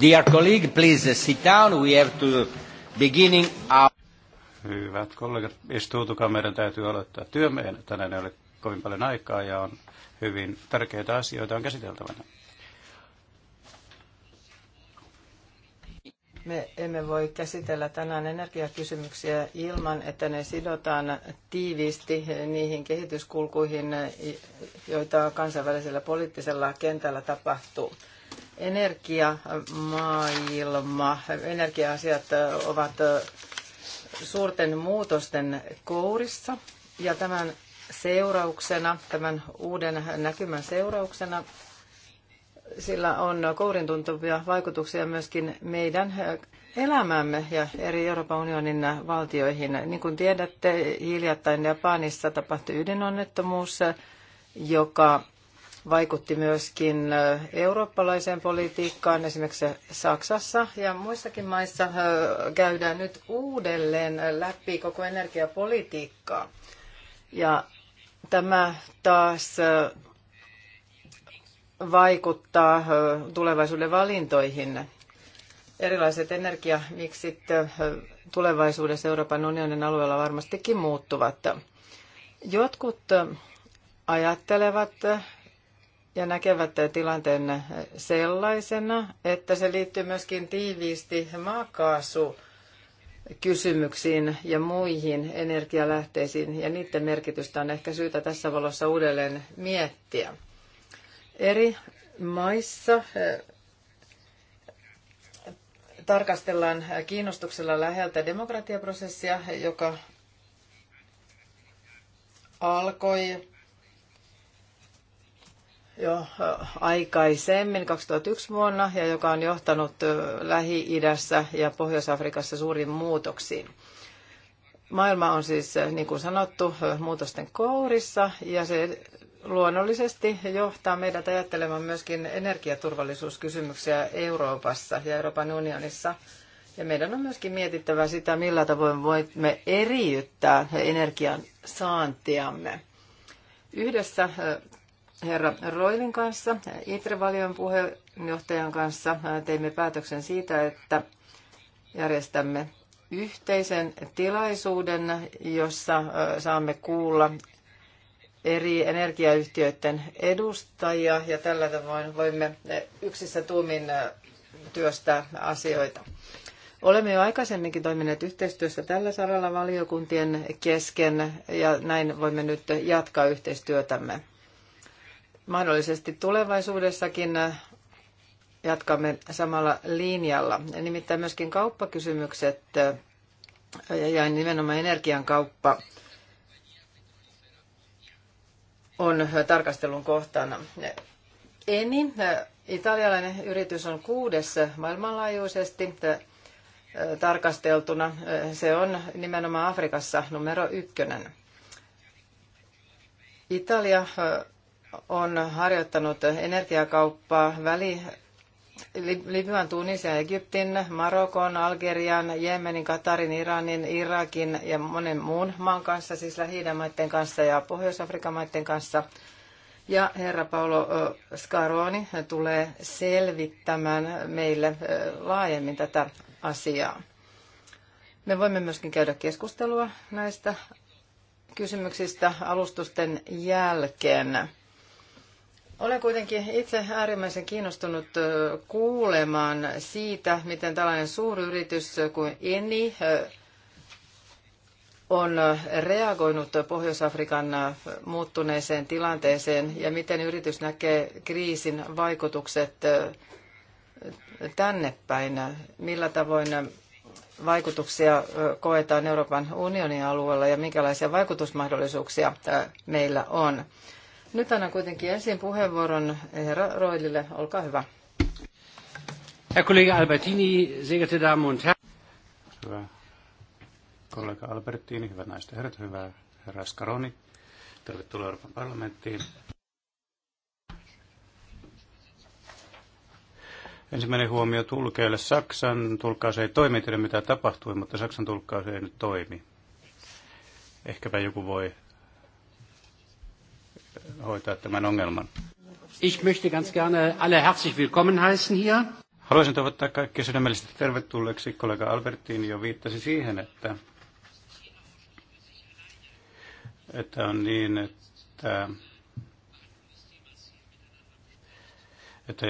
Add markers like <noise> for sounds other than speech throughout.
Dear colleague, please sit down. We have to beginning our... Hyvät kollegat, istuutukaa. Meidän täytyy aloittaa työmme. Tänään ei ole kovin paljon aikaa ja on hyvin tärkeitä asioita on käsiteltävänä. Me emme voi käsitellä tänään energiakysymyksiä ilman, että ne sidotaan tiiviisti niihin kehityskulkuihin, joita kansainvälisellä poliittisella kentällä tapahtuu. Energiamaailma, energia-asiat ovat suurten muutosten kourissa ja tämän seurauksena, tämän uuden näkymän seurauksena, sillä on kourin tuntuvia vaikutuksia myöskin meidän elämämme ja eri Euroopan unionin valtioihin. Niin kuin tiedätte, hiljattain Japanissa tapahtui ydinonnettomuus, joka vaikutti myöskin eurooppalaiseen politiikkaan. Esimerkiksi Saksassa ja muissakin maissa käydään nyt uudelleen läpi koko energiapolitiikkaa. Ja tämä taas vaikuttaa tulevaisuuden valintoihin. Erilaiset energiamiksit tulevaisuudessa Euroopan unionin alueella varmastikin muuttuvat. Jotkut ajattelevat, ja näkevät tilanteen sellaisena, että se liittyy myöskin tiiviisti maakaasu kysymyksiin ja muihin energialähteisiin, ja niiden merkitystä on ehkä syytä tässä valossa uudelleen miettiä. Eri maissa eh, tarkastellaan kiinnostuksella läheltä demokratiaprosessia, joka alkoi jo aikaisemmin 2001 vuonna ja joka on johtanut Lähi-idässä ja Pohjois-Afrikassa suuriin muutoksiin. Maailma on siis, niin kuin sanottu, muutosten kourissa ja se luonnollisesti johtaa meidät ajattelemaan myöskin energiaturvallisuuskysymyksiä Euroopassa ja Euroopan unionissa. Ja meidän on myöskin mietittävä sitä, millä tavoin voimme eriyttää energian saantiamme. Yhdessä herra Roilin kanssa, Itrevalion puheenjohtajan kanssa teimme päätöksen siitä, että järjestämme yhteisen tilaisuuden, jossa saamme kuulla eri energiayhtiöiden edustajia ja tällä tavoin voimme yksissä tuumin työstää asioita. Olemme jo aikaisemminkin toimineet yhteistyössä tällä saralla valiokuntien kesken ja näin voimme nyt jatkaa yhteistyötämme mahdollisesti tulevaisuudessakin äh, jatkamme samalla linjalla. Nimittäin myöskin kauppakysymykset äh, ja nimenomaan energian kauppa on tarkastelun kohtana. Eni, äh, italialainen yritys, on kuudes maailmanlaajuisesti tarkasteltuna. Se on nimenomaan Afrikassa numero ykkönen. Italia on harjoittanut energiakauppaa väli Libyan, Tunisian, Egyptin, Marokon, Algerian, Jemenin, Katarin, Iranin, Irakin ja monen muun maan kanssa, siis lähi maiden kanssa ja Pohjois-Afrikan maiden kanssa. Ja herra Paolo Scaroni tulee selvittämään meille laajemmin tätä asiaa. Me voimme myöskin käydä keskustelua näistä kysymyksistä alustusten jälkeen. Olen kuitenkin itse äärimmäisen kiinnostunut kuulemaan siitä, miten tällainen suuri yritys kuin Eni on reagoinut Pohjois-Afrikan muuttuneeseen tilanteeseen ja miten yritys näkee kriisin vaikutukset tänne päin, millä tavoin vaikutuksia koetaan Euroopan unionin alueella ja minkälaisia vaikutusmahdollisuuksia meillä on. Nyt annan kuitenkin ensin puheenvuoron herra Roilille. Olkaa hyvä. Herr Kollege Albertini, sehr geehrte Damen und Herren. Hyvä kollega Albertini, hyvät naiset ja herrat, hyvä herra Skaroni. Tervetuloa Euroopan parlamenttiin. Ensimmäinen huomio tulkeille. Saksan tulkkaus ei toimi, tiedä mitä tapahtui, mutta Saksan tulkkaus ei nyt toimi. Ehkäpä joku voi hoitaa tämän ongelman. Ich möchte ganz gerne alle herzlich willkommen heißen hier. Haluaisin toivottaa kaikki sydämellisesti tervetulleeksi. Kollega Albertin jo viittasi siihen, että, että on niin, että, että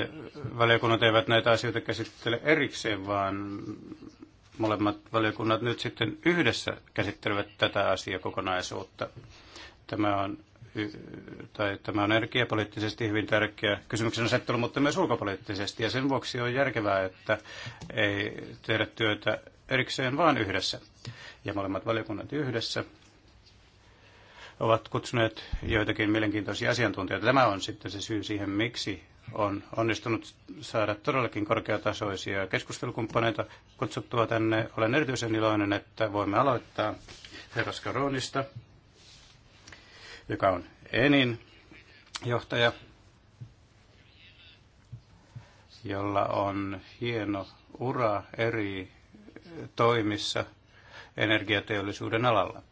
valiokunnat eivät näitä asioita käsittele erikseen, vaan molemmat valiokunnat nyt sitten yhdessä käsittelevät tätä asiakokonaisuutta. Tämä on tai tämä on energiapoliittisesti hyvin tärkeä kysymyksen asettelu, mutta myös ulkopoliittisesti. Ja sen vuoksi on järkevää, että ei tehdä työtä erikseen, vaan yhdessä. Ja molemmat valiokunnat yhdessä ovat kutsuneet joitakin mielenkiintoisia asiantuntijoita. Tämä on sitten se syy siihen, miksi on onnistunut saada todellakin korkeatasoisia keskustelukumppaneita kutsuttua tänne. Olen erityisen iloinen, että voimme aloittaa Herra Skaronista, joka on Enin johtaja, jolla on hieno ura eri toimissa energiateollisuuden alalla.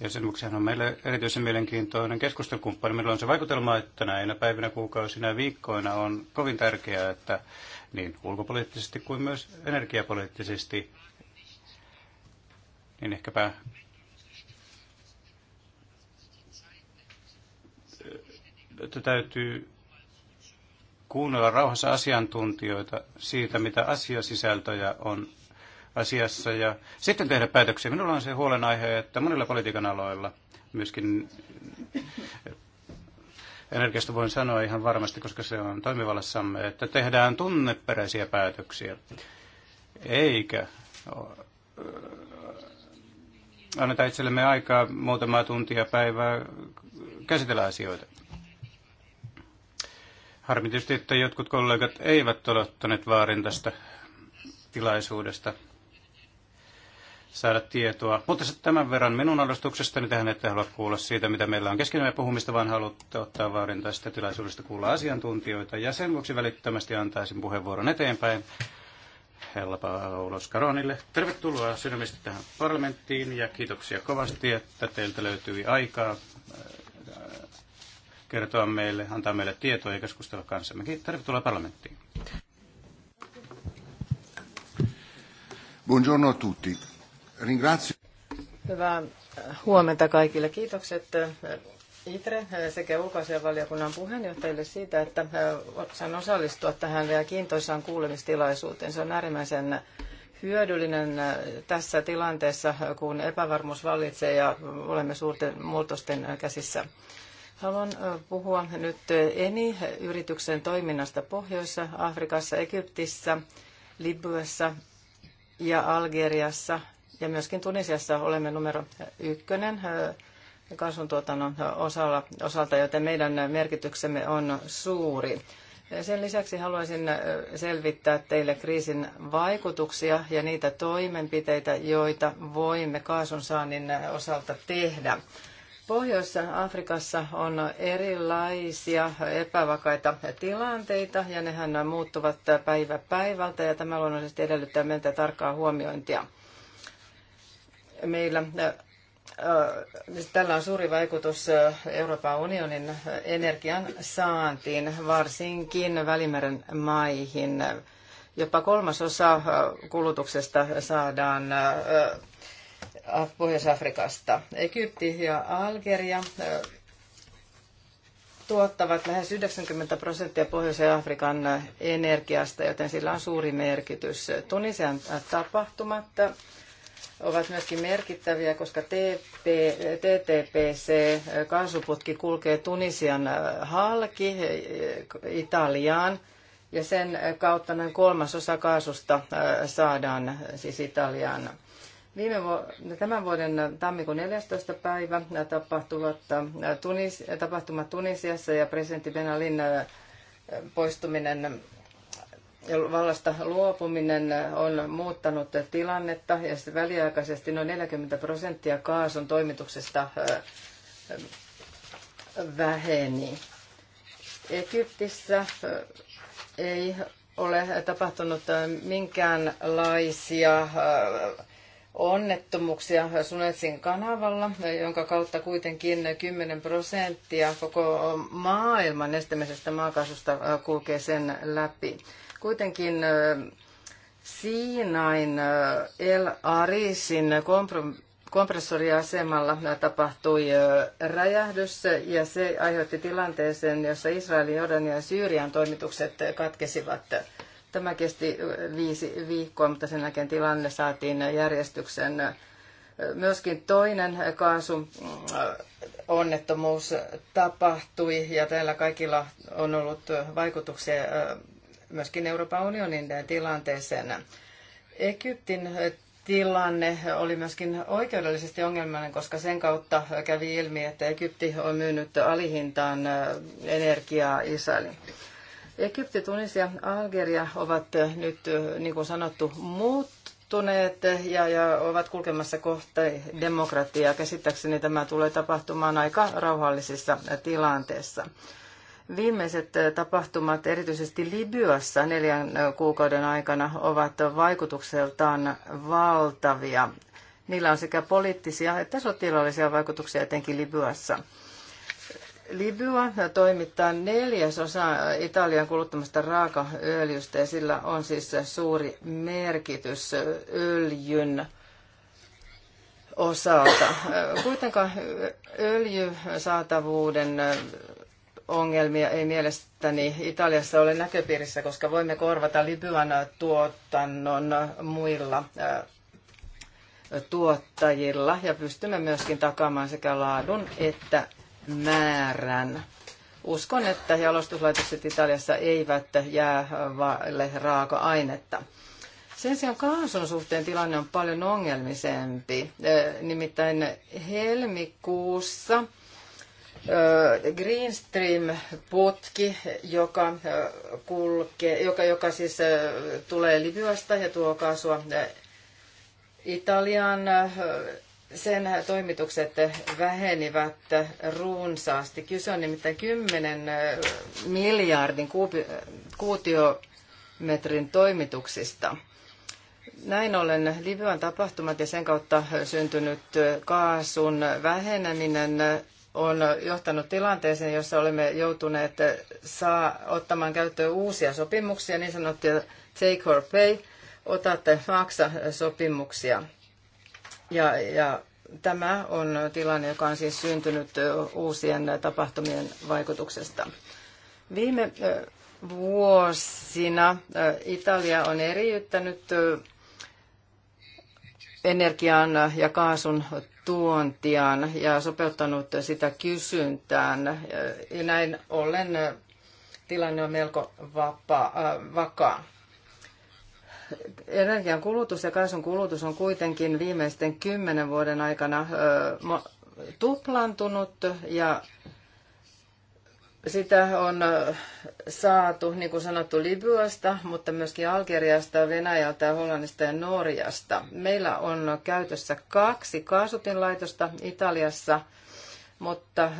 Ja sen vuoksi on meille erityisen mielenkiintoinen keskustelukumppani. Meillä on se vaikutelma, että näinä päivinä, kuukausina ja viikkoina on kovin tärkeää, että niin ulkopoliittisesti kuin myös energiapoliittisesti niin ehkäpä äh, että täytyy kuunnella rauhassa asiantuntijoita siitä, mitä asiasisältöjä on asiassa ja sitten tehdä päätöksiä. Minulla on se huolenaihe, että monilla politiikan aloilla myöskin äh, energiasta voin sanoa ihan varmasti, koska se on toimivallassamme, että tehdään tunneperäisiä päätöksiä, eikä äh, annetaan itsellemme aikaa muutamaa tuntia päivää käsitellä asioita. Harmi tietysti, että jotkut kollegat eivät ole ottaneet vaarin tästä tilaisuudesta saada tietoa. Mutta tämän verran minun arvostuksestani tähän ette halua kuulla siitä, mitä meillä on keskenään puhumista, vaan haluatte ottaa vaarin tästä tilaisuudesta kuulla asiantuntijoita. Ja sen vuoksi välittömästi antaisin puheenvuoron eteenpäin Hella Paulos Karonille. Tervetuloa sydämestä tähän parlamenttiin ja kiitoksia kovasti, että teiltä löytyi aikaa äh, kertoa meille, antaa meille tietoa ja keskustella kanssamme. Tervetuloa parlamenttiin. Buongiorno a tutti. Ringrazio. Hyvää huomenta kaikille. Kiitokset ITRE sekä ulkoasianvaliokunnan puheenjohtajille siitä, että saan osallistua tähän vielä kiintoisaan kuulemistilaisuuteen. Se on äärimmäisen hyödyllinen tässä tilanteessa, kun epävarmuus vallitsee ja olemme suurten muutosten käsissä. Haluan puhua nyt ENI-yrityksen toiminnasta Pohjoissa, Afrikassa, Egyptissä, Libyassa ja Algeriassa ja myöskin Tunisiassa olemme numero ykkönen kasvuntuotannon osalla, osalta, joten meidän merkityksemme on suuri. Sen lisäksi haluaisin selvittää teille kriisin vaikutuksia ja niitä toimenpiteitä, joita voimme kaasun saannin osalta tehdä. Pohjois-Afrikassa on erilaisia epävakaita tilanteita ja nehän muuttuvat päivä päivältä ja tämä luonnollisesti edellyttää meiltä tarkkaa huomiointia. Meillä Äh, tällä on suuri vaikutus äh, Euroopan unionin energian saantiin, varsinkin Välimeren maihin. Jopa kolmasosa äh, kulutuksesta saadaan Pohjois-Afrikasta. Egypti ja Algeria tuottavat lähes 90 prosenttia Pohjois-Afrikan energiasta, joten sillä on suuri merkitys. Tunisian tapahtumat ovat myöskin merkittäviä, koska TP, TTPC eh, kaasuputki kulkee Tunisian eh, halki eh, Italiaan ja sen kautta noin kolmasosa kaasusta saadaan siis Italiaan. Viime tämän vuoden tammikuun 14. päivä tapahtuvat Tunis, tapahtumat Tunisiassa ja presidentti Benalin poistuminen vallasta luopuminen on muuttanut tilannetta ja sitten väliaikaisesti noin 40 prosenttia kaasun toimituksesta väheni. Egyptissä ei ole tapahtunut minkäänlaisia onnettomuuksia Sunetsin kanavalla, jonka kautta kuitenkin 10 prosenttia koko maailman estämisestä maakaasusta kulkee sen läpi. Kuitenkin Siinain El Arisin kompressoriasemalla tapahtui räjähdys ja se aiheutti tilanteeseen, jossa Israelin, Jordanian ja Syyrian toimitukset katkesivat. Tämä kesti viisi viikkoa, mutta sen jälkeen tilanne saatiin järjestyksen. Myöskin toinen kaasun onnettomuus tapahtui ja täällä kaikilla on ollut vaikutuksia myöskin Euroopan unionin tilanteeseen. Egyptin tilanne oli myöskin oikeudellisesti ongelmallinen, koska sen kautta kävi ilmi, että Egypti on myynyt alihintaan energiaa Israelin. Egypti, Tunisia, Algeria ovat nyt, niin kuin sanottu, muuttuneet ja, ja ovat kulkemassa kohti demokratiaa. Käsittääkseni tämä tulee tapahtumaan aika rauhallisissa tilanteissa. Viimeiset tapahtumat erityisesti Libyassa neljän kuukauden aikana ovat vaikutukseltaan valtavia. Niillä on sekä poliittisia että sotilaallisia vaikutuksia etenkin Libyassa. Libya toimittaa neljäsosa Italian kuluttamasta raakaöljystä ja sillä on siis suuri merkitys öljyn osalta. Kuitenkaan öljysaatavuuden ongelmia ei mielestäni Italiassa ole näköpiirissä, koska voimme korvata Libyan tuotannon muilla tuottajilla ja pystymme myöskin takaamaan sekä laadun että määrän. Uskon, että jalostuslaitokset Italiassa eivät jää vaille raaka-ainetta. Sen sijaan kaasun suhteen tilanne on paljon ongelmisempi. Nimittäin helmikuussa – Greenstream-putki, joka, kulkee, joka, joka siis tulee Libyasta ja tuo kaasua Italian sen toimitukset vähenivät runsaasti. Kyse on nimittäin 10 miljardin kuutiometrin toimituksista. Näin ollen Libyan tapahtumat ja sen kautta syntynyt kaasun väheneminen on johtanut tilanteeseen, jossa olemme joutuneet saa ottamaan käyttöön uusia sopimuksia, niin sanottuja take or pay, otatte maksa sopimuksia. Ja, ja tämä on tilanne, joka on siis syntynyt uusien tapahtumien vaikutuksesta. Viime vuosina Italia on eriyttänyt energian ja kaasun tuontiaan ja sopeuttanut sitä kysyntään. Ja näin ollen tilanne on melko vapaa, äh, vakaa. Energian kulutus ja kaasun kulutus on kuitenkin viimeisten kymmenen vuoden aikana äh, tuplantunut ja sitä on saatu, niin kuin sanottu, Libyasta, mutta myöskin Algeriasta, Venäjältä, Hollannista ja Norjasta. Meillä on käytössä kaksi kaasutinlaitosta Italiassa, mutta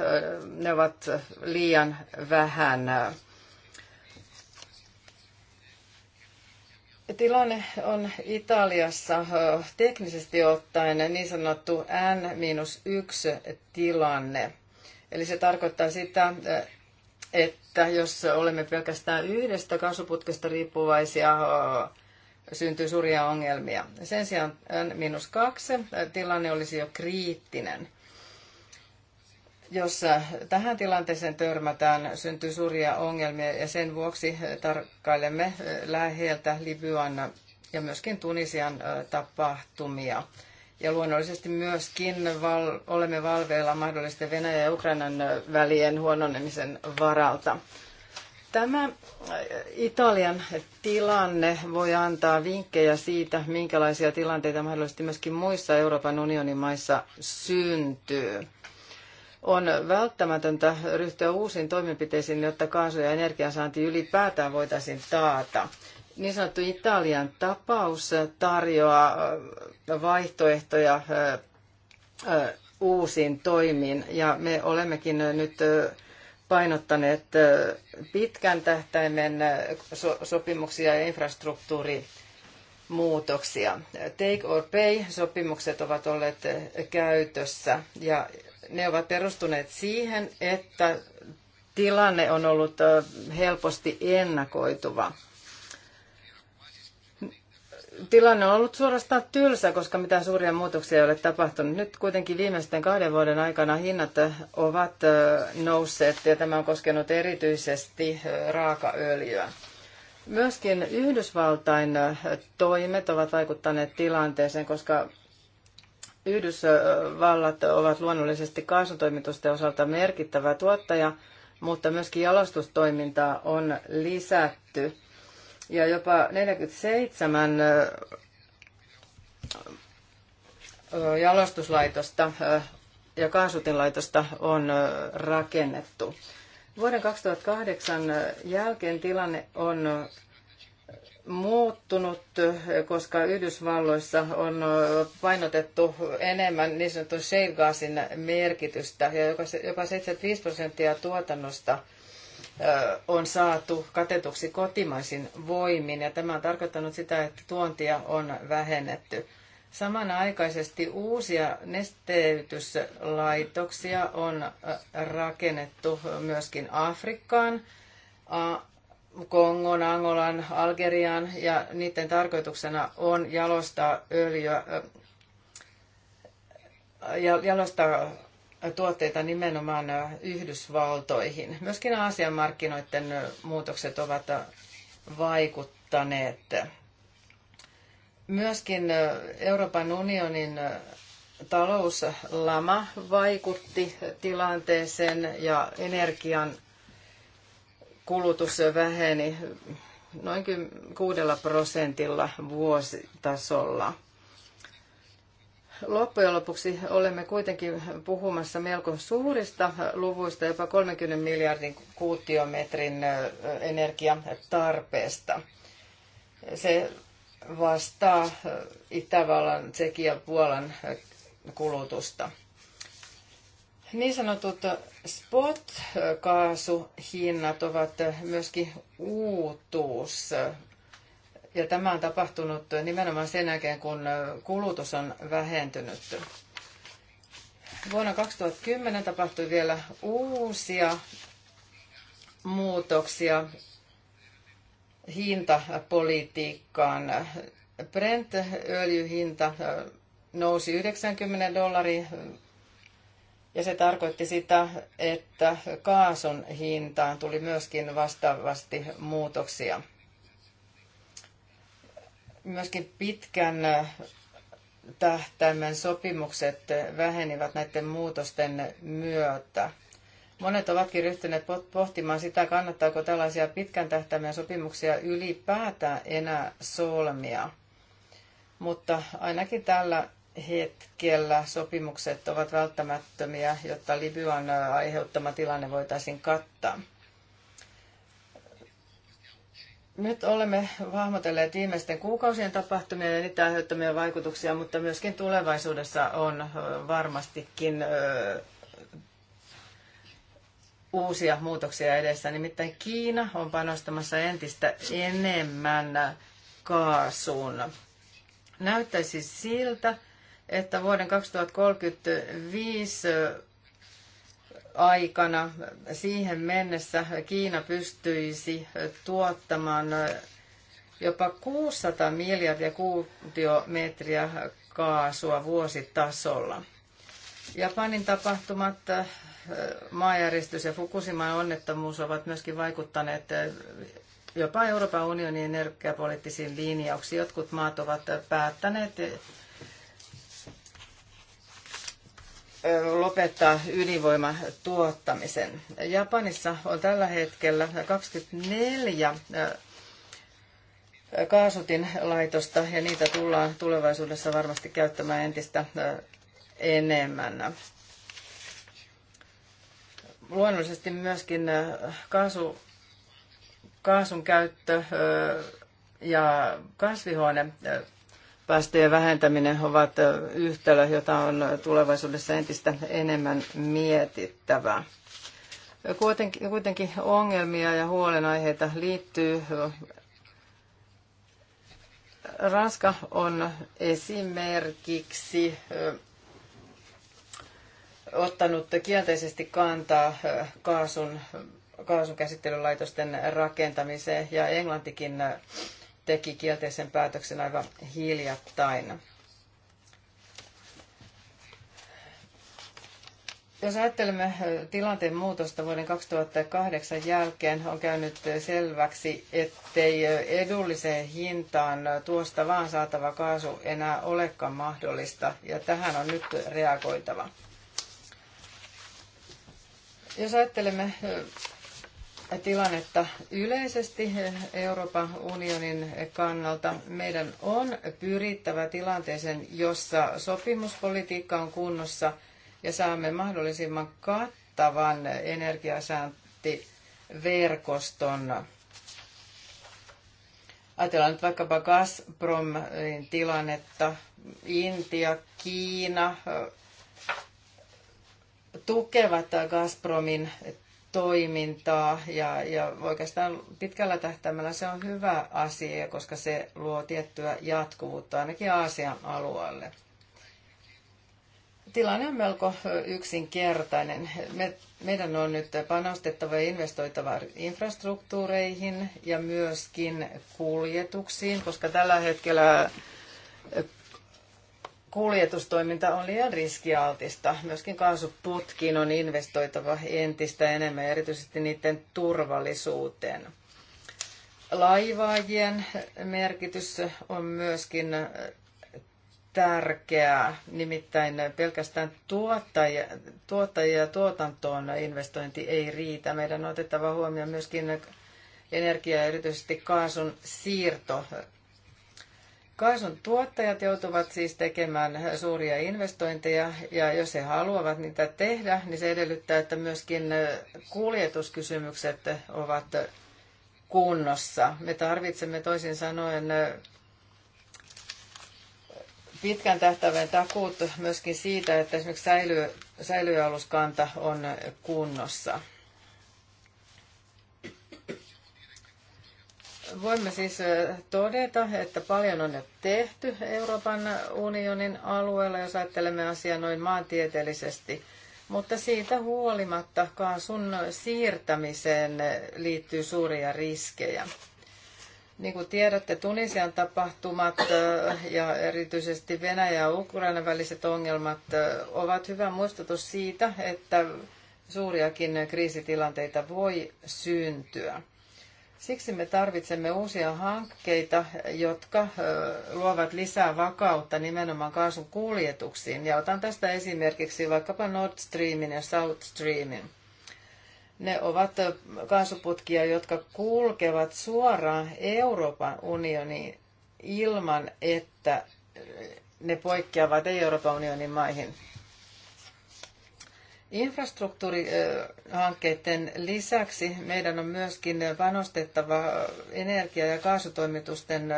ne ovat liian vähän. Tilanne on Italiassa teknisesti ottaen niin sanottu N-1 tilanne. Eli se tarkoittaa sitä, että jos olemme pelkästään yhdestä kaasuputkesta riippuvaisia, syntyy suuria ongelmia. Sen sijaan äh, N-2 äh, tilanne olisi jo kriittinen. Jos äh, tähän tilanteeseen törmätään, syntyy suuria ongelmia ja sen vuoksi tarkkailemme läheltä Libyan ja myöskin Tunisian tapahtumia. Ja luonnollisesti myöskin val, olemme valveilla mahdollisten Venäjän ja Ukrainan välien huononemisen varalta. Tämä äh, Italian tilanne voi antaa vinkkejä siitä, minkälaisia tilanteita mahdollisesti myöskin muissa Euroopan unionin maissa syntyy. On välttämätöntä ryhtyä uusiin toimenpiteisiin, jotta kaasu- ja energiansaanti ylipäätään voitaisiin taata niin sanottu Italian tapaus tarjoaa vaihtoehtoja uusiin toimiin. Ja me olemmekin nyt painottaneet pitkän tähtäimen sopimuksia ja infrastruktuurimuutoksia. Take or pay-sopimukset ovat olleet käytössä ja ne ovat perustuneet siihen, että tilanne on ollut helposti ennakoituva – tilanne on ollut suorastaan tylsä, koska mitään suuria muutoksia ei ole tapahtunut. Nyt kuitenkin viimeisten kahden vuoden aikana hinnat ovat nousseet ja tämä on koskenut erityisesti raakaöljyä. Myöskin Yhdysvaltain toimet ovat vaikuttaneet tilanteeseen, koska Yhdysvallat ovat luonnollisesti kaasutoimitusten osalta merkittävä tuottaja, mutta myöskin jalostustoimintaa on lisätty – ja jopa 47 jalostuslaitosta ja kaasutinlaitosta on rakennettu. Vuoden 2008 jälkeen tilanne on muuttunut, koska Yhdysvalloissa on painotettu enemmän niin sanotun shale merkitystä ja jopa 75 prosenttia tuotannosta – on saatu katetuksi kotimaisin voimin, ja tämä on tarkoittanut sitä, että tuontia on vähennetty. Samanaikaisesti uusia nesteytyslaitoksia on rakennettu myöskin Afrikkaan, Kongon, Angolan, Algerian ja niiden tarkoituksena on jalostaa öljyä, ja jalostaa tuotteita nimenomaan äh, Yhdysvaltoihin. Myöskin Aasian markkinoiden äh, muutokset ovat äh, vaikuttaneet. Myöskin Euroopan unionin talouslama vaikutti tilanteeseen ja energian kulutus väheni noin kuudella prosentilla vuositasolla. Loppujen lopuksi olemme kuitenkin puhumassa melko suurista luvuista, jopa 30 miljardin kuutiometrin energiatarpeesta. Se vastaa Itävallan, Tsekin ja Puolan kulutusta. Niin sanotut spot-kaasuhinnat ovat myöskin uutuus. Ja tämä on tapahtunut nimenomaan sen jälkeen, kun kulutus on vähentynyt. Vuonna 2010 tapahtui vielä uusia muutoksia hintapolitiikkaan. Brent-öljyhinta nousi 90 dollaria ja se tarkoitti sitä, että kaasun hintaan tuli myöskin vastaavasti muutoksia. Myöskin pitkän tähtäimen sopimukset vähenivät näiden muutosten myötä. Monet ovatkin ryhtyneet pohtimaan sitä, kannattaako tällaisia pitkän tähtäimen sopimuksia ylipäätään enää solmia. Mutta ainakin tällä hetkellä sopimukset ovat välttämättömiä, jotta Libyan aiheuttama tilanne voitaisiin kattaa. Nyt olemme hahmotelleet viimeisten kuukausien tapahtumia ja niitä aiheuttamia vaikutuksia, mutta myöskin tulevaisuudessa on varmastikin uusia muutoksia edessä. Nimittäin Kiina on panostamassa entistä enemmän kaasuun. Näyttäisi siltä, että vuoden 2035 aikana. Siihen mennessä Kiina pystyisi tuottamaan jopa 600 miljardia kuutiometriä kaasua vuositasolla. Japanin tapahtumat, maajäristys ja Fukushiman onnettomuus ovat myöskin vaikuttaneet jopa Euroopan unionin energiapoliittisiin linjauksiin. Jotkut maat ovat päättäneet lopettaa ydinvoiman tuottamisen. Japanissa on tällä hetkellä 24 kaasutinlaitosta ja niitä tullaan tulevaisuudessa varmasti käyttämään entistä enemmän. Luonnollisesti myöskin kaasu, kaasun käyttö ja kasvihuone päästöjen vähentäminen ovat yhtälö, jota on tulevaisuudessa entistä enemmän mietittävä. Kuitenkin, kuitenkin ongelmia ja huolenaiheita liittyy. Ranska on esimerkiksi ottanut kielteisesti kantaa kaasun, kaasun käsittelylaitosten rakentamiseen ja Englantikin teki kielteisen päätöksen aivan hiljattain. Jos ajattelemme tilanteen muutosta vuoden 2008 jälkeen, on käynyt selväksi, ettei edulliseen hintaan tuosta vaan saatava kaasu enää olekaan mahdollista, ja tähän on nyt reagoitava. Jos ajattelemme tilannetta yleisesti Euroopan unionin kannalta. Meidän on pyrittävä tilanteeseen, jossa sopimuspolitiikka on kunnossa ja saamme mahdollisimman kattavan energiasääntiverkoston. Ajatellaan nyt vaikkapa Gazpromin tilannetta, Intia, Kiina tukevat Gazpromin toimintaa ja, ja oikeastaan pitkällä tähtäimellä se on hyvä asia, koska se luo tiettyä jatkuvuutta ainakin Aasian alueelle. Tilanne on melko yksinkertainen. Me, meidän on nyt panostettava ja investoitava infrastruktuureihin ja myöskin kuljetuksiin, koska tällä hetkellä kuljetustoiminta on liian riskialtista. Myöskin kaasuputkiin on investoitava entistä enemmän, erityisesti niiden turvallisuuteen. Laivaajien merkitys on myöskin tärkeää, nimittäin pelkästään tuottajia, tuottajia ja tuotantoon investointi ei riitä. Meidän on otettava huomioon myöskin energia- ja erityisesti kaasun siirto Kaasun tuottajat joutuvat siis tekemään suuria investointeja ja jos he haluavat niitä tehdä, niin se edellyttää, että myöskin kuljetuskysymykset ovat kunnossa. Me tarvitsemme toisin sanoen pitkän tähtäimen takuut myöskin siitä, että esimerkiksi säily, säilyaluskanta on kunnossa. Voimme siis todeta, että paljon on jo tehty Euroopan unionin alueella, jos ajattelemme asiaa noin maantieteellisesti. Mutta siitä huolimatta kaasun siirtämiseen liittyy suuria riskejä. Niin kuin tiedätte, Tunisian tapahtumat ja erityisesti Venäjä ja Ukraina väliset ongelmat ovat hyvä muistutus siitä, että suuriakin kriisitilanteita voi syntyä. Siksi me tarvitsemme uusia hankkeita, jotka luovat lisää vakautta nimenomaan kaasun kuljetuksiin. Ja otan tästä esimerkiksi vaikkapa Nord Streamin ja South Streamin. Ne ovat kaasuputkia, jotka kulkevat suoraan Euroopan unioniin ilman, että ne poikkeavat Euroopan unionin maihin. Infrastruktuurihankkeiden lisäksi meidän on myöskin panostettava energia- ja kaasutoimitusten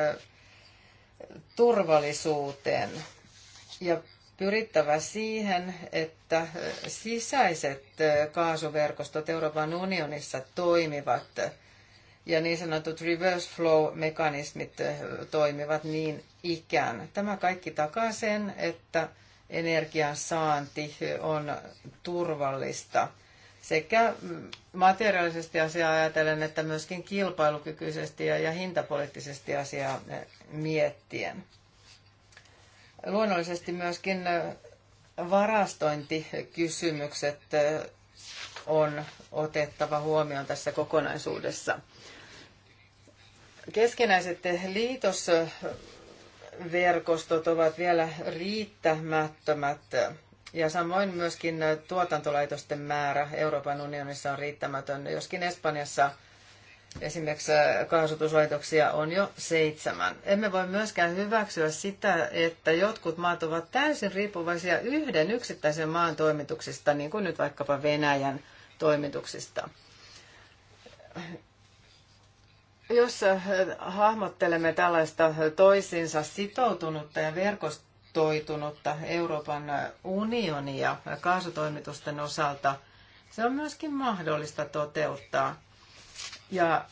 turvallisuuteen ja pyrittävä siihen, että sisäiset kaasuverkostot Euroopan unionissa toimivat ja niin sanotut reverse flow-mekanismit toimivat niin ikään. Tämä kaikki takaa sen, että energian saanti on turvallista sekä materiaalisesti asiaa ajatellen, että myöskin kilpailukykyisesti ja, ja hintapoliittisesti asiaa eh, miettien. Luonnollisesti myöskin eh, varastointikysymykset eh, on otettava huomioon tässä kokonaisuudessa. Keskinäiset liitos verkostot ovat vielä riittämättömät. Ja samoin myöskin tuotantolaitosten määrä Euroopan unionissa on riittämätön, joskin Espanjassa esimerkiksi kaasutuslaitoksia on jo seitsemän. Emme voi myöskään hyväksyä sitä, että jotkut maat ovat täysin riippuvaisia yhden yksittäisen maan toimituksista, niin kuin nyt vaikkapa Venäjän toimituksista. Jos äh, hahmottelemme tällaista toisiinsa sitoutunutta ja verkostoitunutta Euroopan unionia kaasutoimitusten osalta, se on myöskin mahdollista toteuttaa. Ja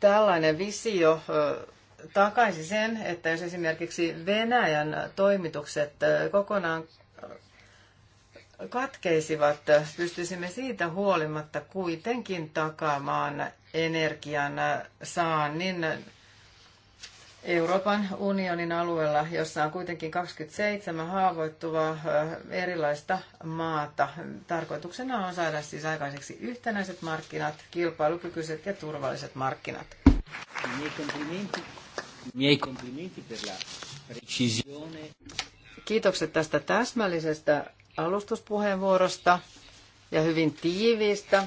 tällainen visio äh, takaisi sen, että jos esimerkiksi Venäjän toimitukset äh, kokonaan katkeisivat, pystyisimme siitä huolimatta kuitenkin takaamaan energian saannin Euroopan unionin alueella, jossa on kuitenkin 27 haavoittuvaa eh, erilaista maata. Tarkoituksena on saada siis aikaiseksi yhtenäiset markkinat, kilpailukykyiset ja turvalliset markkinat. Kiitokset tästä täsmällisestä alustuspuheenvuorosta ja hyvin tiiviistä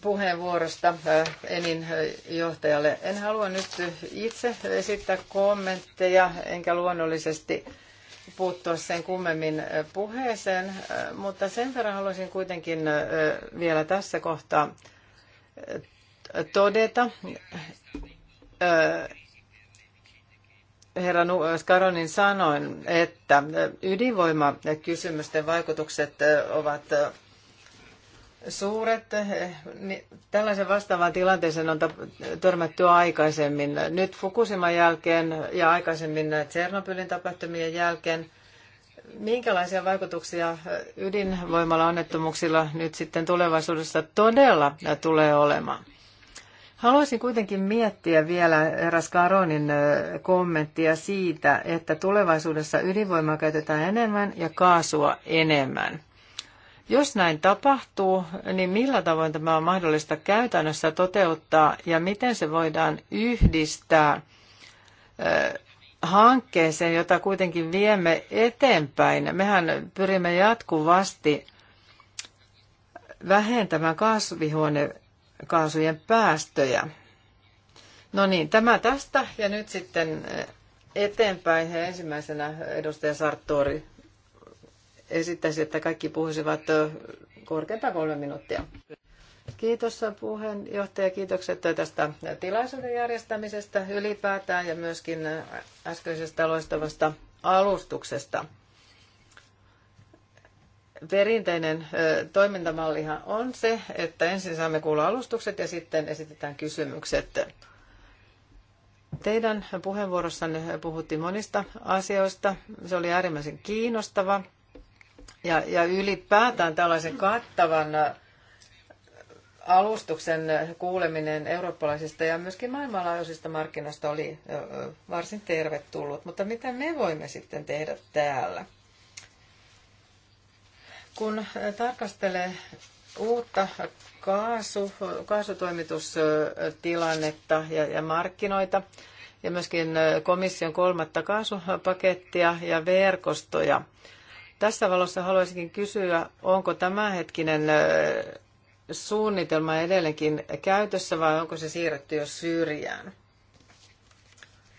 puheenvuorosta äh, Enin äh, johtajalle. En halua nyt itse esittää kommentteja, enkä luonnollisesti puuttua sen kummemmin äh, puheeseen, mutta sen verran haluaisin kuitenkin vielä tässä kohtaa todeta, herra äh, Skaronin sanoin, että äh, ydinvoimakysymysten vaikutukset äh, ovat suuret. Tällaisen vastaavaan tilanteeseen on törmätty aikaisemmin. Nyt Fukushiman jälkeen ja aikaisemmin Tsernobylin tapahtumien jälkeen. Minkälaisia vaikutuksia ydinvoimalla onnettomuuksilla nyt sitten tulevaisuudessa todella tulee olemaan? Haluaisin kuitenkin miettiä vielä eräs Karonin kommenttia siitä, että tulevaisuudessa ydinvoimaa käytetään enemmän ja kaasua enemmän. Jos näin tapahtuu, niin millä tavoin tämä on mahdollista käytännössä toteuttaa ja miten se voidaan yhdistää hankkeeseen, jota kuitenkin viemme eteenpäin. Mehän pyrimme jatkuvasti vähentämään kasvihuone kaasujen päästöjä. No niin, tämä tästä ja nyt sitten eh, eteenpäin. Ja ensimmäisenä edustaja Sartori esittäisi, että kaikki puhuisivat eh, korkeintaan kolme minuuttia. Kiitos eh, puheenjohtaja, kiitokset tästä tilaisuuden järjestämisestä ylipäätään ja myöskin äskeisestä loistavasta alustuksesta perinteinen toimintamallihan on se, että ensin saamme kuulla alustukset ja sitten esitetään kysymykset. Teidän puheenvuorossanne puhuttiin monista asioista. Se oli äärimmäisen kiinnostava. Ja, ja ylipäätään tällaisen kattavan alustuksen kuuleminen eurooppalaisista ja myöskin maailmanlaajuisista markkinoista oli varsin tervetullut. Mutta mitä me voimme sitten tehdä täällä? Kun tarkastelee uutta kaasu, kaasutoimitustilannetta ja, ja markkinoita ja myöskin komission kolmatta kaasupakettia ja verkostoja, tässä valossa haluaisinkin kysyä, onko tämänhetkinen suunnitelma edelleenkin käytössä vai onko se siirretty jo syrjään?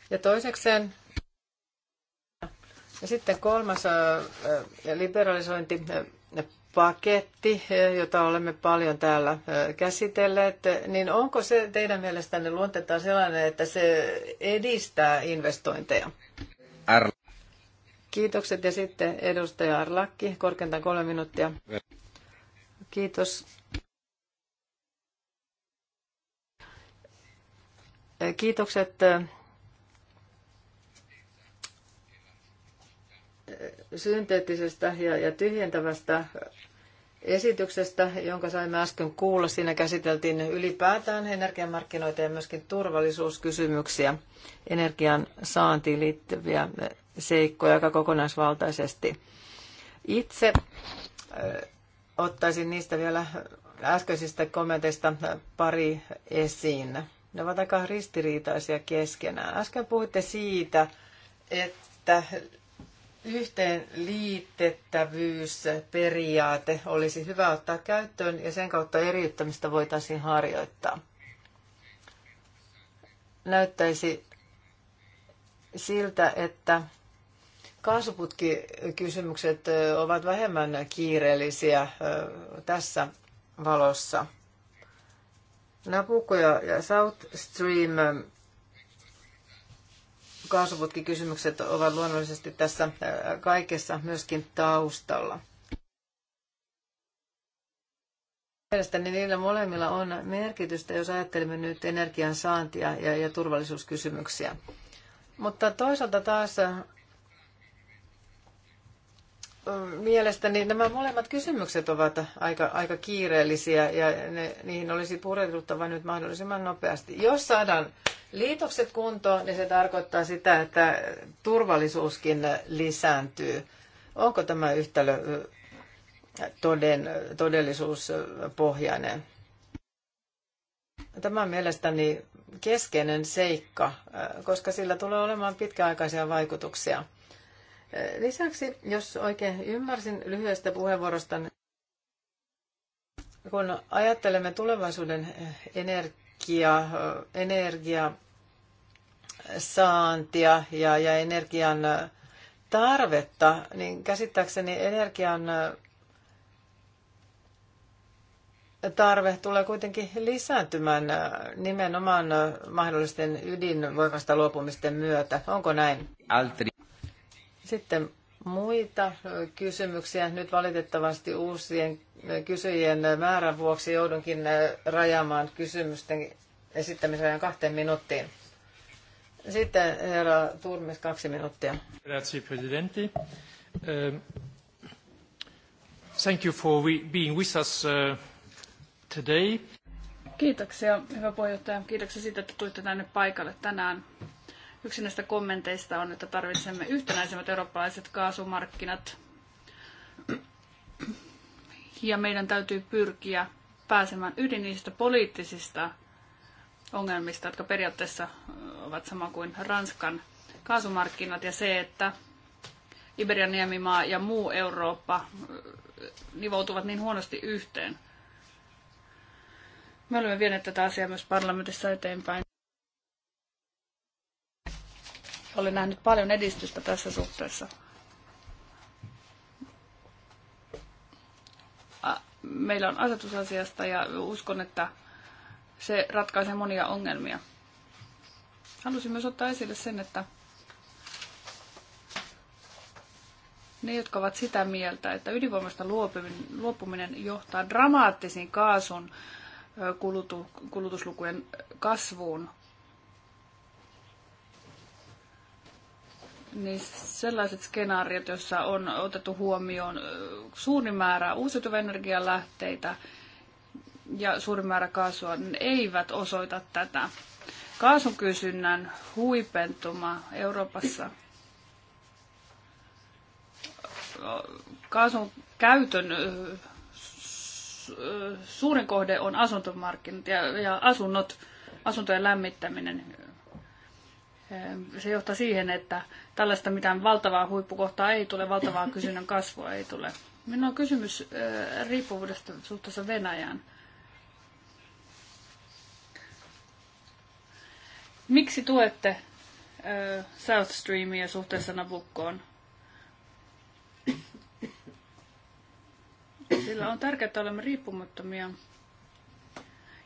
Ja toisekseen, ja sitten kolmas liberalisointi paketti, eh, jota olemme paljon täällä eh, käsitelleet, niin onko se teidän mielestänne luontetaan sellainen, että se edistää investointeja? Ar- Kiitokset ja sitten edustaja Arlakki, korkeintaan kolme minuuttia. Kiitos. Eh, kiitokset synteettisestä ja, ja tyhjentävästä esityksestä, jonka saimme äsken kuulla. Siinä käsiteltiin ylipäätään energiamarkkinoita ja myöskin turvallisuuskysymyksiä, energian saantiin liittyviä seikkoja aika kokonaisvaltaisesti. Itse ottaisin niistä vielä äskeisistä kommenteista pari esiin. Ne ovat aika ristiriitaisia keskenään. Äsken puhuitte siitä, että että yhteen liitettävyysperiaate olisi hyvä ottaa käyttöön ja sen kautta eriyttämistä voitaisiin harjoittaa. Näyttäisi siltä, että kaasuputkikysymykset ovat vähemmän kiireellisiä tässä valossa. Napukko ja South Stream kaasuputkikysymykset ovat luonnollisesti tässä äh, kaikessa myöskin taustalla. Mielestäni niillä molemmilla on merkitystä, jos ajattelemme nyt energian saantia ja, ja turvallisuuskysymyksiä. Mutta toisaalta taas mielestäni nämä molemmat kysymykset ovat aika, aika kiireellisiä ja ne, niihin olisi pureuduttava nyt mahdollisimman nopeasti. Jos saadaan liitokset kuntoon, niin se tarkoittaa sitä, että turvallisuuskin lisääntyy. Onko tämä yhtälö toden, todellisuuspohjainen? Tämä on mielestäni keskeinen seikka, koska sillä tulee olemaan pitkäaikaisia vaikutuksia – Lisäksi, jos oikein ymmärsin lyhyestä puheenvuorosta, niin kun ajattelemme tulevaisuuden energia, energia saantia ja, ja energian tarvetta, niin käsittääkseni energian tarve tulee kuitenkin lisääntymään nimenomaan mahdollisten ydinvoimasta luopumisten myötä. Onko näin? Altri. Sitten muita kysymyksiä. Nyt valitettavasti uusien kysyjien määrän vuoksi joudunkin rajaamaan kysymysten esittämisrajan kahteen minuuttiin. Sitten herra Turmes, kaksi minuuttia. Grazie, presidentti. Ehm, thank you for being with us uh, today. Kiitoksia, hyvä puheenjohtaja. Kiitoksia siitä, että tulitte tänne paikalle tänään. Yksi näistä kommenteista on, että tarvitsemme yhtenäisemmät eurooppalaiset kaasumarkkinat. Ja meidän täytyy pyrkiä pääsemään yli niistä poliittisista ongelmista, jotka periaatteessa ovat sama kuin Ranskan kaasumarkkinat ja se, että Iberian niemimaa ja muu Eurooppa äh, nivoutuvat niin huonosti yhteen. Me olemme vieneet tätä asiaa myös parlamentissa eteenpäin. Olen nähnyt paljon edistystä tässä suhteessa. Meillä on asetus asiasta ja uskon, että se ratkaisee monia ongelmia. Haluaisin myös ottaa esille sen, että ne, jotka ovat sitä mieltä, että ydinvoimasta luopuminen, luopuminen johtaa dramaattisiin kaasun kulutuslukujen kasvuun, niin sellaiset skenaariot, joissa on otettu huomioon suuri määrä uusiutuvia energialähteitä ja suuri määrä kaasua, niin eivät osoita tätä. kysynnän huipentuma Euroopassa kaasun käytön suurin kohde on asuntomarkkinat ja asunnot, asuntojen lämmittäminen. Ehm, se johtaa siihen, että tällaista mitään valtavaa huippukohtaa ei tule, valtavaa kysynnän kasvua ei tule. Minulla on kysymys ehm, riippuvuudesta suhteessa Venäjään. Miksi tuette ehm, South Streamia suhteessa Nabukkoon? Sillä on tärkeää, että olemme riippumattomia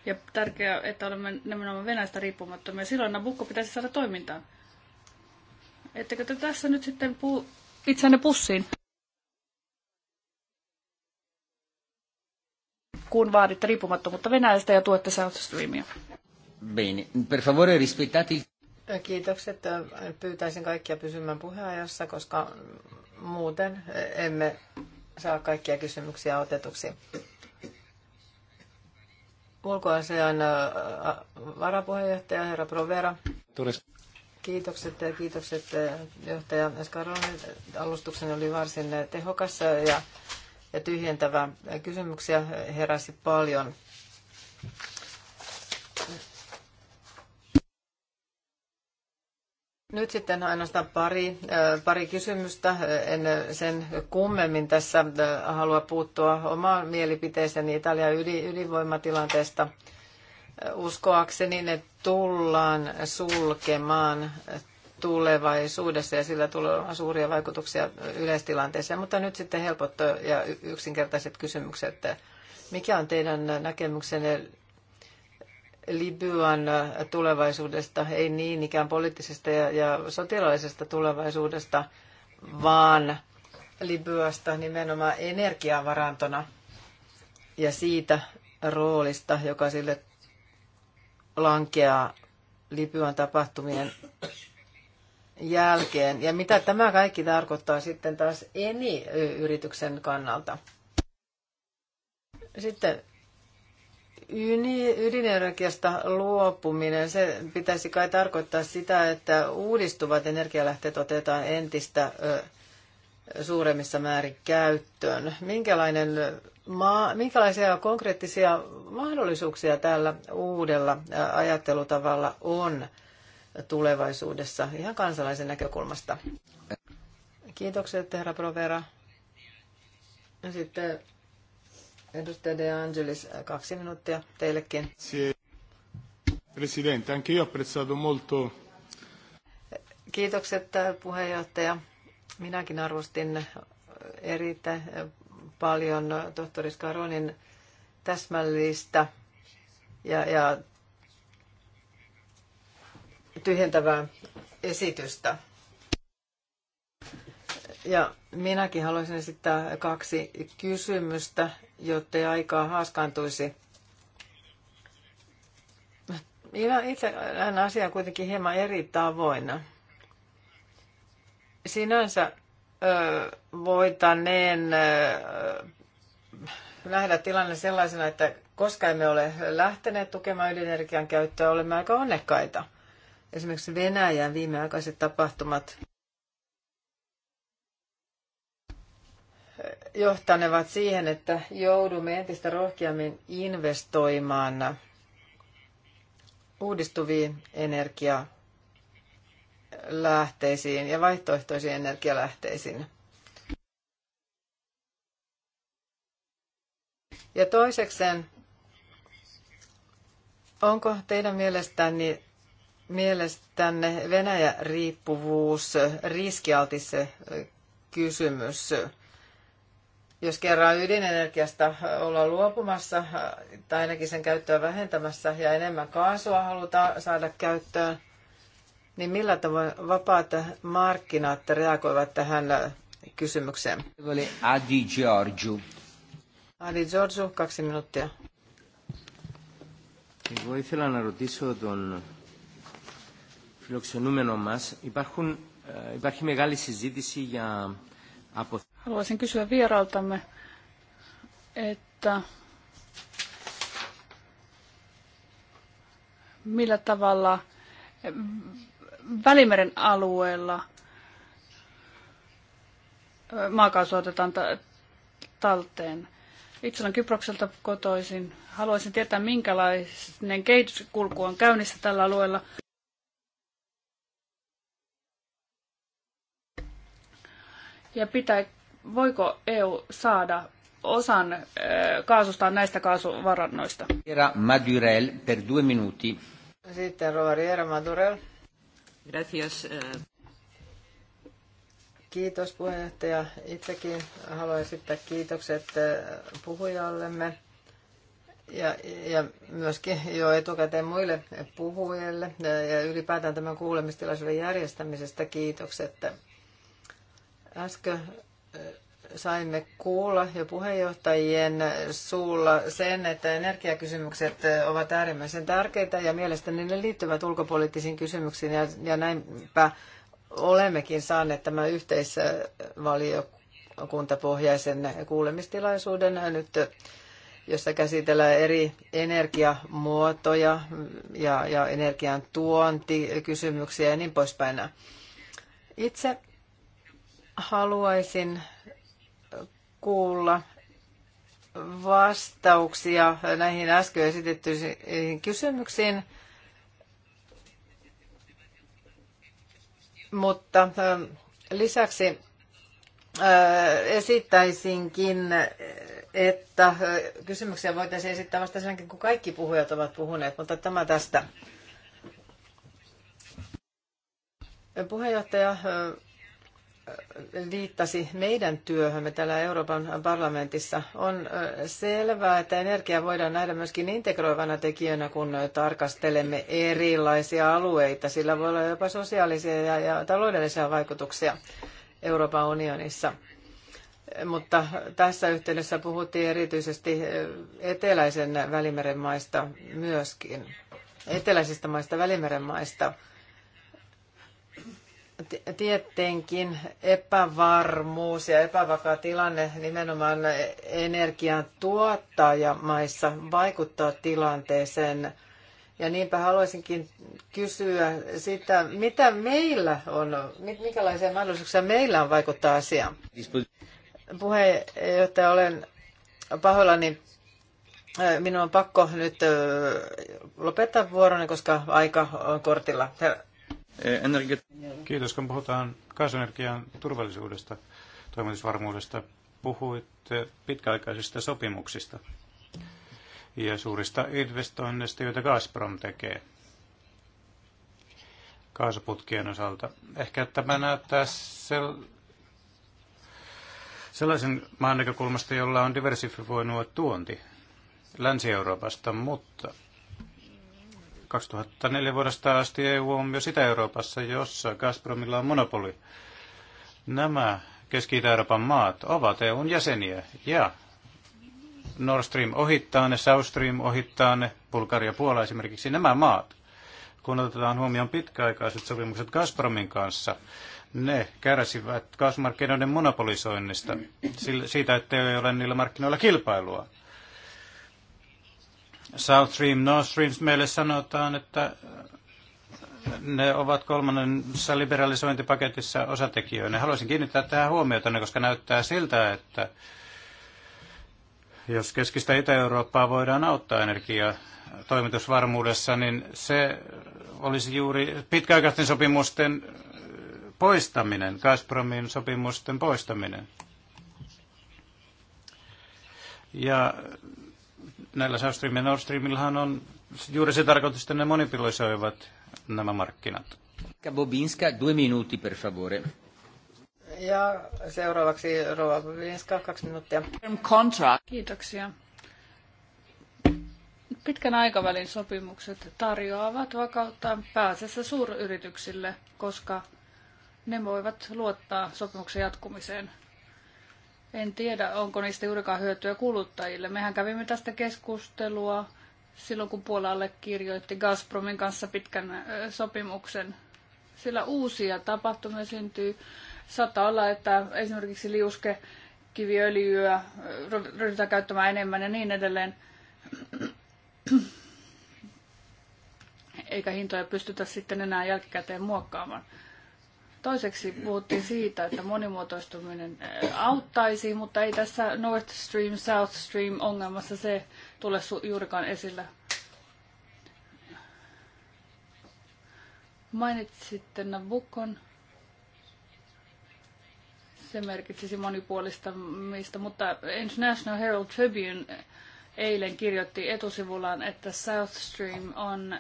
ja tärkeää, että olemme nimenomaan Venäjästä riippumattomia. Silloin Nabukko pitäisi saada toimintaan. Ettekö te tässä nyt sitten puu itseänne pussiin? kun vaaditte riippumattomuutta Venäjästä ja tuette South Streamia. Bene. Per favore rispettati il... Kiitokset. Pyytäisin kaikkia pysymään puheajassa, koska muuten emme saa kaikkia kysymyksiä otetuksi ulkoasian varapuheenjohtaja herra Provera. Tulis. Kiitokset ja kiitokset johtaja Skaronin. Alustuksen oli varsin tehokas ja, ja tyhjentävä. Kysymyksiä heräsi paljon. Nyt sitten ainoastaan pari, äh, pari kysymystä. Äh, en sen kummemmin tässä äh, halua puuttua omaan mielipiteeseeni Italian ydinvoimatilanteesta. Uskoakseni ne tullaan sulkemaan tulevaisuudessa ja sillä tulee olemaan suuria vaikutuksia yleistilanteeseen. Mutta nyt sitten helpot ja yksinkertaiset kysymykset. Mikä on teidän näkemyksenne Libyan äh, tulevaisuudesta, ei niin ikään poliittisesta ja, ja sotilaallisesta tulevaisuudesta, vaan Libyasta nimenomaan energiavarantona ja siitä roolista, joka sille lankeaa Libyan tapahtumien jälkeen. Ja mitä tämä kaikki tarkoittaa sitten taas eni-yrityksen kannalta? Sitten ydinenergiasta luopuminen, se pitäisi kai tarkoittaa sitä, että uudistuvat energialähteet otetaan entistä suuremmissa määrin käyttöön. Minkälainen minkälaisia konkreettisia mahdollisuuksia tällä uudella ajattelutavalla on tulevaisuudessa ihan kansalaisen näkökulmasta? Kiitokset, herra Provera. Sitten Edustaja De Angelis, äh, kaksi minuuttia teillekin. Presidente, anche io apprezzato molto. Kiitokset äh, puheenjohtaja. Minäkin arvostin äh, erittäin paljon tohtori Skaronin täsmällistä ja, ja tyhjentävää esitystä. Ja minäkin haluaisin esittää kaksi kysymystä, jottei aikaa haaskaantuisi. Minä itse näen asian kuitenkin hieman eri tavoina. Sinänsä ö, voitaneen ö, nähdä tilanne sellaisena, että koska emme ole lähteneet tukemaan ydinenergian käyttöä, olemme aika onnekkaita. Esimerkiksi Venäjän viimeaikaiset tapahtumat johtanevat siihen, että joudumme entistä rohkeammin investoimaan uudistuviin energialähteisiin ja vaihtoehtoisiin energialähteisiin. Ja toisekseen, onko teidän mielestänne, mielestänne Venäjä-riippuvuus riskialtis kysymys? Jos kerran ydinenergiasta ollaan luopumassa tai ainakin sen käyttöä vähentämässä ja enemmän kaasua halutaan saada käyttöön, niin millä tavoin vapaat markkinat reagoivat tähän kysymykseen? Adi Giorgio. Adi Giorgio, kaksi minuuttia. Εγώ ήθελα να ρωτήσω τον φιλοξενούμενο μας. Υπάρχουν, υπάρχει μεγάλη συζήτηση για αποθέσεις. Haluaisin kysyä vieraltamme, että millä tavalla Välimeren alueella maakaasu otetaan talteen. Itse olen Kyprokselta kotoisin. Haluaisin tietää, minkälainen kehityskulku on käynnissä tällä alueella. Ja pitää, voiko EU saada osan eh, kaasusta näistä kaasuvarannoista? Era Madurel per due minuti. Sitten Rovariera Madurel. Gracias. Eh. Kiitos puheenjohtaja. Itsekin haluan esittää kiitokset eh, puhujallemme ja, ja myöskin jo etukäteen muille puhujille ja ylipäätään tämän kuulemistilaisuuden järjestämisestä kiitokset. Äsken saimme kuulla jo puheenjohtajien suulla sen, että energiakysymykset ovat äärimmäisen tärkeitä ja mielestäni ne liittyvät ulkopoliittisiin kysymyksiin ja, ja näinpä olemmekin saaneet tämän yhteisvaliokuntapohjaisen kuulemistilaisuuden nyt, jossa käsitellään eri energiamuotoja ja, ja energian tuontikysymyksiä ja niin poispäin. Itse haluaisin kuulla vastauksia näihin äsken esitettyihin kysymyksiin. Mutta ähm, lisäksi äh, esittäisinkin, että äh, kysymyksiä voitaisiin esittää vasta senkin, kun kaikki puhujat ovat puhuneet, mutta tämä tästä. Puheenjohtaja äh, viittasi meidän työhömme täällä Euroopan parlamentissa. On selvää, että energia voidaan nähdä myöskin integroivana tekijänä, kun tarkastelemme erilaisia alueita. Sillä voi olla jopa sosiaalisia ja, ja taloudellisia vaikutuksia Euroopan unionissa. Mutta tässä yhteydessä puhuttiin erityisesti eteläisen välimeren maista myöskin, eteläisistä maista, välimeren maista – tietenkin epävarmuus ja epävakaa tilanne nimenomaan energian tuottajamaissa vaikuttaa tilanteeseen. Ja niinpä haluaisinkin kysyä sitä, mitä meillä on, minkälaisia mahdollisuuksia meillä on vaikuttaa asiaan. Puheenjohtaja, olen pahoillani. Minun on pakko nyt lopettaa vuoroni, koska aika on kortilla. Eh, Kiitos, kun puhutaan kaasuenergian turvallisuudesta, toimitusvarmuudesta. Puhuitte pitkäaikaisista sopimuksista ja suurista investoinneista, joita Gazprom tekee kaasuputkien osalta. Ehkä tämä näyttää sel- sellaisen maan näkökulmasta, jolla on diversifioinut tuonti Länsi-Euroopasta, mutta 2004 vuodesta asti EU on myös Itä-Euroopassa, jossa Gazpromilla on monopoli. Nämä Keski-Itä-Euroopan maat ovat EUn jäseniä ja Nord Stream ohittaa ne, South Stream ohittaa ne, Bulgaria, Puola esimerkiksi, nämä maat. Kun otetaan huomioon pitkäaikaiset sopimukset Gazpromin kanssa, ne kärsivät kasvumarkkinoiden monopolisoinnista, siitä, että ei ole niillä markkinoilla kilpailua. South Stream, North Stream, meille sanotaan, että ne ovat kolmannessa liberalisointipaketissa osatekijöinä. Haluaisin kiinnittää tähän huomiota, koska näyttää siltä, että jos keskistä Itä-Eurooppaa voidaan auttaa energia toimitusvarmuudessa, niin se olisi juuri pitkäaikaisten sopimusten poistaminen, Gazpromin sopimusten poistaminen. Ja näillä South Stream ja Nord Streamillahan on juuri se tarkoitus, että ne monipiloisoivat nämä markkinat. Bobinska, due minuti per favore. Ja seuraavaksi Rova Bobinska, kaksi minuuttia. Contract. Kiitoksia. Pitkän aikavälin sopimukset tarjoavat vakautta pääsessä suuryrityksille, koska ne voivat luottaa sopimuksen jatkumiseen en tiedä, onko niistä juurikaan hyötyä kuluttajille. Mehän kävimme tästä keskustelua silloin, kun Puolalle kirjoitti Gazpromin kanssa pitkän sopimuksen. Sillä uusia tapahtumia syntyy. Saattaa olla, että esimerkiksi liuskekiviöljyä ryhdytään käyttämään enemmän ja niin edelleen. Eikä hintoja pystytä sitten enää jälkikäteen muokkaamaan. Toiseksi puhuttiin siitä, että monimuotoistuminen eh, auttaisi, mutta ei tässä North Stream, South Stream ongelmassa se tule juurikaan esillä. sitten Nabukon. Se merkitsisi monipuolistamista, mutta International Herald Tribune eh, eilen kirjoitti etusivullaan, että South Stream on,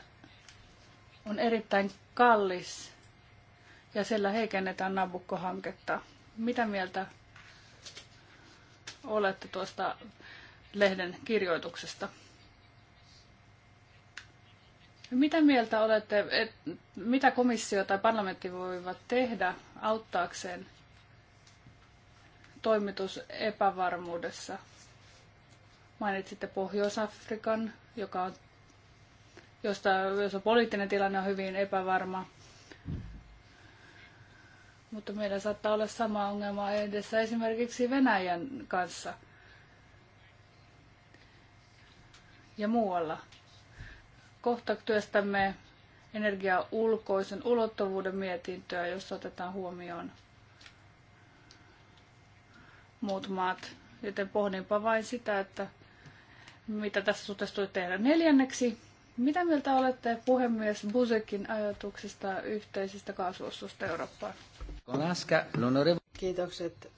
on erittäin kallis ja siellä heikennetään Nabukko-hanketta. Mitä mieltä olette tuosta lehden kirjoituksesta? Mitä mieltä olette, et, mitä komissio tai parlamentti voivat tehdä auttaakseen toimitus epävarmuudessa? Mainitsitte Pohjois-Afrikan, joka on, josta, jossa poliittinen tilanne on hyvin epävarma mutta meillä saattaa olla sama ongelma edessä esimerkiksi Venäjän kanssa ja muualla. Kohta työstämme energiaa ulkoisen ulottuvuuden mietintöä, jossa otetaan huomioon muut maat. Joten pohdinpa vain sitä, että mitä tässä suhteessa tulee tehdä. Neljänneksi, mitä mieltä olette puhemies Busekin ajatuksista yhteisistä kaasuosuusta Eurooppaan? Kiitokset.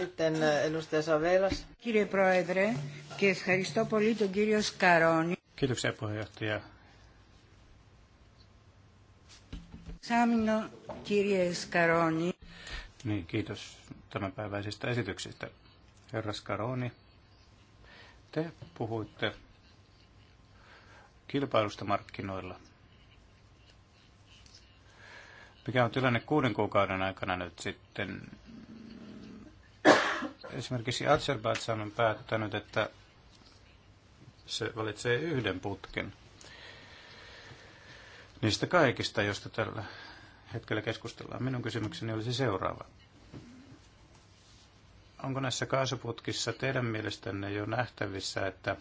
Sitten äh, edustaja Savelas. Κύριε Πρόεδρε, και ευχαριστώ πολύ τον κύριο Σκαρόνι. Kiitoksia puheenjohtaja. Εξάμεινο, kirje Σκαρόνι. Niin, kiitos tämänpäiväisistä esityksistä. Herra Skaroni, te puhuitte kilpailusta markkinoilla – mikä on tilanne kuuden kuukauden aikana nyt sitten? Esimerkiksi Azerbaidsan on päättänyt, että se valitsee yhden putken niistä kaikista, joista tällä hetkellä keskustellaan. Minun kysymykseni olisi seuraava. Onko näissä kaasuputkissa teidän mielestänne jo nähtävissä, että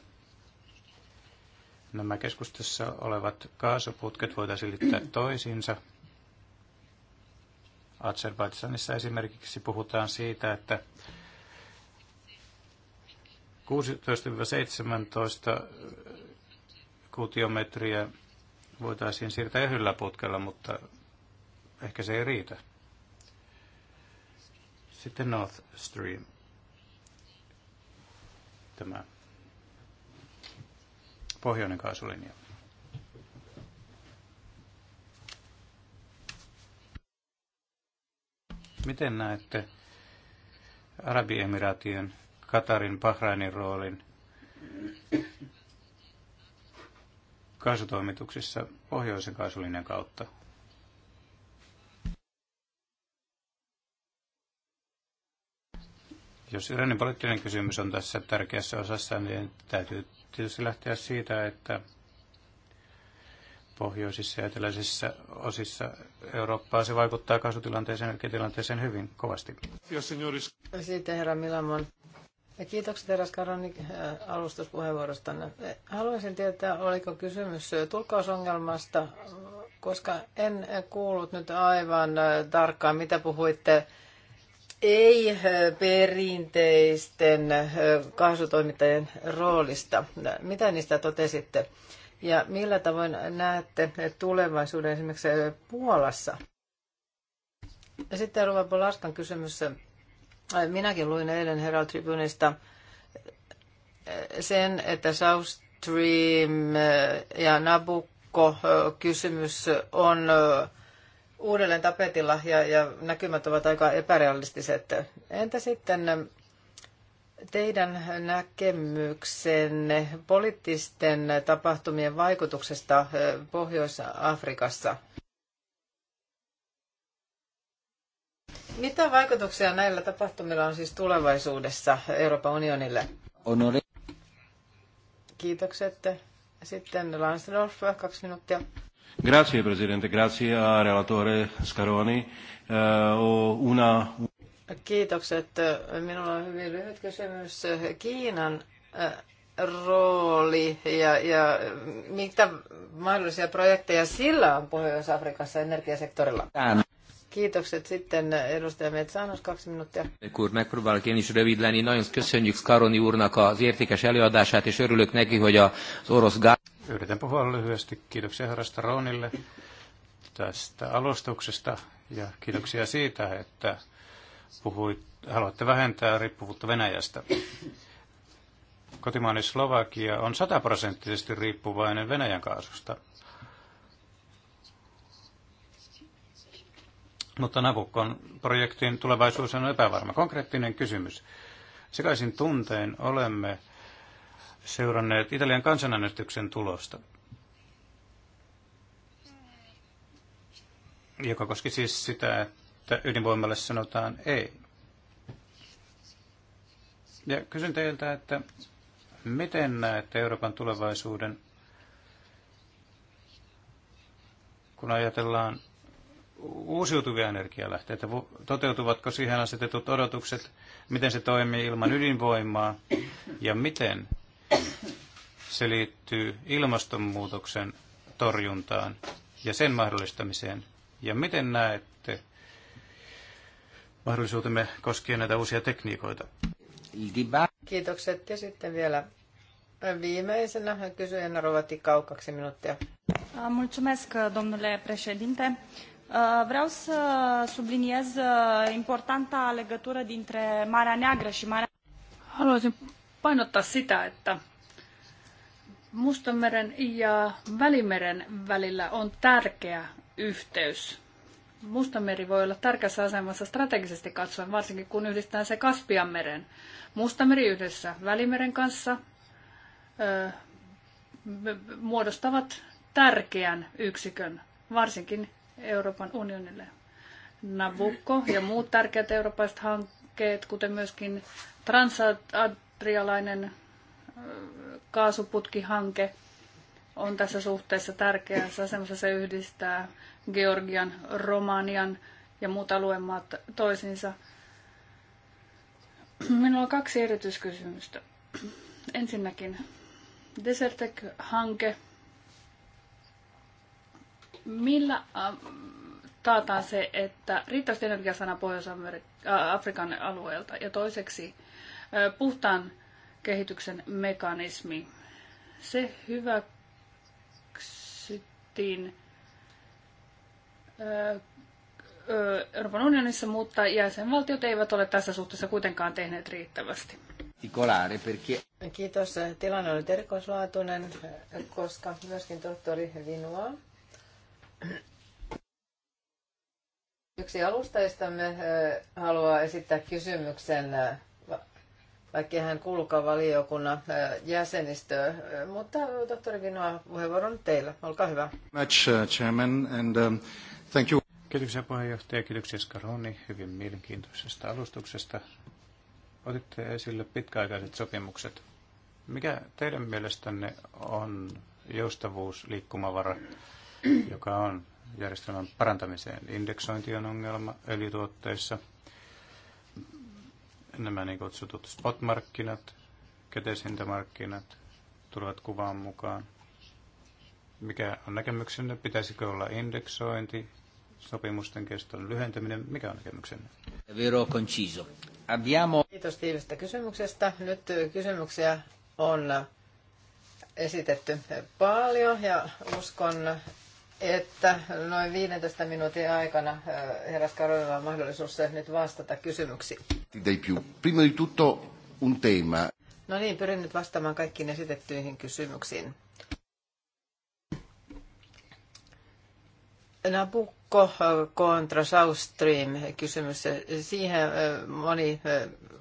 nämä keskustassa olevat kaasuputket voitaisiin liittää toisiinsa – Azerbaidsanissa esimerkiksi puhutaan siitä, että 16-17 kuutiometriä voitaisiin siirtää yhdellä putkella, mutta ehkä se ei riitä. Sitten North Stream. Tämä pohjoinen kaasulinja. Miten näette Arabiemiraatien, Katarin, Bahrainin roolin kaasutoimituksissa pohjoisen kaasulinjan kautta? Jos Iranin poliittinen kysymys on tässä tärkeässä osassa, niin täytyy tietysti lähteä siitä, että pohjoisissa ja eteläisissä osissa Eurooppaa. Se vaikuttaa kasvutilanteeseen ja tilanteeseen hyvin kovasti. Sitten herra Milamon. Ja kiitokset herra Karonik äh, alustuspuheenvuorosta. Haluaisin tietää, oliko kysymys tulkkausongelmasta, koska en kuullut nyt aivan äh, tarkkaan, mitä puhuitte ei perinteisten äh, kaasutoimittajien roolista. Mitä niistä totesitte? Ja millä tavoin näette tulevaisuuden esimerkiksi Puolassa? Ja sitten Ruva Polaskan kysymys. Minäkin luin eilen Herald Tribunista sen, että South Stream ja Nabucco kysymys on uudelleen tapetilla ja, ja näkymät ovat aika epärealistiset. Entä sitten teidän näkemyksenne poliittisten tapahtumien vaikutuksesta eh, Pohjois-Afrikassa? Mitä vaikutuksia näillä tapahtumilla on siis tulevaisuudessa Euroopan unionille? Honore. Kiitokset. Sitten Lansdorff, kaksi minuuttia. Grazie Presidente, grazie a relatore Scaroni. Uh, una... Kiitokset. Minulla on hyvin lyhyt kysymys. Kiinan äh, rooli ja, ja mitä mahdollisia projekteja sillä on Pohjois-Afrikassa energiasektorilla? Tään. Kiitokset sitten edustaja Metsanos, kaksi minuuttia. Úr, megpróbálok én is rövid lenni. Nagyon köszönjük Skaroni úrnak az értékes előadását, és örülök neki, hogy az orosz gáz... Yritän puhua lyhyesti. Kiitoksia herra Staronille tästä alustuksesta ja kiitoksia siitä, että puhuit, haluatte vähentää riippuvuutta Venäjästä. Kotimaani Slovakia on sataprosenttisesti riippuvainen Venäjän kaasusta. Mutta Navukon projektin tulevaisuus on epävarma. Konkreettinen kysymys. Sekaisin tunteen olemme seuranneet Italian kansanäänestyksen tulosta, joka koski siis sitä, että että ydinvoimalle sanotaan ei. Ja kysyn teiltä, että miten näette Euroopan tulevaisuuden, kun ajatellaan uusiutuvia energialähteitä? Toteutuvatko siihen asetetut odotukset? Miten se toimii ilman ydinvoimaa? Ja miten se liittyy ilmastonmuutoksen torjuntaan ja sen mahdollistamiseen? Ja miten näette mahdollisuutemme koskien näitä uusia tekniikoita. Kiitokset. Ja sitten vielä viimeisenä kysyjänä Rovatikau, kaksi minuuttia. Mulțumesc, domnule președinte. Vreau să subliniez importanta legătură dintre Marea Neagră și Marea... Haluaisin painottaa sitä, että Mustanmeren ja Välimeren välillä on tärkeä yhteys Mustameri voi olla tärkeässä asemassa strategisesti katsoen, varsinkin kun yhdistetään se meren. Mustameri yhdessä Välimeren kanssa ö, muodostavat tärkeän yksikön, varsinkin Euroopan unionille. Nabucco ja muut tärkeät eurooppalaiset hankkeet, kuten myöskin transatrialainen kaasuputkihanke – on tässä suhteessa tärkeässä asemassa. Se yhdistää Georgian, Romanian ja muut aluemaat toisiinsa. Minulla on kaksi erityiskysymystä. Ensinnäkin Desertec-hanke. Millä äh, taataan se, että riittävästi energiaa saadaan Pohjois-Afrikan alueelta? Ja toiseksi äh, puhtaan kehityksen mekanismi. Se hyvä hyväksyttiin Euroopan unionissa, mutta jäsenvaltiot eivät ole tässä suhteessa kuitenkaan tehneet riittävästi. Kiitos. Tilanne oli erikoislaatuinen, koska myöskin tohtori Vinua. Yksi alustajistamme haluaa esittää kysymyksen vaikkei hän kuulukaan valiokunnan jäsenistö. Mutta tohtori Vinoa, puheenvuoro on teillä. Olkaa hyvä. Much, chairman, and, um, thank you. Kiitoksia puheenjohtaja, kiitoksia Skaroni hyvin mielenkiintoisesta alustuksesta. Otitte esille pitkäaikaiset sopimukset. Mikä teidän mielestänne on joustavuus, liikkumavara, joka on järjestelmän parantamiseen? Indeksointi on ongelma öljytuotteissa – Nämä niin kutsutut spot-markkinat, käteishintamarkkinat tulevat kuvaan mukaan. Mikä on näkemyksenne? Pitäisikö olla indeksointi, sopimusten keston lyhentäminen? Mikä on näkemyksenne? Vero Conciso. Abbiamo... Kiitos tiivistä kysymyksestä. Nyt kysymyksiä on esitetty paljon ja uskon, että noin 15 minuutin aikana herras Karolilla on mahdollisuus nyt vastata kysymyksiin. più. No niin, pyrin nyt vastaamaan kaikkiin esitettyihin kysymyksiin. Nabucco kontra South Stream kysymys. Siihen moni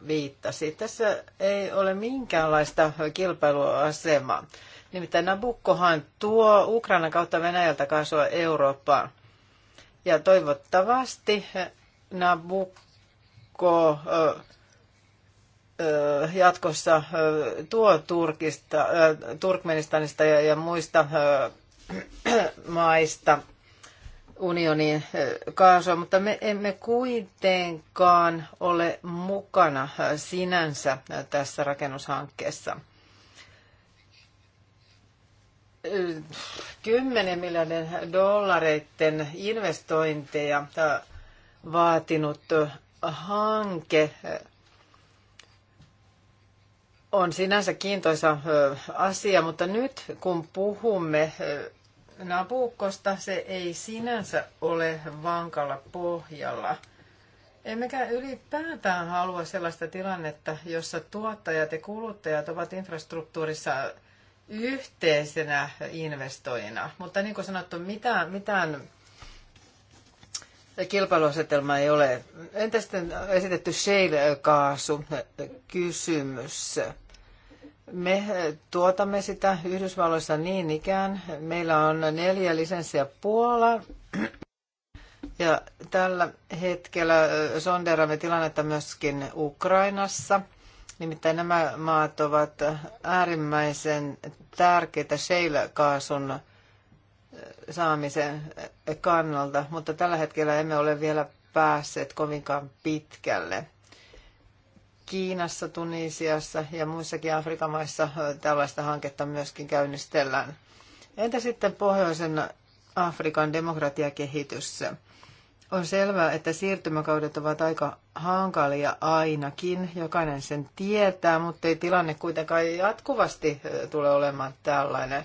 viittasi. Tässä ei ole minkäänlaista kilpailuasemaa. Nimittäin Nabukkohan tuo Ukrainan kautta Venäjältä kaasua Eurooppaan. Ja toivottavasti Nabukko ö, ö, jatkossa ö, tuo Turkista, ö, Turkmenistanista ja, ja muista ö, <clears throat> maista unionin kaasua, mutta me emme kuitenkaan ole mukana sinänsä tässä rakennushankkeessa – 10 miljardin dollareiden investointeja vaatinut hanke on sinänsä kiintoisa asia, mutta nyt kun puhumme Nabukosta, se ei sinänsä ole vankalla pohjalla. Emmekä ylipäätään halua sellaista tilannetta, jossa tuottajat ja kuluttajat ovat infrastruktuurissa yhteisenä investoina. Mutta niin kuin sanottu, mitään, mitään kilpailuasetelma ei ole. Entä sitten esitetty shale-kaasu kysymys? Me tuotamme sitä Yhdysvalloissa niin ikään. Meillä on neljä lisenssiä Puola. Ja tällä hetkellä sonderamme tilannetta myöskin Ukrainassa – Nimittäin nämä maat ovat äärimmäisen tärkeitä shale-kaasun saamisen kannalta, mutta tällä hetkellä emme ole vielä päässeet kovinkaan pitkälle. Kiinassa, Tunisiassa ja muissakin Afrikan maissa tällaista hanketta myöskin käynnistellään. Entä sitten pohjoisen Afrikan demokratiakehitys? On selvää, että siirtymäkaudet ovat aika hankalia ainakin. Jokainen sen tietää, mutta ei tilanne kuitenkaan jatkuvasti tule olemaan tällainen.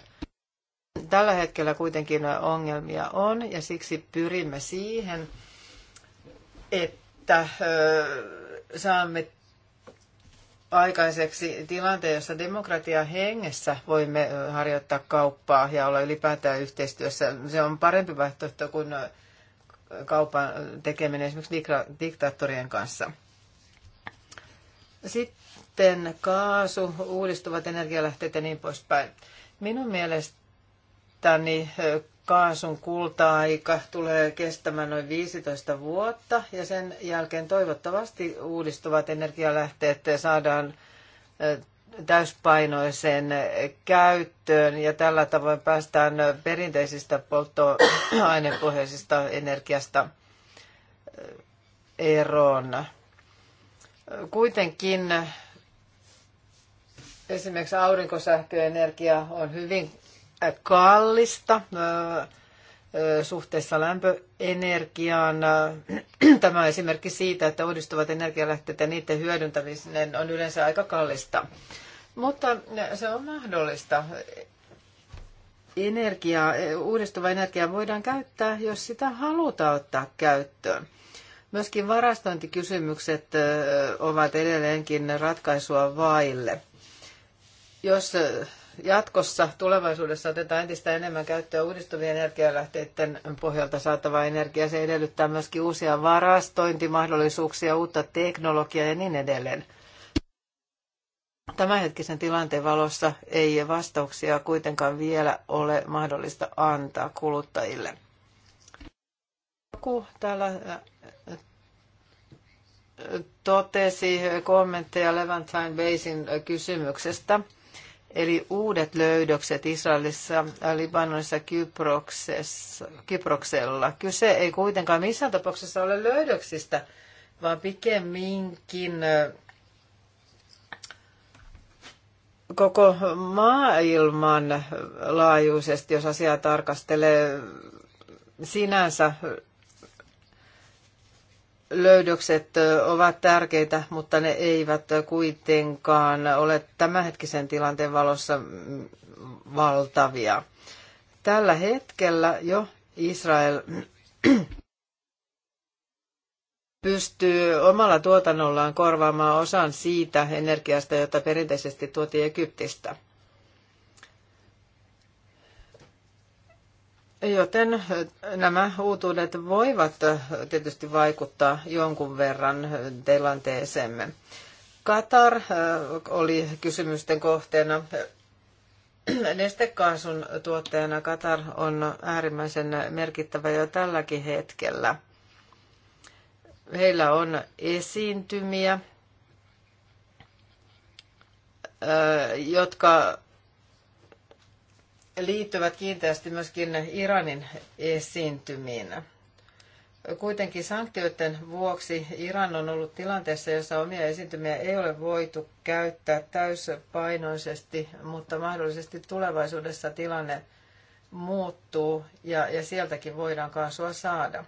Tällä hetkellä kuitenkin ongelmia on ja siksi pyrimme siihen, että saamme aikaiseksi tilanteen, jossa demokratia hengessä voimme harjoittaa kauppaa ja olla ylipäätään yhteistyössä. Se on parempi vaihtoehto kuin kaupan tekeminen esimerkiksi diktaattorien kanssa. Sitten kaasu, uudistuvat energialähteet ja niin poispäin. Minun mielestäni kaasun kulta-aika tulee kestämään noin 15 vuotta ja sen jälkeen toivottavasti uudistuvat energialähteet saadaan täyspainoiseen käyttöön ja tällä tavoin päästään perinteisistä polttoainepohjaisista energiasta eroon. Kuitenkin esimerkiksi aurinkosähköenergia on hyvin kallista suhteessa lämpöenergiaan. Tämä on esimerkki siitä, että uudistuvat energialähteet ja niiden hyödyntäminen on yleensä aika kallista. Mutta se on mahdollista. Energia, uudistuva energiaa voidaan käyttää, jos sitä halutaan ottaa käyttöön. Myöskin varastointikysymykset ovat edelleenkin ratkaisua vaille. Jos jatkossa tulevaisuudessa otetaan entistä enemmän käyttöä uudistuvien energialähteiden pohjalta saatava energiaa, se edellyttää myöskin uusia varastointimahdollisuuksia, uutta teknologiaa ja niin edelleen tämänhetkisen tilanteen valossa ei vastauksia kuitenkaan vielä ole mahdollista antaa kuluttajille. Joku täällä äh, totesi kommentteja Levantine Basin kysymyksestä. Eli uudet löydökset Israelissa, Libanonissa, Kyproksella. Kyse ei kuitenkaan missään tapauksessa ole löydöksistä, vaan pikemminkin äh, koko maailman laajuisesti, jos asiaa tarkastelee, sinänsä löydökset ovat tärkeitä, mutta ne eivät kuitenkaan ole tämänhetkisen tilanteen valossa valtavia. Tällä hetkellä jo Israel pystyy omalla tuotannollaan korvaamaan osan siitä energiasta, jota perinteisesti tuotiin Egyptistä. Joten nämä uutuudet voivat tietysti vaikuttaa jonkun verran tilanteeseemme. Katar äh, oli kysymysten kohteena. Nestekaasun tuottajana Katar on äärimmäisen merkittävä jo tälläkin hetkellä – heillä on esiintymiä, jotka liittyvät kiinteästi myöskin Iranin esiintymiin. Kuitenkin sanktioiden vuoksi Iran on ollut tilanteessa, jossa omia esiintymiä ei ole voitu käyttää täyspainoisesti, mutta mahdollisesti tulevaisuudessa tilanne muuttuu ja, ja sieltäkin voidaan kaasua saada.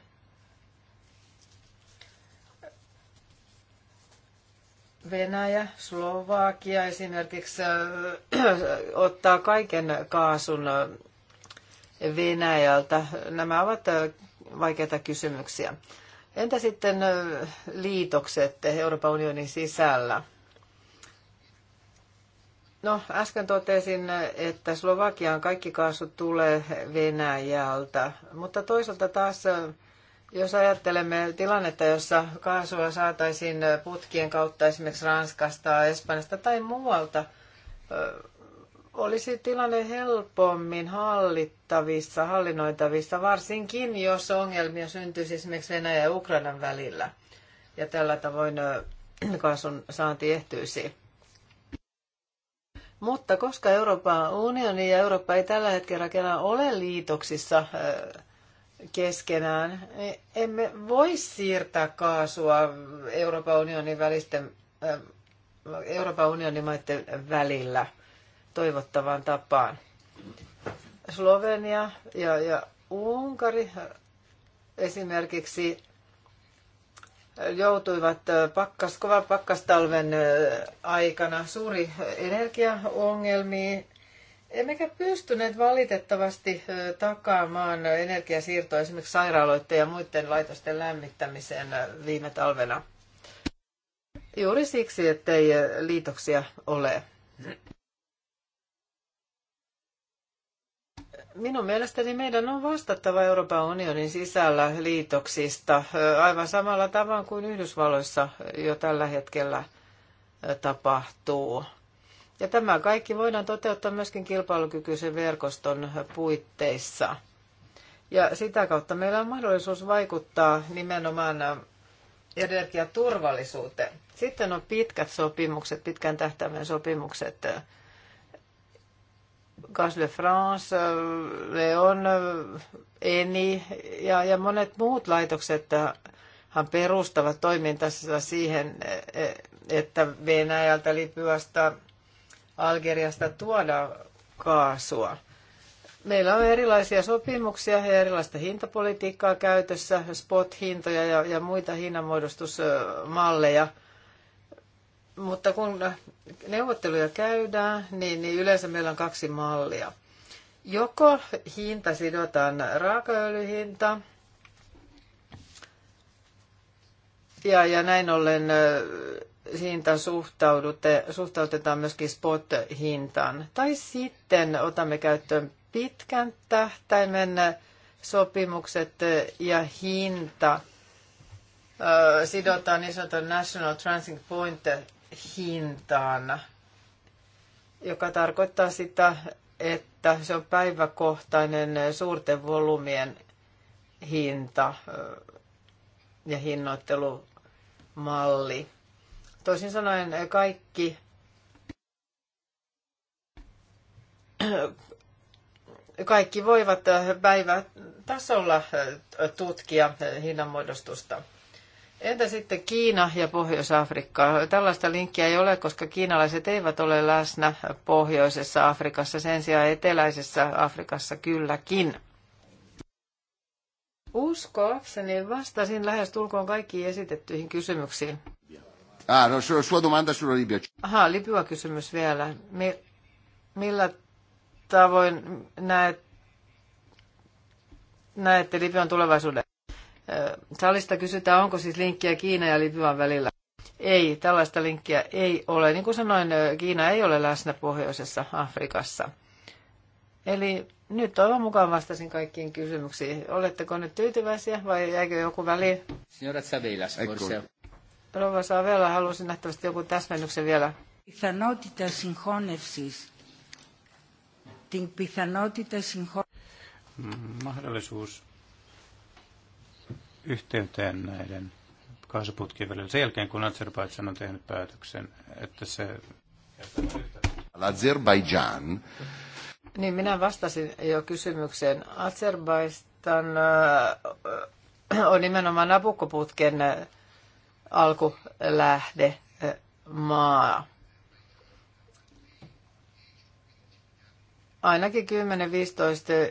Venäjä, Slovakia esimerkiksi äh, ottaa kaiken kaasun äh, Venäjältä. Nämä ovat äh, vaikeita kysymyksiä. Entä sitten liitokset Euroopan unionin sisällä? No, äsken totesin, että Slovakiaan kaikki kaasu tulee Venäjältä, mutta toisaalta taas jos ajattelemme tilannetta, jossa kaasua saataisiin putkien kautta esimerkiksi Ranskasta, Espanjasta tai muualta, olisi tilanne helpommin hallittavissa, hallinnoitavissa, varsinkin jos ongelmia syntyisi esimerkiksi Venäjän ja Ukrainan välillä. Ja tällä tavoin kaasun saanti ehtyisi. Mutta koska Euroopan unioni ja Eurooppa ei tällä hetkellä ole liitoksissa keskenään. Emme voi siirtää kaasua Euroopan unionin, välisten, äh, Euroopan unionin maiden välillä toivottavaan tapaan. Slovenia ja, ja Unkari esimerkiksi joutuivat äh, pakkas, kovan pakkastalven äh, aikana suuri energiaongelmiin Emmekä pystyneet valitettavasti takaamaan energiasiirtoa esimerkiksi sairaaloiden ja muiden laitosten lämmittämiseen viime talvena. Juuri siksi, ettei liitoksia ole. Minun mielestäni meidän on vastattava Euroopan unionin sisällä liitoksista aivan samalla tavalla kuin Yhdysvalloissa jo tällä hetkellä tapahtuu. Ja tämä kaikki voidaan toteuttaa myöskin kilpailukykyisen verkoston puitteissa. Ja sitä kautta meillä on mahdollisuus vaikuttaa nimenomaan energiaturvallisuuteen. Sitten on pitkät sopimukset, pitkän tähtäimen sopimukset. Gas de France, Leon, Eni ja, ja monet muut laitokset hän perustavat toimintansa siihen, että Venäjältä, Libyasta, Algeriasta tuoda kaasua. Meillä on erilaisia sopimuksia ja erilaista hintapolitiikkaa käytössä, spot-hintoja ja, ja muita hinnanmuodostusmalleja. Mutta kun neuvotteluja käydään, niin, niin yleensä meillä on kaksi mallia. Joko hinta sidotaan raakaöljyhinta, ja, ja näin ollen hinta suhtautetaan myöskin spot-hintaan. Tai sitten otamme käyttöön pitkän tähtäimen sopimukset ja hinta sidotaan niin sanotun National Transit Point hintaan, joka tarkoittaa sitä, että se on päiväkohtainen suurten volyymien hinta ja hinnoittelumalli. Toisin sanoen eh, kaikki eh, kaikki voivat eh, tasolla tutkia hinnanmuodostusta. Entä sitten Kiina ja Pohjois-Afrikka? Tällaista linkkiä ei ole, koska kiinalaiset eivät ole läsnä pohjoisessa Afrikassa, sen sijaan eteläisessä Afrikassa kylläkin. Uskoakseni vastasin lähes tulkoon kaikkiin esitettyihin kysymyksiin. Ah, no, sua domanda sulla Libia. Aha, Libya kysymys vielä. Mi- millä tavoin näet, näette Libyan tulevaisuuden? Salista kysytään, onko siis linkkiä Kiina ja Libyan välillä. Ei, tällaista linkkiä ei ole. Niin kuin sanoin, Kiina ei ole läsnä pohjoisessa Afrikassa. Eli nyt toivon mukaan vastasin kaikkiin kysymyksiin. Oletteko nyt tyytyväisiä vai jäikö joku väliin? Signora Zabelas, Rova Savella halusi nähtävästi joku täsmennyksen vielä. Πιθανότητα συγχώνευσης. Την πιθανότητα Mahdollisuus yhteyteen näiden kaasuputkien välillä sen jälkeen, kun Azerbaidžan on tehnyt päätöksen, että se... Azerbaidžan. Niin, minä vastasin jo kysymykseen. Azerbaidžan äh, on nimenomaan Nabukko-putken äh, alkulähde maa. Ainakin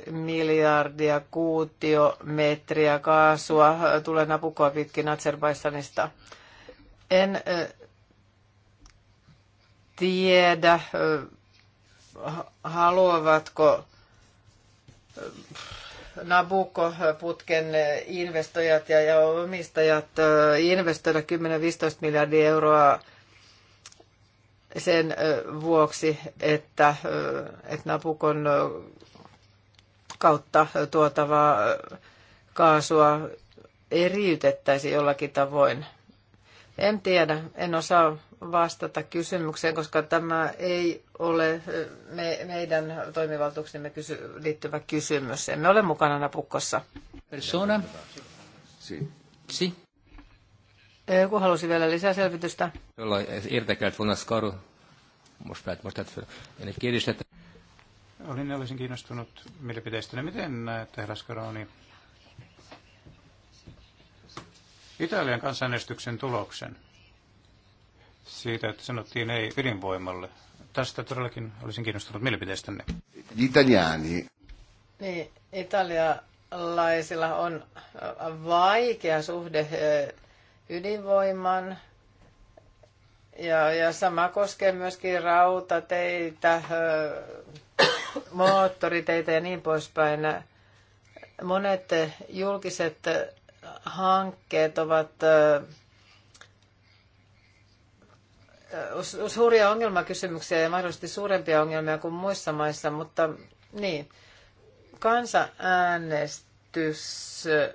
10-15 miljardia kuutiometriä kaasua tulee napukoa pitkin Azerbaistanista. En tiedä, haluavatko Nabucco-putken investoijat ja, ja omistajat investoida 10-15 miljardia euroa sen vuoksi, että, että Napukon kautta tuotavaa kaasua eriytettäisiin jollakin tavoin. En tiedä, en osaa vastata kysymykseen, koska tämä ei ole me, meidän toimivaltuuksimme kysy, liittyvä kysymys. Emme ole mukana napukossa. Persona? Si. Si. Joku halusi vielä lisää selvitystä. Olin olisin kiinnostunut mielipiteistä. Miten näette, herra Skaroni, Italian kansanäänestyksen tuloksen? siitä, että sanottiin ei ydinvoimalle. Tästä todellakin olisin kiinnostunut mielipiteestänne. Italiani. Niin, italialaisilla on äh, vaikea suhde äh, ydinvoiman ja, ja sama koskee myöskin rautateitä, äh, moottoriteitä ja niin poispäin. Monet julkiset hankkeet ovat Äh, suuria ongelmakysymyksiä ja mahdollisesti suurempia ongelmia kuin muissa maissa, mutta niin, kansanäänestys äh,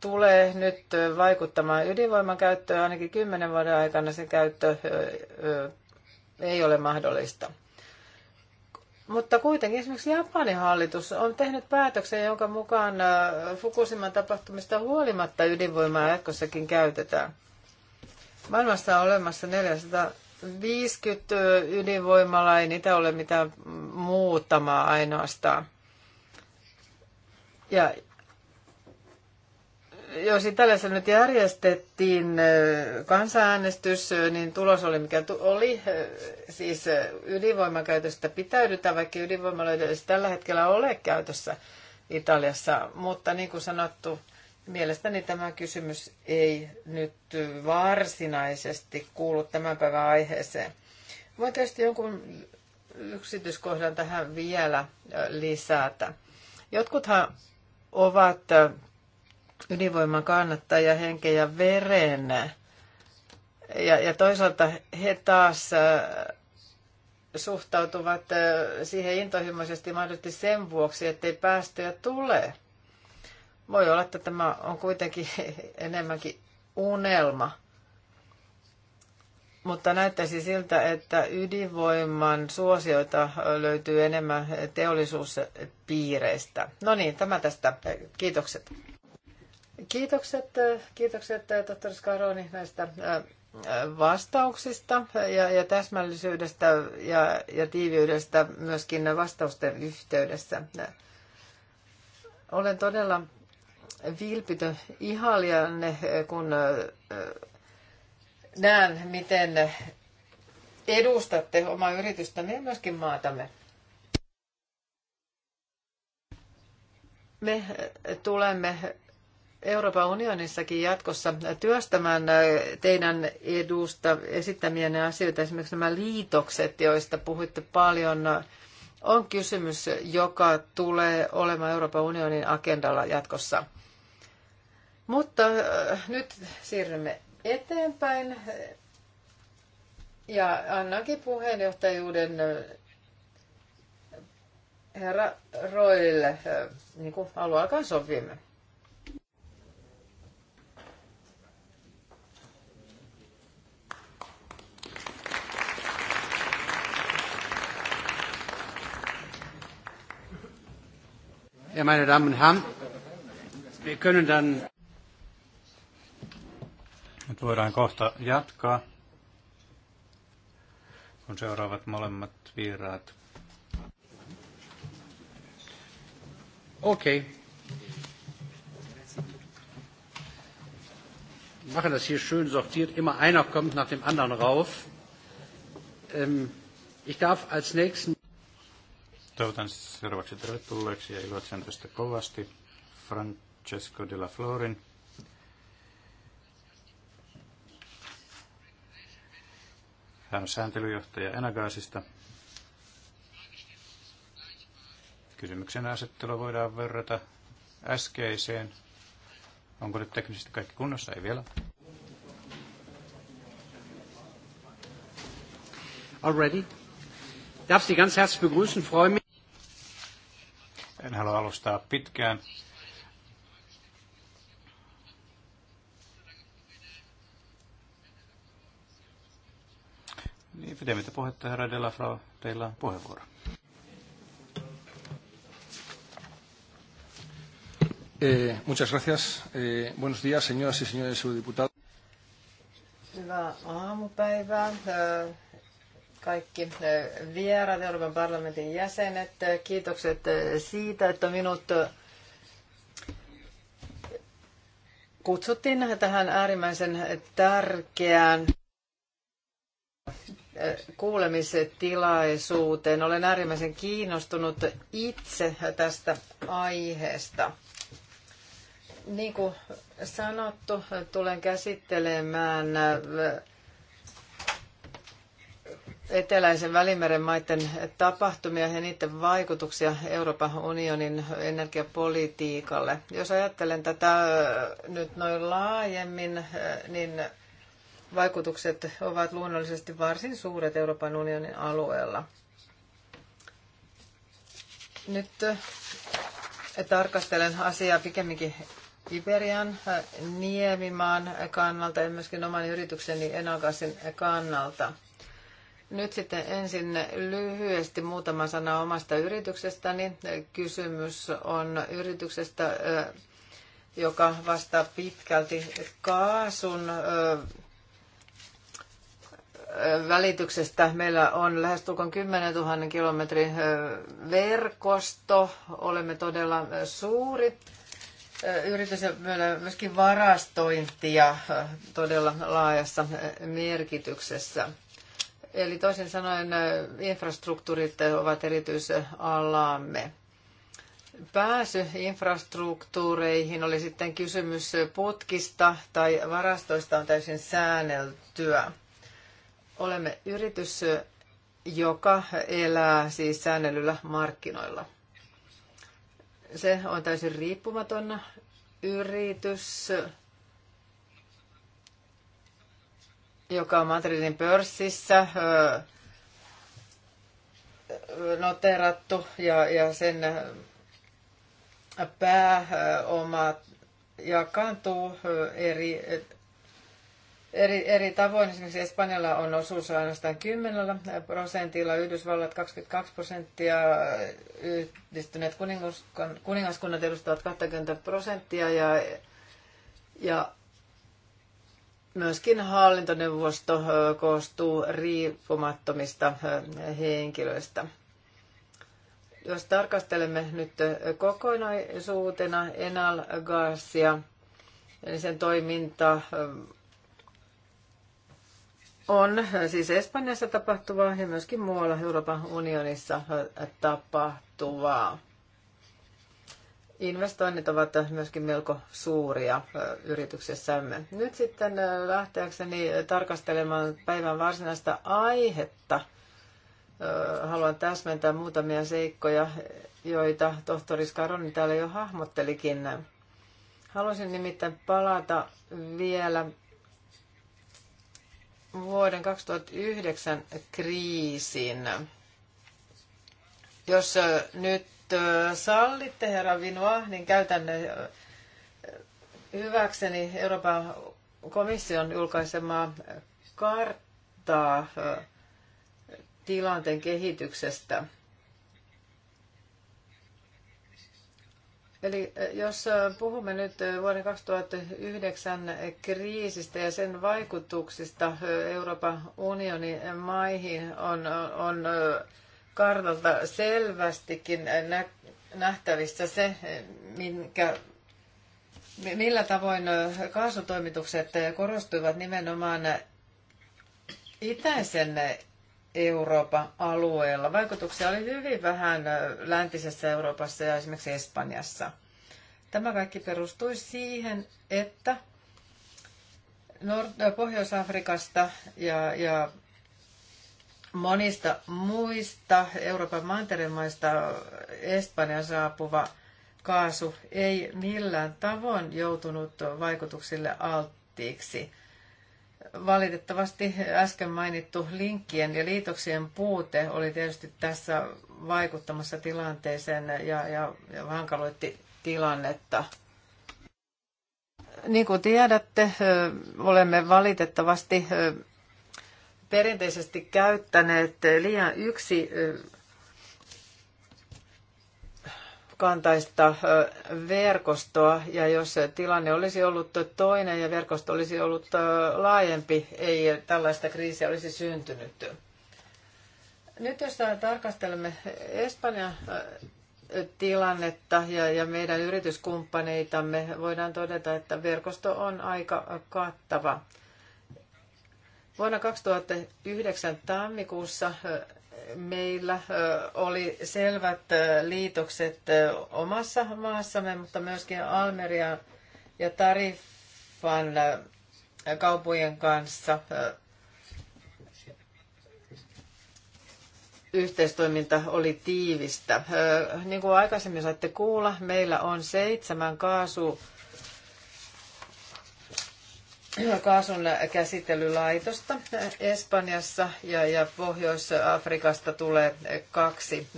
tulee nyt äh, vaikuttamaan ydinvoiman käyttöön ainakin kymmenen vuoden aikana se käyttö ei ole mahdollista. Mutta kuitenkin esimerkiksi Japanin hallitus on tehnyt päätöksen, jonka mukaan Fukushiman tapahtumista huolimatta ydinvoimaa jatkossakin käytetään. Maailmassa on olemassa 400 50 ydinvoimala ei niitä ole mitään muutamaa ainoastaan. Ja jos Italiassa nyt järjestettiin kansanäänestys, niin tulos oli mikä oli. Siis ydinvoimakäytöstä pitäydytään, vaikka ydinvoimaloita ei siis tällä hetkellä ole käytössä Italiassa. Mutta niin kuin sanottu, Mielestäni tämä kysymys ei nyt varsinaisesti kuulu tämän päivän aiheeseen. Voin tietysti jonkun yksityiskohdan tähän vielä lisätä. Jotkuthan ovat ydinvoiman kannattaja henkeä ja veren. Ja, ja toisaalta he taas suhtautuvat siihen intohimoisesti mahdollisesti sen vuoksi, ettei päästöjä tule – voi olla, että tämä on kuitenkin <laughs> enemmänkin unelma. Mutta näyttäisi siltä, että ydinvoiman suosioita löytyy enemmän teollisuuspiireistä. No niin, tämä tästä. Kiitokset. Kiitokset, kiitokset eh, tohtori Skaroni näistä eh, eh, vastauksista ja, ja täsmällisyydestä ja, ja tiiviydestä myöskin vastausten yhteydessä. Olen todella vilpitön ihailijanne, kun näen, miten edustatte omaa yritystämme ja myöskin maatamme. Me tulemme Euroopan unionissakin jatkossa työstämään teidän edusta esittämienne asioita, esimerkiksi nämä liitokset, joista puhuitte paljon, on kysymys, joka tulee olemaan Euroopan unionin agendalla jatkossa. Mutta äh, nyt siirrymme eteenpäin ja annankin puheenjohtajuuden äh, herra Roilille, äh, niin kuin alueelkaan sovimme. Ja, meine Damen und Herren, wir können dann nyt voidaan kohta jatkaa, kun seuraavat molemmat vieraat. Okei. Okay. Machen das hier schön sortiert. Immer einer kommt nach dem anderen rauf. Ähm, ich darf als nächsten Toivotan seuraavaksi tervetulleeksi ja iloitsen tästä kovasti Francesco de la Florin Hän on sääntelyjohtaja Enagaasista. Kysymyksen asettelu voidaan verrata äskeiseen. Onko nyt teknisesti kaikki kunnossa? Ei vielä. Already. Darf Sie ganz herzlich begrüßen, freue mich. En halua alustaa pitkään. Pidemmittä puhetta, herra Delafra, teillä on puheenvuoro. Eh, muchas gracias. Eh, buenos días, señoras y señores eurodiputados. Hyvää aamupäivää eh, kaikki eh, vieraat, Euroopan parlamentin jäsenet. Eh, kiitokset siitä, että minut kutsuttiin tähän äärimmäisen tärkeään kuulemisetilaisuuteen. Olen äärimmäisen kiinnostunut itse tästä aiheesta. Niin kuin sanottu, tulen käsittelemään äh, eteläisen välimeren maiden tapahtumia ja niiden vaikutuksia Euroopan unionin energiapolitiikalle. Jos ajattelen tätä äh, nyt noin laajemmin, äh, niin vaikutukset ovat luonnollisesti varsin suuret Euroopan unionin alueella. Nyt eh, tarkastelen asiaa pikemminkin Iberian eh, Niemimaan kannalta ja myöskin oman yritykseni Enakasin kannalta. Nyt sitten ensin lyhyesti muutama sana omasta yrityksestäni. Kysymys on yrityksestä, eh, joka vastaa pitkälti kaasun välityksestä. Meillä on lähestulkoon 10 000 kilometrin verkosto. Olemme todella suuri yritys ja myöskin varastointia todella laajassa merkityksessä. Eli toisin sanoen infrastruktuurit ovat erityisalaamme. Pääsy infrastruktuureihin oli sitten kysymys putkista tai varastoista on täysin säänneltyä. Olemme yritys, joka elää siis säännellyllä markkinoilla. Se on täysin riippumaton yritys, joka on Madridin pörssissä noterattu ja, ja sen pääoma jakaantuu eri eri, eri tavoin. Esimerkiksi Espanjalla on osuus ainoastaan 10 prosentilla, Yhdysvallat 22 prosenttia, yhdistyneet kuningaskunnat edustavat 20 prosenttia ja, ja myöskin hallintoneuvosto koostuu riippumattomista henkilöistä. Jos tarkastelemme nyt kokonaisuutena Enal Garcia, niin sen toiminta on siis Espanjassa tapahtuvaa ja myöskin muualla Euroopan unionissa tapahtuvaa. Investoinnit ovat myöskin melko suuria yrityksessämme. Nyt sitten lähteäkseni tarkastelemaan päivän varsinaista aihetta, haluan täsmentää muutamia seikkoja, joita tohtori Skaroni täällä jo hahmottelikin. Haluaisin nimittäin palata vielä vuoden 2009 kriisin. Jos nyt sallitte, herra Vinoa, niin käytän hyväkseni Euroopan komission julkaisemaa karttaa tilanteen kehityksestä – Eli jos puhumme nyt vuoden 2009 kriisistä ja sen vaikutuksista Euroopan unionin maihin, on, on kartalta selvästikin nähtävissä se, minkä, millä tavoin kaasutoimitukset korostuivat nimenomaan itäisen Euroopan alueella. Vaikutuksia oli hyvin vähän läntisessä Euroopassa ja esimerkiksi Espanjassa. Tämä kaikki perustui siihen, että Nord- Pohjois-Afrikasta ja, ja monista muista Euroopan mantereenmaista Espanjan saapuva kaasu ei millään tavoin joutunut vaikutuksille alttiiksi. Valitettavasti äsken mainittu linkkien ja liitoksien puute oli tietysti tässä vaikuttamassa tilanteeseen ja, ja, ja hankaloitti tilannetta. Niin kuin tiedätte, olemme valitettavasti perinteisesti käyttäneet liian yksi kantaista verkostoa, ja jos tilanne olisi ollut toinen ja verkosto olisi ollut laajempi, ei tällaista kriisiä olisi syntynyt. Nyt jos tarkastelemme Espanjan tilannetta ja, ja meidän yrityskumppaneitamme, voidaan todeta, että verkosto on aika kattava. Vuonna 2009 tammikuussa meillä oli selvät liitokset omassa maassamme, mutta myöskin Almeria ja Tarifan kaupujen kanssa yhteistoiminta oli tiivistä. Niin kuin aikaisemmin saitte kuulla, meillä on seitsemän kaasu kaasun käsittelylaitosta Espanjassa ja, ja Pohjois-Afrikasta tulee kaksi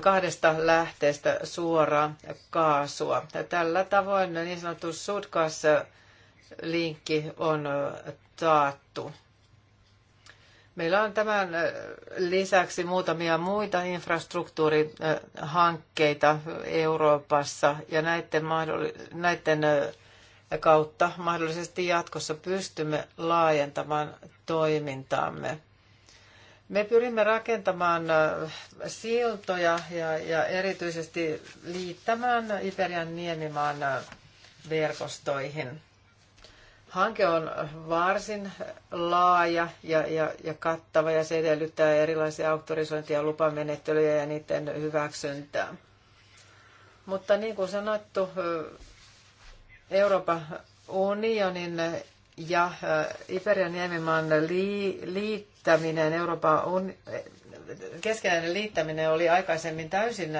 kahdesta lähteestä suoraa kaasua. Tällä tavoin niin sanottu Sudgas-linkki on taattu. Meillä on tämän lisäksi muutamia muita infrastruktuurihankkeita Euroopassa ja näiden, mahdoll- näiden kautta mahdollisesti jatkossa pystymme laajentamaan toimintaamme. Me pyrimme rakentamaan siltoja ja, ja erityisesti liittämään Iberian niemimaan verkostoihin. Hanke on varsin laaja ja, ja, ja kattava ja se edellyttää erilaisia auktorisointia ja lupamenettelyjä ja niiden hyväksyntää. Mutta niin kuin sanottu, Euroopan unionin ja Iberian niemimaan liittäminen, Euroopan un... liittäminen oli aikaisemmin täysin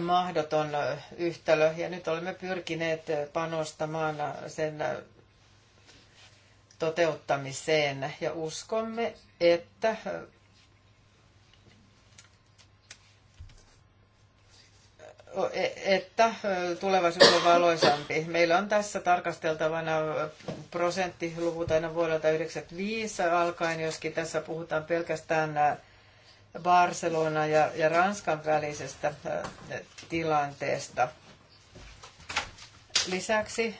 mahdoton yhtälö. Ja nyt olemme pyrkineet panostamaan sen toteuttamiseen ja uskomme, että e, että tulevaisuus on valoisampi. Meillä on tässä tarkasteltavana prosenttiluvut aina vuodelta 1995 alkaen, joskin tässä puhutaan pelkästään Barcelonan ja, ja Ranskan välisestä tilanteesta. Lisäksi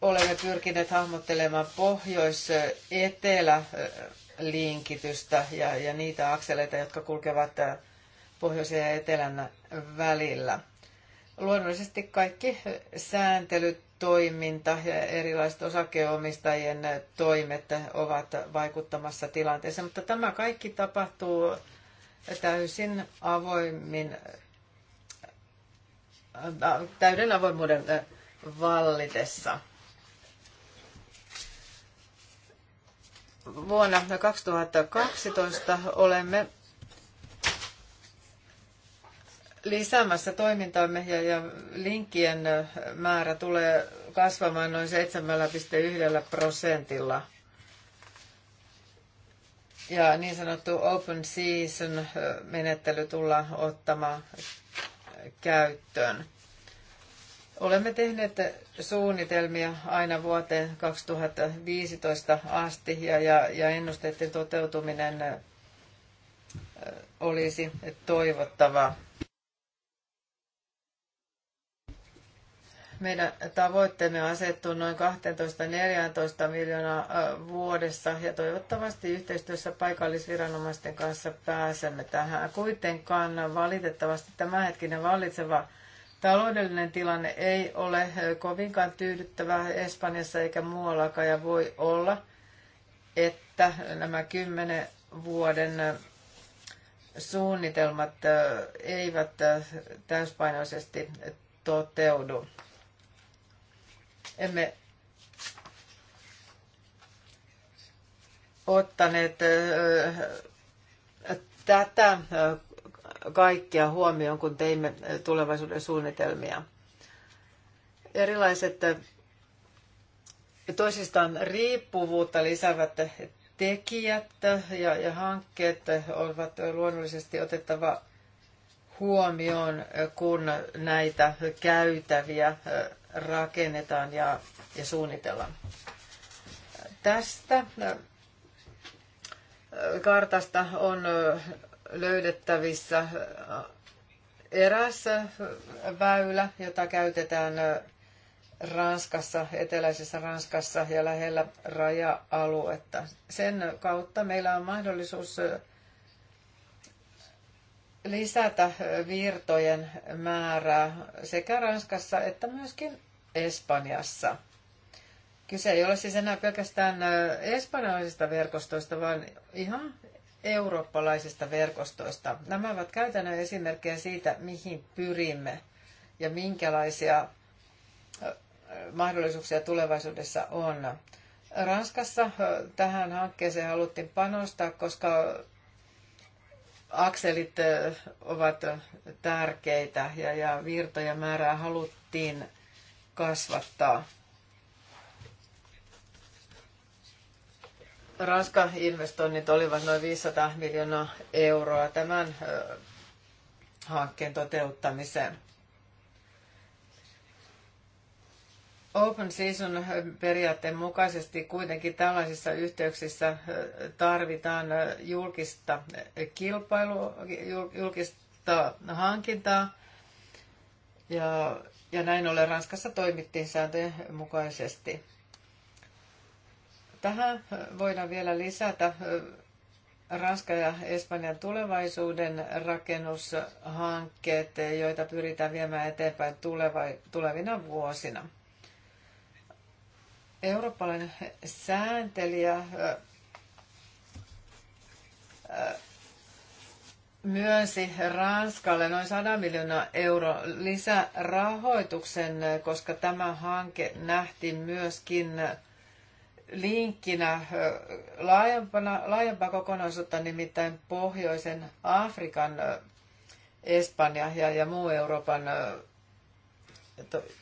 olemme pyrkineet hahmottelemaan pohjois-etelä-linkitystä ja, ja niitä akseleita, jotka kulkevat pohjoisen ja etelän välillä. Luonnollisesti kaikki sääntelyt toiminta ja erilaiset osakeomistajien toimet ovat vaikuttamassa tilanteeseen. Mutta tämä kaikki tapahtuu täysin avoimin, täyden avoimuuden äh, vallitessa. Vuonna 2012 olemme lisäämässä toimintaamme ja, ja linkkien määrä tulee kasvamaan noin 7,1 prosentilla. Ja niin sanottu open season-menettely tullaan ottamaan käyttöön. Olemme tehneet suunnitelmia aina vuoteen 2015 asti ja, ja, ja ennusteiden toteutuminen olisi toivottavaa. Meidän tavoitteemme on asettu noin 12-14 miljoonaa vuodessa ja toivottavasti yhteistyössä paikallisviranomaisten kanssa pääsemme tähän. Kuitenkaan valitettavasti tämänhetkinen vallitseva taloudellinen tilanne ei ole kovinkaan tyydyttävä Espanjassa eikä muuallakaan ja voi olla, että nämä kymmenen vuoden suunnitelmat eivät täyspainoisesti toteudu emme ottaneet äh, tätä äh, kaikkia huomioon, kun teimme äh, tulevaisuuden suunnitelmia. Erilaiset toisistaan riippuvuutta lisäävät tekijät ja, ja hankkeet ovat luonnollisesti otettava huomioon, kun näitä käytäviä rakennetaan ja, ja suunnitellaan. Tästä kartasta on löydettävissä eräs väylä, jota käytetään Ranskassa, eteläisessä Ranskassa ja lähellä raja-aluetta. Sen kautta meillä on mahdollisuus lisätä virtojen määrää sekä Ranskassa että myöskin Espanjassa. Kyse ei ole siis enää pelkästään espanjalaisista verkostoista, vaan ihan eurooppalaisista verkostoista. Nämä ovat käytännön esimerkkejä siitä, mihin pyrimme ja minkälaisia mahdollisuuksia tulevaisuudessa on. Ranskassa tähän hankkeeseen haluttiin panostaa, koska akselit ovat tärkeitä ja, ja virtoja määrää haluttiin kasvattaa. Ranskan investoinnit olivat noin 500 miljoonaa euroa tämän hankkeen toteuttamiseen. Open season periaatteen mukaisesti kuitenkin tällaisissa yhteyksissä tarvitaan julkista kilpailua, julkista hankintaa. Ja, ja näin ollen Ranskassa toimittiin sääntöjen mukaisesti. Tähän voidaan vielä lisätä Ranskan ja Espanjan tulevaisuuden rakennushankkeet, joita pyritään viemään eteenpäin tulevina vuosina eurooppalainen sääntelijä myönsi Ranskalle noin 100 miljoonaa euro lisärahoituksen, koska tämä hanke nähtiin myöskin linkkinä laajempana, laajempaa kokonaisuutta, nimittäin Pohjoisen Afrikan, Espanja ja, ja muu Euroopan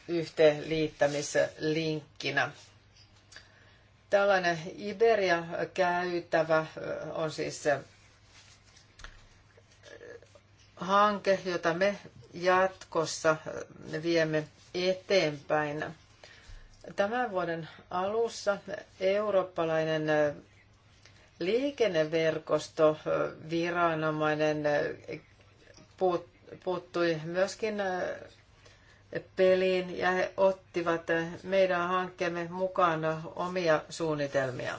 yhteenliittämislinkkinä. linkkinä. Tällainen Iberia-käytävä on siis se hanke, jota me jatkossa viemme eteenpäin. Tämän vuoden alussa eurooppalainen liikenneverkosto viranomainen puuttui myöskin peliin ja he ottivat meidän hankkeemme mukaan omia suunnitelmia,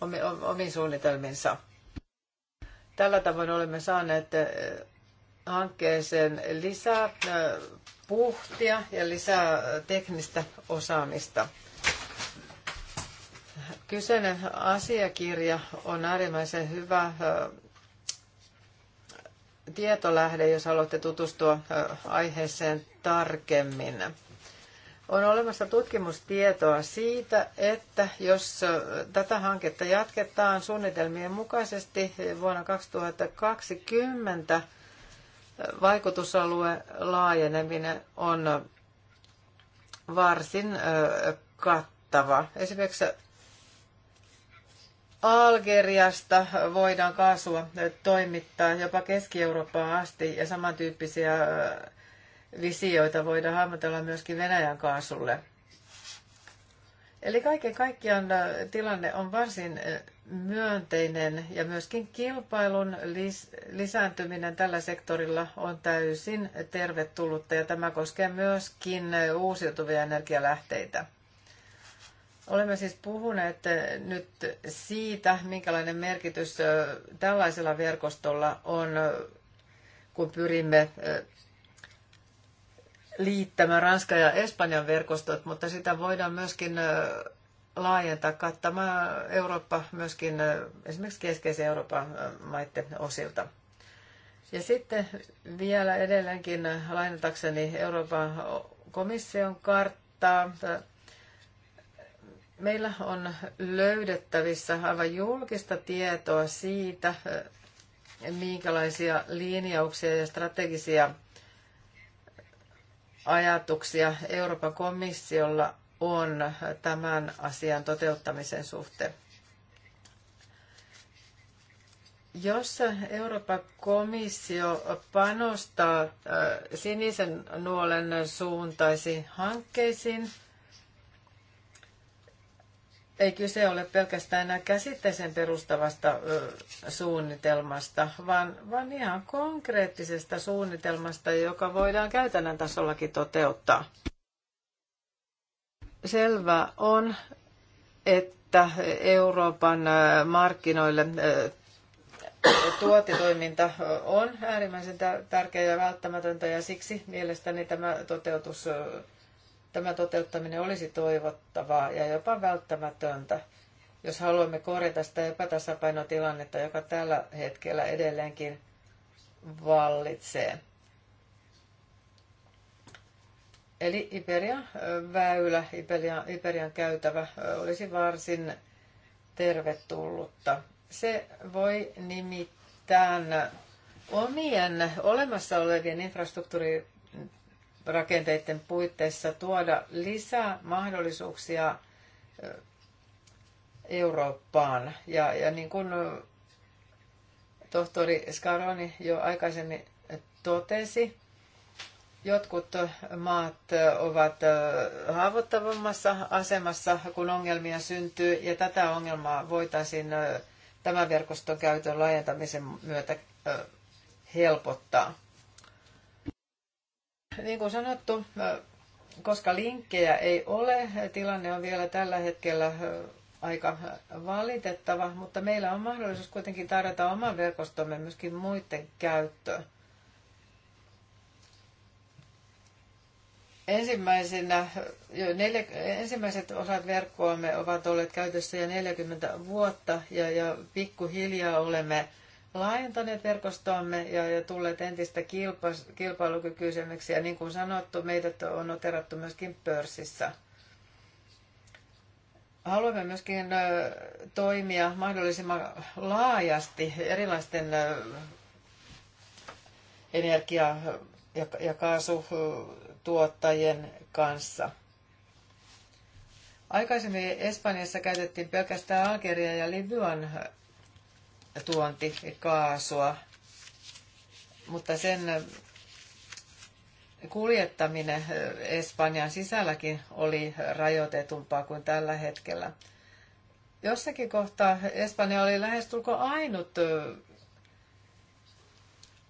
omi, omiin suunnitelminsa. Tällä tavoin olemme saaneet eh, hankkeeseen lisää eh, puhtia ja lisää eh, teknistä osaamista. Kyseinen asiakirja on äärimmäisen hyvä tietolähde, jos haluatte tutustua aiheeseen tarkemmin. On olemassa tutkimustietoa siitä, että jos tätä hanketta jatketaan suunnitelmien mukaisesti vuonna 2020, vaikutusalue laajeneminen on varsin kattava. Esimerkiksi Algeriasta voidaan kaasua toimittaa jopa Keski-Eurooppaan asti ja samantyyppisiä visioita voidaan hahmotella myöskin Venäjän kaasulle. Eli kaiken kaikkiaan tilanne on varsin myönteinen ja myöskin kilpailun lisääntyminen tällä sektorilla on täysin tervetullutta ja tämä koskee myöskin uusiutuvia energialähteitä. Olemme siis puhuneet eh, nyt siitä, minkälainen merkitys eh, tällaisella verkostolla on, eh, kun pyrimme liittämään Ranskan ja Espanjan verkostot, mutta sitä voidaan myöskin laajentaa kattamaan Eurooppa myöskin esimerkiksi keskeisen Euroopan maiden osilta. Ja sitten vielä edelleenkin lainatakseni Euroopan komission karttaa, Meillä on löydettävissä aivan julkista tietoa siitä, minkälaisia linjauksia ja strategisia ajatuksia Euroopan komissiolla on tämän asian toteuttamisen suhteen. Jos Euroopan komissio panostaa äh, sinisen nuolen suuntaisiin hankkeisiin, ei kyse ole pelkästään enää käsitteisen perustavasta ö, suunnitelmasta, vaan, vaan ihan konkreettisesta suunnitelmasta, joka voidaan käytännön tasollakin toteuttaa. Selvä on, että Euroopan markkinoille tuotitoiminta on äärimmäisen tärkeää ja välttämätöntä ja siksi mielestäni tämä toteutus Tämä toteuttaminen olisi toivottavaa ja jopa välttämätöntä, jos haluamme korjata sitä epätasapainotilannetta, joka tällä hetkellä edelleenkin vallitsee. Eli Iberian väylä, Iberian, Iberian käytävä olisi varsin tervetullutta. Se voi nimittäin omien olemassa olevien infrastruktuurin rakenteiden puitteissa tuoda lisää mahdollisuuksia Eurooppaan. Ja, ja niin kuin tohtori Scaroni jo aikaisemmin totesi, jotkut maat ovat haavoittavammassa asemassa, kun ongelmia syntyy, ja tätä ongelmaa voitaisiin tämän verkoston käytön laajentamisen myötä helpottaa. Niin kuin sanottu, koska linkkejä ei ole, tilanne on vielä tällä hetkellä aika valitettava, mutta meillä on mahdollisuus kuitenkin tarjota oman verkostomme myöskin muiden käyttöön. Ensimmäisenä, jo neljä, ensimmäiset osat verkkoamme ovat olleet käytössä jo 40 vuotta ja, ja pikkuhiljaa olemme laajentaneet verkostoamme ja, ja tulleet entistä kilpa, kilpailukykyisemmiksi. Ja niin kuin sanottu, meidät on noterattu myöskin pörssissä. Haluamme myöskin toimia mahdollisimman laajasti erilaisten energia- ja, kaasutuottajien kanssa. Aikaisemmin Espanjassa käytettiin pelkästään Algeria ja Libyan tuontikaasua, mutta sen kuljettaminen Espanjan sisälläkin oli rajoitetumpaa kuin tällä hetkellä. Jossakin kohtaa Espanja oli lähestulkoon ainut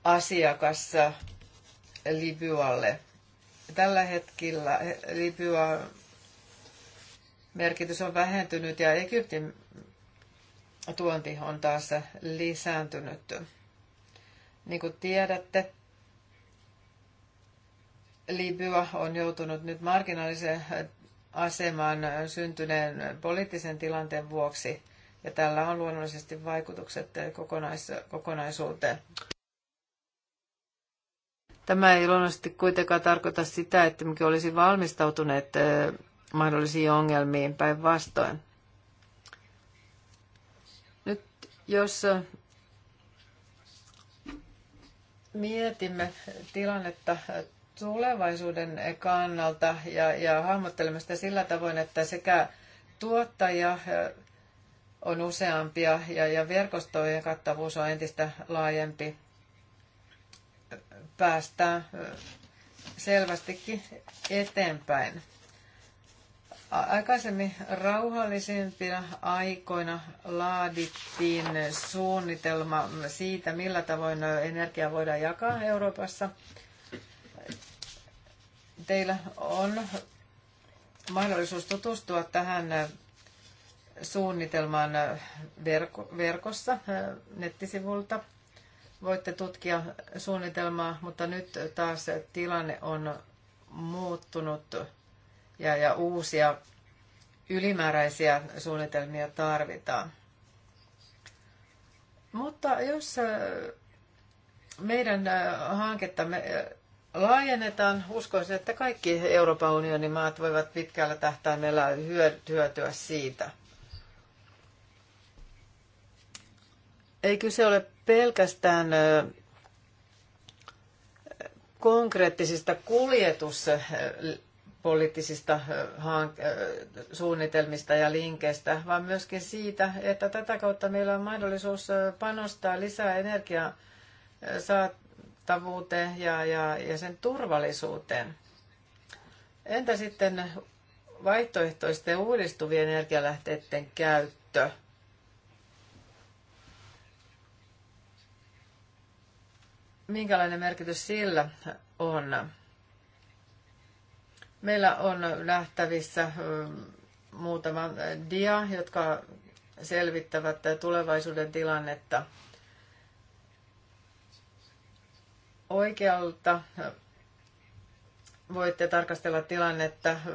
asiakas Libyalle. Tällä hetkellä Libyan merkitys on vähentynyt ja Egyptin tuonti on taas lisääntynyt. Niin kuin tiedätte, Libya on joutunut nyt marginaaliseen asemaan syntyneen poliittisen tilanteen vuoksi, ja tällä on luonnollisesti vaikutukset kokonais- kokonaisuuteen. Tämä ei luonnollisesti kuitenkaan tarkoita sitä, että mikä olisi valmistautuneet eh, mahdollisiin ongelmiin päinvastoin. Jos mietimme tilannetta tulevaisuuden kannalta ja, ja hahmottelemme sitä sillä tavoin, että sekä tuottaja on useampia ja, ja verkostojen kattavuus on entistä laajempi, päästään selvästikin eteenpäin. Aikaisemmin rauhallisimpina aikoina laadittiin suunnitelma siitä, millä tavoin energiaa voidaan jakaa Euroopassa. Teillä on mahdollisuus tutustua tähän suunnitelman verko, verkossa nettisivulta. Voitte tutkia suunnitelmaa, mutta nyt taas tilanne on muuttunut ja, ja uusia ylimääräisiä suunnitelmia tarvitaan. Mutta jos äh, meidän äh, hankettamme äh, laajennetaan, uskoisin, että kaikki Euroopan unionin maat voivat pitkällä tähtäimellä hyötyä siitä. Ei kyse ole pelkästään konkreettisista kuljetus poliittisista suunnitelmista ja linkeistä, vaan myöskin siitä, että tätä kautta meillä on mahdollisuus panostaa lisää energiaa saatavuuteen ja, ja, ja sen turvallisuuteen. Entä sitten vaihtoehtoisten uudistuvien energialähteiden käyttö? Minkälainen merkitys sillä on? Meillä on nähtävissä muutama dia, jotka selvittävät tulevaisuuden tilannetta. Oikealta voitte tarkastella tilannetta 9.11.2010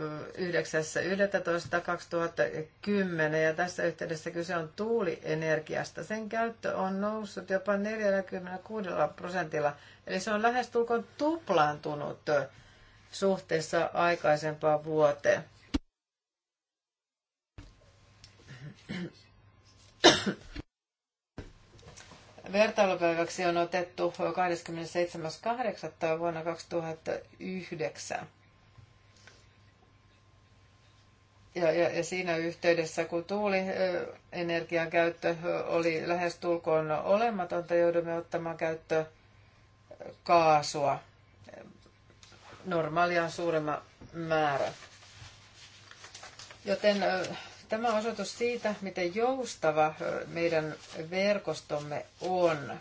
ja tässä yhteydessä kyse on tuulienergiasta. Sen käyttö on noussut jopa 46 prosentilla, eli se on lähestulkoon tuplaantunut suhteessa aikaisempaan vuoteen. Vertailupäiväksi on otettu 27.8. vuonna 2009. Ja, ja, ja siinä yhteydessä, kun tuulienergian käyttö oli lähestulkoon olematonta, joudumme ottamaan käyttö kaasua normaalia suurema määrä. Joten tämä on osoitus siitä, miten joustava meidän verkostomme on.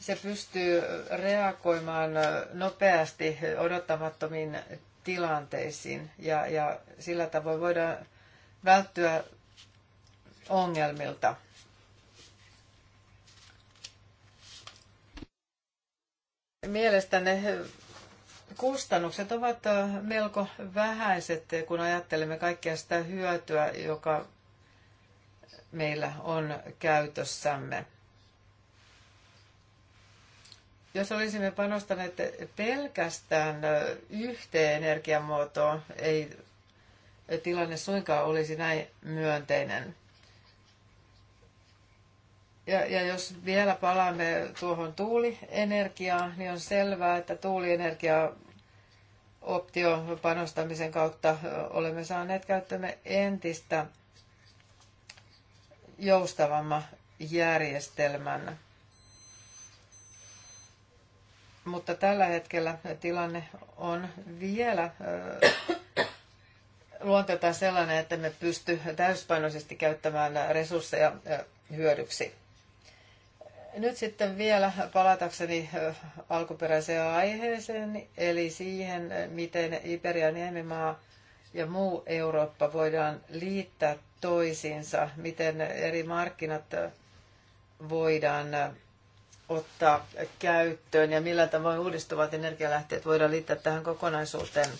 Se pystyy reagoimaan nopeasti odottamattomiin tilanteisiin ja, ja sillä tavoin voidaan välttyä ongelmilta. Mielestäni kustannukset ovat melko vähäiset, kun ajattelemme kaikkea sitä hyötyä, joka meillä on käytössämme. Jos olisimme panostaneet pelkästään yhteen energiamuotoon, ei tilanne suinkaan olisi näin myönteinen. Ja, ja jos vielä palaamme tuohon tuulienergiaan, niin on selvää, että tuulienergia optiopanostamisen panostamisen kautta olemme saaneet käyttöömme entistä joustavamman järjestelmän. Mutta tällä hetkellä tilanne on vielä luonteeltaan sellainen, että me pysty täyspainoisesti käyttämään resursseja hyödyksi. Nyt sitten vielä palatakseni alkuperäiseen aiheeseen, eli siihen, miten Iberia Niemimaa ja muu Eurooppa voidaan liittää toisiinsa, miten eri markkinat voidaan ottaa käyttöön ja millä tavoin uudistuvat energialähteet voidaan liittää tähän kokonaisuuteen.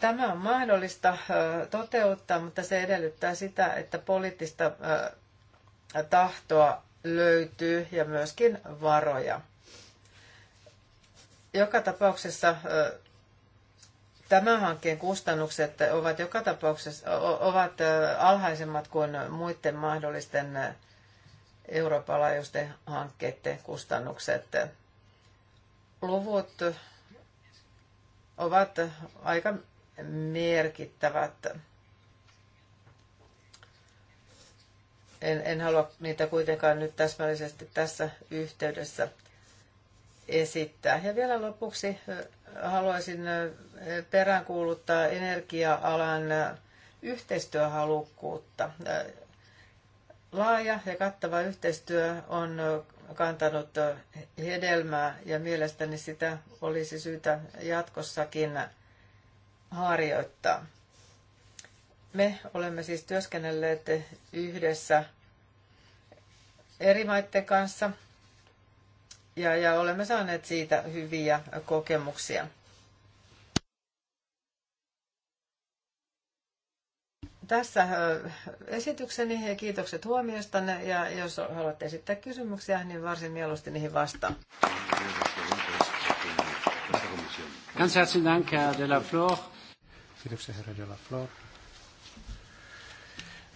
Tämä on mahdollista toteuttaa, mutta se edellyttää sitä, että poliittista tahtoa löytyy ja myöskin varoja. Joka tapauksessa tämän hankkeen kustannukset ovat joka tapauksessa ovat alhaisemmat kuin muiden mahdollisten Euroopan laajuisten hankkeiden kustannukset. Luvut ovat aika merkittävät. En, en halua niitä kuitenkaan nyt täsmällisesti tässä yhteydessä esittää. Ja vielä lopuksi haluaisin peräänkuuluttaa energia-alan yhteistyöhalukkuutta. Laaja ja kattava yhteistyö on kantanut hedelmää ja mielestäni sitä olisi syytä jatkossakin harjoittaa. Me olemme siis työskennelleet yhdessä eri maiden kanssa ja, ja olemme saaneet siitä hyviä kokemuksia. Tässä esitykseni ja kiitokset huomiostanne ja jos haluatte esittää kysymyksiä, niin varsin mieluusti niihin vastaan. Ganz herzlichen de la Flor. Kiitoksia, herra de la Flor.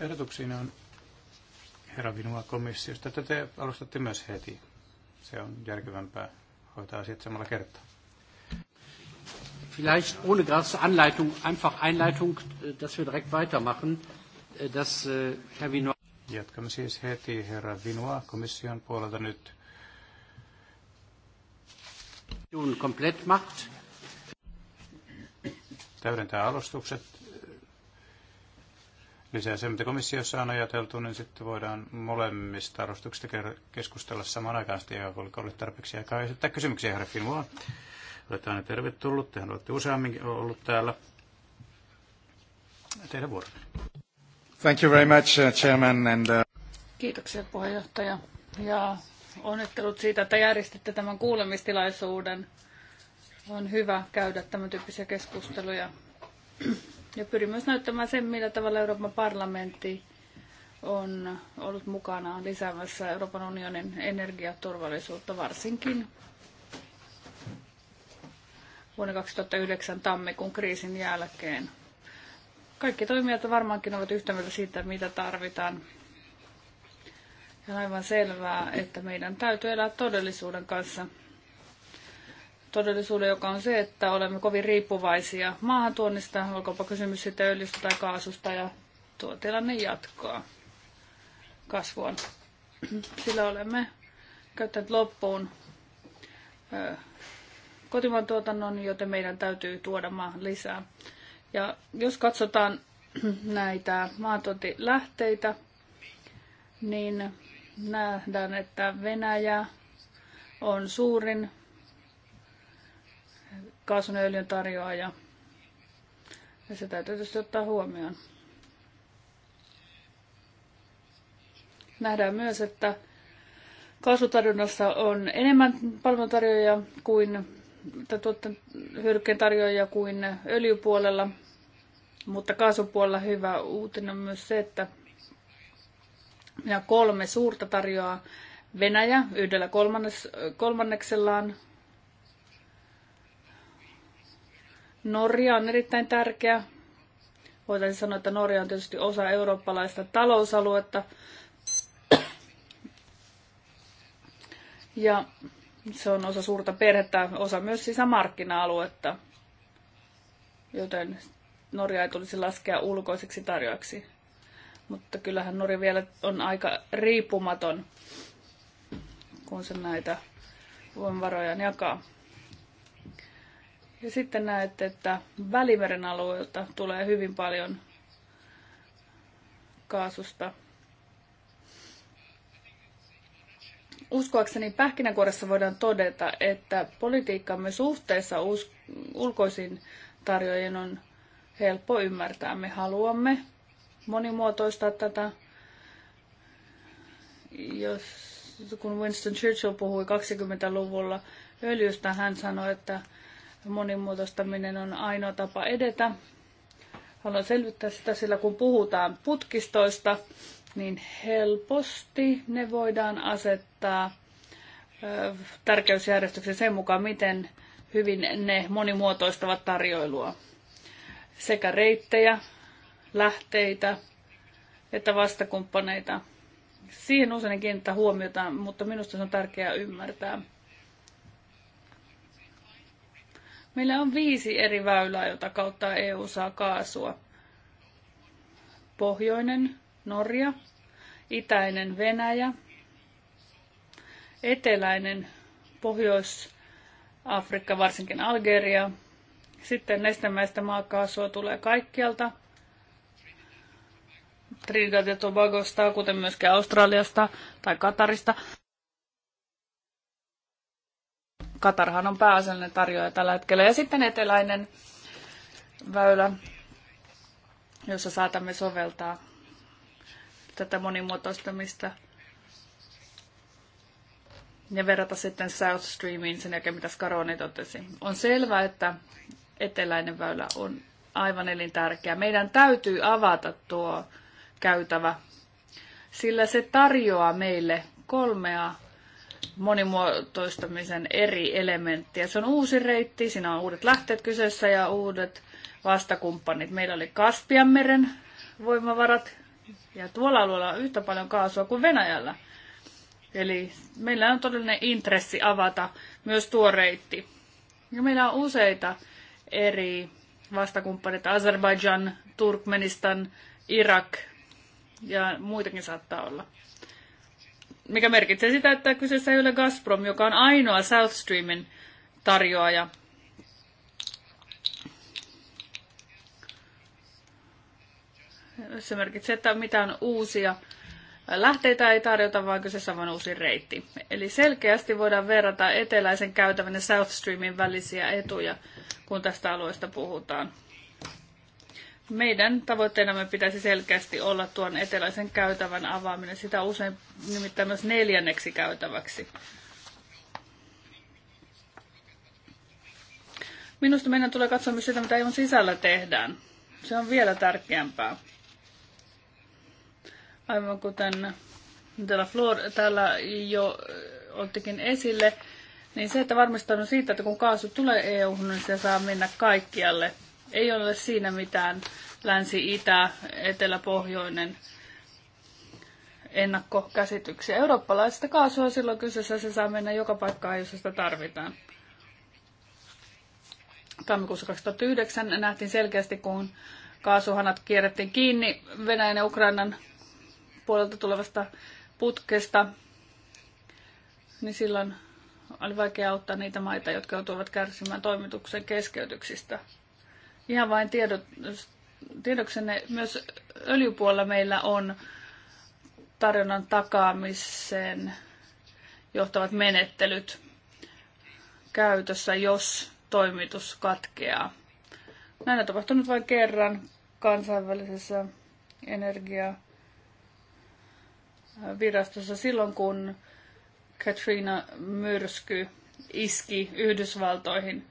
Ehdotuksiin on herra Vinua komissiosta. Tätä te alustatte myös heti. Se on järkevämpää hoitaa asiat samalla kertaa. Vielleicht ohne große Anleitung, einfach Einleitung, dass wir direkt weitermachen, dass äh, Herr Vinua... Jatkamme siis heti herra Vinua komission puolelta nyt. Komplett macht. Täydentää alustukset lisää se, mitä komissiossa on ajateltu, niin sitten voidaan molemmista arvostuksista keskustella samaan aikaan sitten, ja oliko ollut tarpeeksi aikaa esittää kysymyksiä, herra Finvoa. Olette aina tervetullut, tehän olette useamminkin ollut täällä. Teidän vuoro. Thank you very much, uh, Chairman. And, uh... Kiitoksia puheenjohtaja ja onnittelut siitä, että järjestitte tämän kuulemistilaisuuden. On hyvä käydä tämän tyyppisiä keskusteluja ja pyrin myös näyttämään sen, millä tavalla Euroopan parlamentti on ollut mukana lisäämässä Euroopan unionin energiaturvallisuutta, varsinkin vuonna 2009 tammikuun kriisin jälkeen. Kaikki toimijat varmaankin ovat yhtä mieltä siitä, mitä tarvitaan. Ja on aivan selvää, että meidän täytyy elää todellisuuden kanssa – todellisuuden, joka on se, että olemme kovin riippuvaisia maahantuonnista, olkoonpa kysymys sitten öljystä tai kaasusta, ja tuo tilanne jatkaa kasvuaan. Sillä olemme käyttäneet loppuun kotimaan tuotannon, joten meidän täytyy tuoda maahan lisää. Ja jos katsotaan <clears throat> näitä maatuotilähteitä, niin nähdään, että Venäjä on suurin kaasun ja öljyn tarjoaja. Ja se täytyy tietysti ottaa huomioon. Nähdään myös, että kaasutarjonnassa on enemmän palveluntarjoajia kuin hyödykkeen tarjoajia kuin öljypuolella, mutta kaasupuolella hyvä uutinen on myös se, että ja kolme suurta tarjoaa Venäjä yhdellä kolmanneksellaan, Norja on erittäin tärkeä. Voitaisiin sanoa, että Norja on tietysti osa eurooppalaista talousaluetta. Ja se on osa suurta perhettä, osa myös sisämarkkina-aluetta, joten Norja ei tulisi laskea ulkoiseksi tarjoaksi. Mutta kyllähän Norja vielä on aika riippumaton, kun se näitä voimavaroja jakaa. Ja sitten näette, että Välimeren alueelta tulee hyvin paljon kaasusta. Uskoakseni pähkinäkuoressa voidaan todeta, että politiikkamme suhteessa ulkoisiin tarjoajien on helppo ymmärtää. Me haluamme monimuotoistaa tätä. Jos, kun Winston Churchill puhui 20-luvulla öljystä, hän sanoi, että monimuotoistaminen on ainoa tapa edetä. Haluan selvittää sitä, sillä kun puhutaan putkistoista, niin helposti ne voidaan asettaa tärkeysjärjestyksen sen mukaan, miten hyvin ne monimuotoistavat tarjoilua. Sekä reittejä, lähteitä että vastakumppaneita. Siihen usein kiinnittää huomiota, mutta minusta se on tärkeää ymmärtää. Meillä on viisi eri väylää, jota kautta EU saa kaasua. Pohjoinen Norja, itäinen Venäjä, eteläinen Pohjois-Afrikka, varsinkin Algeria. Sitten nestemäistä maakaasua tulee kaikkialta. Trinidad ja Tobagosta, kuten myöskin Australiasta tai Katarista. Katarhan on pääasiallinen tarjoaja tällä hetkellä. Ja sitten eteläinen väylä, jossa saatamme soveltaa tätä monimuotoistamista ja verrata sitten South Streamiin sen jälkeen, mitä Skaroni totesi. On selvää, että eteläinen väylä on aivan elintärkeä. Meidän täytyy avata tuo käytävä, sillä se tarjoaa meille kolmea monimuotoistamisen eri elementtiä. Se on uusi reitti, siinä on uudet lähteet kyseessä ja uudet vastakumppanit. Meillä oli Kaspianmeren voimavarat ja tuolla alueella on yhtä paljon kaasua kuin Venäjällä. Eli meillä on todellinen intressi avata myös tuo reitti. Ja meillä on useita eri vastakumppaneita, Azerbaijan, Turkmenistan, Irak ja muitakin saattaa olla mikä merkitsee sitä, että kyseessä ei ole Gazprom, joka on ainoa South Streamin tarjoaja. Se merkitsee, että mitään uusia lähteitä ei tarjota, vaan kyseessä on uusi reitti. Eli selkeästi voidaan verrata eteläisen käytävän ja South Streamin välisiä etuja, kun tästä alueesta puhutaan meidän tavoitteenamme pitäisi selkeästi olla tuon eteläisen käytävän avaaminen. Sitä usein nimittäin myös neljänneksi käytäväksi. Minusta meidän tulee katsoa myös sitä, mitä EUn sisällä tehdään. Se on vielä tärkeämpää. Aivan kuten täällä, Flor, täällä jo äh, ottikin esille, niin se, että varmistaudun siitä, että kun kaasu tulee EU-hun, niin se saa mennä kaikkialle – ei ole siinä mitään länsi-itä, etelä-pohjoinen ennakkokäsityksiä. Eurooppalaisesta kaasua silloin kyseessä se saa mennä joka paikkaan, jos sitä tarvitaan. Tammikuussa 2009 nähtiin selkeästi, kun kaasuhanat kierrettiin kiinni Venäjän ja Ukrainan puolelta tulevasta putkesta, niin silloin oli vaikea auttaa niitä maita, jotka joutuivat kärsimään toimituksen keskeytyksistä. Ihan vain tiedot, tiedoksenne, myös öljypuolella meillä on tarjonnan takaamisen johtavat menettelyt käytössä, jos toimitus katkeaa. Näin on tapahtunut vain kerran kansainvälisessä energiavirastossa silloin, kun Katrina myrsky iski Yhdysvaltoihin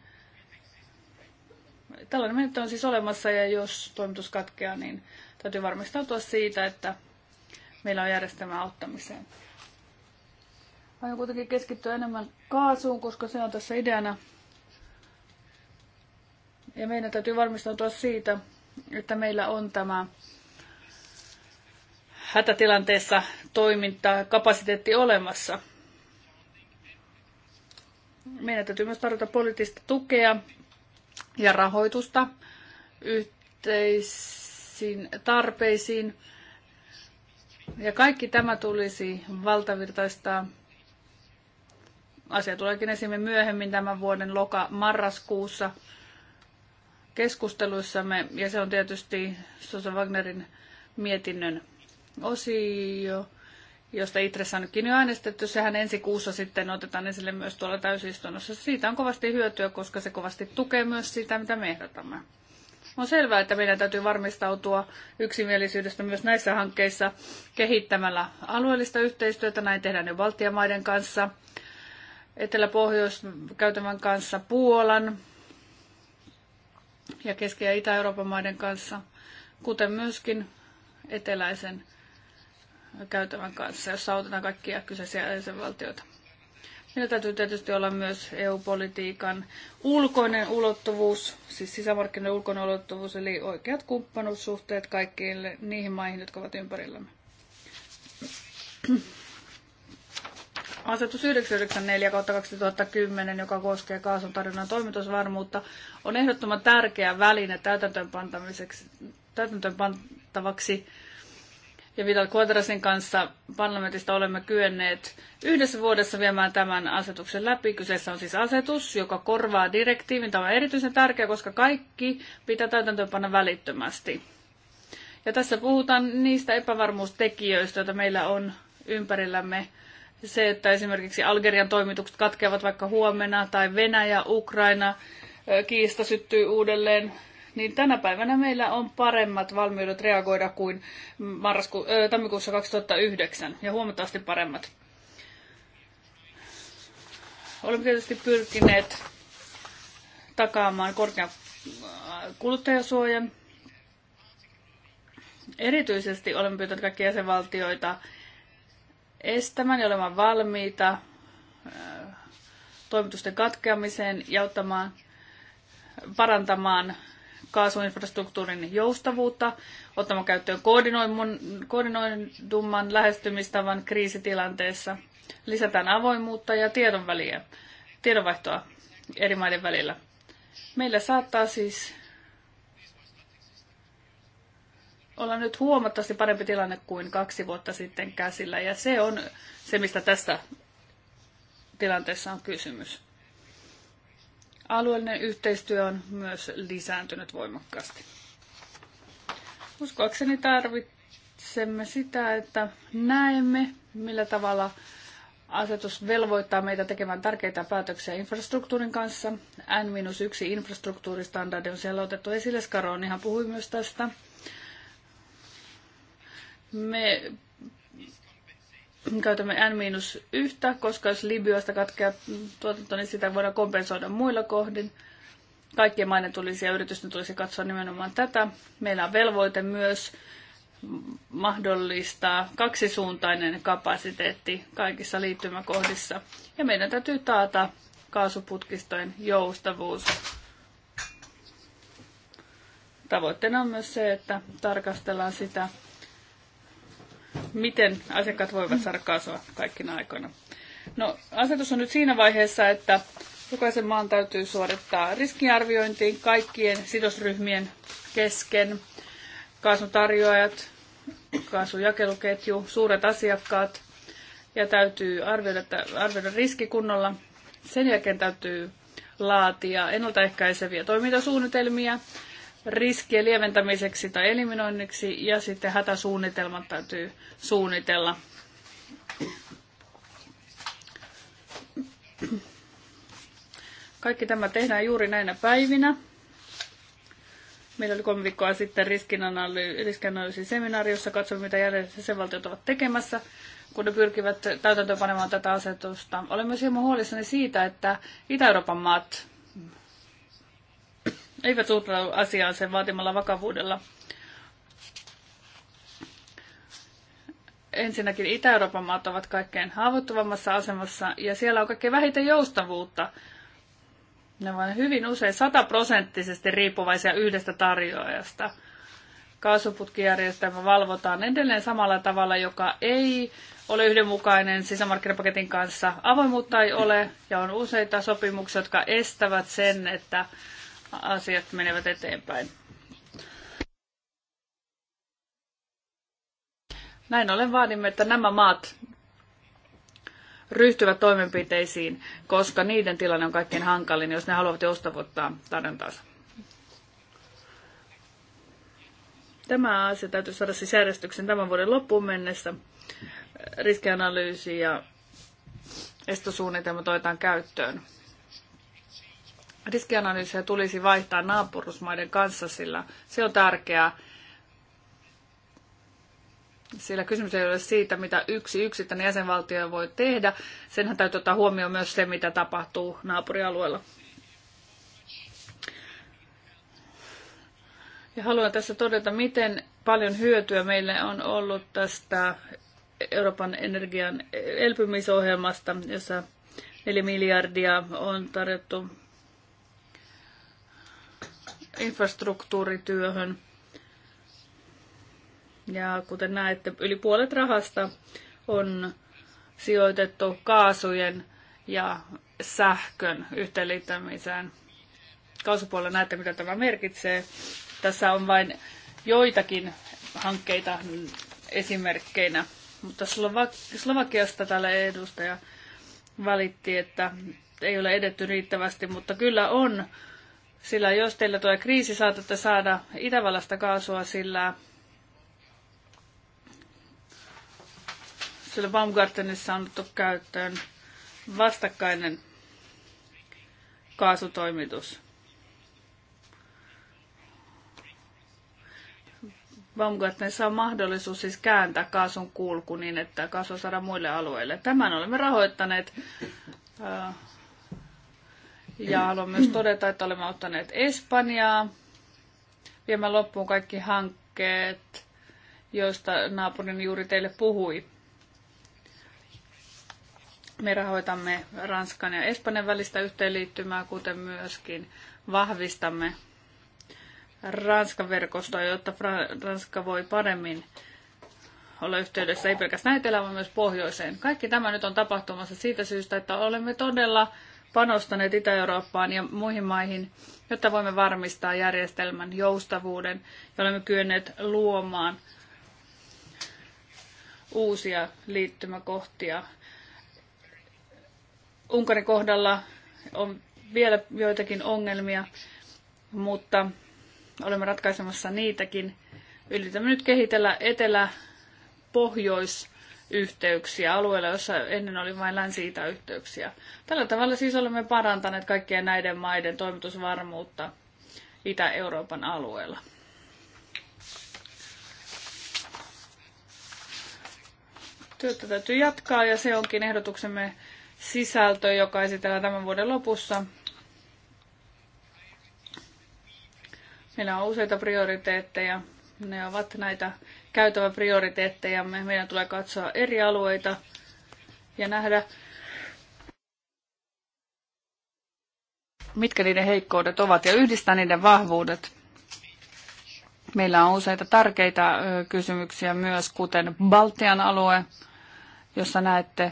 tällainen menettely on siis olemassa ja jos toimitus katkeaa, niin täytyy varmistautua siitä, että meillä on järjestelmä auttamiseen. Aion kuitenkin keskittyä enemmän kaasuun, koska se on tässä ideana. Ja meidän täytyy varmistautua siitä, että meillä on tämä hätätilanteessa toiminta, kapasiteetti olemassa. Meidän täytyy myös tarjota poliittista tukea ja rahoitusta yhteisiin tarpeisiin. Ja kaikki tämä tulisi valtavirtaistaa. Asia tuleekin esimme myöhemmin tämän vuoden loka-marraskuussa keskusteluissamme, ja se on tietysti Sosa Wagnerin mietinnön osio josta Itressä on nytkin jo äänestetty. Sehän ensi kuussa sitten otetaan esille myös tuolla täysistunnossa. Siitä on kovasti hyötyä, koska se kovasti tukee myös sitä, mitä me ehdotamme. On selvää, että meidän täytyy varmistautua yksimielisyydestä myös näissä hankkeissa kehittämällä alueellista yhteistyötä. Näin tehdään jo valtiomaiden kanssa, Etelä-Pohjois-käytävän kanssa, Puolan ja Keski- ja Itä-Euroopan maiden kanssa, kuten myöskin eteläisen käytävän kanssa, jossa autetaan kaikkia kyseisiä jäsenvaltioita. Meillä täytyy tietysti olla myös EU-politiikan ulkoinen ulottuvuus, siis sisämarkkinoiden ulkoinen ulottuvuus, eli oikeat kumppanuussuhteet kaikkiille niihin maihin, jotka ovat ympärillämme. Asetus 994-2010, joka koskee kaasun tarjonnan toimitusvarmuutta, on ehdottoman tärkeä väline pantavaksi ja Vidal Quadrasin kanssa parlamentista olemme kyenneet yhdessä vuodessa viemään tämän asetuksen läpi. Kyseessä on siis asetus, joka korvaa direktiivin. Tämä on erityisen tärkeä, koska kaikki pitää täytäntöönpanna välittömästi. Ja tässä puhutaan niistä epävarmuustekijöistä, joita meillä on ympärillämme. Se, että esimerkiksi Algerian toimitukset katkeavat vaikka huomenna tai Venäjä, Ukraina, kiista syttyy uudelleen niin tänä päivänä meillä on paremmat valmiudet reagoida kuin marrasku, tammikuussa 2009 ja huomattavasti paremmat. Olemme tietysti pyrkineet takaamaan korkean äh, kuluttajasuojan. Erityisesti olemme pyytäneet kaikkia jäsenvaltioita estämään ja olemaan valmiita äh, toimitusten katkeamiseen ja ottamaan, parantamaan kaasuinfrastruktuurin joustavuutta, ottamaan käyttöön koordinoidumman lähestymistavan kriisitilanteessa. Lisätään avoimuutta ja tiedon väliä, tiedonvaihtoa eri maiden välillä. Meillä saattaa siis olla nyt huomattavasti parempi tilanne kuin kaksi vuotta sitten käsillä, ja se on se, mistä tässä tilanteessa on kysymys. Alueellinen yhteistyö on myös lisääntynyt voimakkaasti. Uskoakseni tarvitsemme sitä, että näemme, millä tavalla Asetus velvoittaa meitä tekemään tärkeitä päätöksiä infrastruktuurin kanssa. N-1 infrastruktuuristandardi on siellä otettu esille. ihan puhui myös tästä. Me käytämme N-1, koska jos Libyasta katkeaa tuotanto, niin sitä voidaan kompensoida muilla kohdin. Kaikkien maiden tulisi ja yritysten tulisi katsoa nimenomaan tätä. Meillä on velvoite myös mahdollistaa kaksisuuntainen kapasiteetti kaikissa liittymäkohdissa. Ja meidän täytyy taata kaasuputkistojen joustavuus. Tavoitteena on myös se, että tarkastellaan sitä, miten asiakkaat voivat saada kaasua kaikkina aikoina. No, asetus on nyt siinä vaiheessa, että jokaisen maan täytyy suorittaa riskiarviointiin kaikkien sidosryhmien kesken. Kaasutarjoajat, kaasujakeluketju, suuret asiakkaat ja täytyy arvioida, arvioida riski kunnolla. Sen jälkeen täytyy laatia ennaltaehkäiseviä toimintasuunnitelmia riskien lieventämiseksi tai eliminoinniksi ja sitten hätäsuunnitelmat täytyy suunnitella. Kaikki tämä tehdään juuri näinä päivinä. Meillä oli kolme viikkoa sitten seminaari, jossa katsoin, mitä järjestöt jäsenvaltiot ovat tekemässä, kun ne pyrkivät täytäntöönpanemaan tätä asetusta. Olen myös hieman huolissani siitä, että Itä-Euroopan maat eivät suhtaudu asiaan sen vaatimalla vakavuudella. Ensinnäkin Itä-Euroopan maat ovat kaikkein haavoittuvammassa asemassa ja siellä on kaikkein vähiten joustavuutta. Ne ovat hyvin usein sataprosenttisesti riippuvaisia yhdestä tarjoajasta. Kaasuputkijärjestelmä valvotaan edelleen samalla tavalla, joka ei ole yhdenmukainen sisämarkkinapaketin kanssa. Avoimuutta ei ole ja on useita sopimuksia, jotka estävät sen, että asiat menevät eteenpäin. Näin ollen vaadimme, että nämä maat ryhtyvät toimenpiteisiin, koska niiden tilanne on kaikkein hankalin, jos ne haluavat joustavoittaa tarjontaansa. Tämä asia täytyy saada siis järjestyksen tämän vuoden loppuun mennessä. Riskianalyysi ja estosuunnitelma toitaan käyttöön riskianalyysiä tulisi vaihtaa naapurusmaiden kanssa, sillä se on tärkeää. Sillä kysymys ei ole siitä, mitä yksi yksittäinen jäsenvaltio voi tehdä. Senhän täytyy ottaa huomioon myös se, mitä tapahtuu naapurialueella. Ja haluan tässä todeta, miten paljon hyötyä meille on ollut tästä Euroopan energian elpymisohjelmasta, jossa 4 miljardia on tarjottu infrastruktuurityöhön. Ja kuten näette, yli puolet rahasta on sijoitettu kaasujen ja sähkön yhteenliittämiseen. Kaasupuolella näette, mitä tämä merkitsee. Tässä on vain joitakin hankkeita esimerkkeinä, mutta Slovakiasta tällä edustaja valitti, että ei ole edetty riittävästi, mutta kyllä on sillä jos teillä tuo kriisi, saatatte saada Itävallasta kaasua, sillä, sillä Baumgartenissa on otettu käyttöön vastakkainen kaasutoimitus. Baumgartenissa on mahdollisuus siis kääntää kaasun kulku niin, että kaasu saadaan muille alueille. Tämän olemme rahoittaneet äh, ja haluan myös todeta, että olemme ottaneet Espanjaa viemään loppuun kaikki hankkeet, joista naapurin juuri teille puhui. Me rahoitamme Ranskan ja Espanjan välistä yhteenliittymää, kuten myöskin vahvistamme Ranskan verkostoa, jotta Ranska voi paremmin olla yhteydessä ei pelkästään etelään, vaan myös pohjoiseen. Kaikki tämä nyt on tapahtumassa siitä syystä, että olemme todella panostaneet Itä-Eurooppaan ja muihin maihin, jotta voimme varmistaa järjestelmän joustavuuden ja olemme kyenneet luomaan uusia liittymäkohtia. Unkarin kohdalla on vielä joitakin ongelmia, mutta olemme ratkaisemassa niitäkin. Yritämme nyt kehitellä etelä-pohjois yhteyksiä alueella, jossa ennen oli vain länsi yhteyksiä. Tällä tavalla siis olemme parantaneet kaikkien näiden maiden toimitusvarmuutta Itä-Euroopan alueella. Työtä täytyy jatkaa ja se onkin ehdotuksemme sisältö, joka esitellään tämän vuoden lopussa. Meillä on useita prioriteetteja. Ne ovat näitä käytävä prioriteettejamme. Meidän tulee katsoa eri alueita ja nähdä, mitkä niiden heikkoudet ovat ja yhdistää niiden vahvuudet. Meillä on useita tärkeitä kysymyksiä myös, kuten Baltian alue, jossa näette,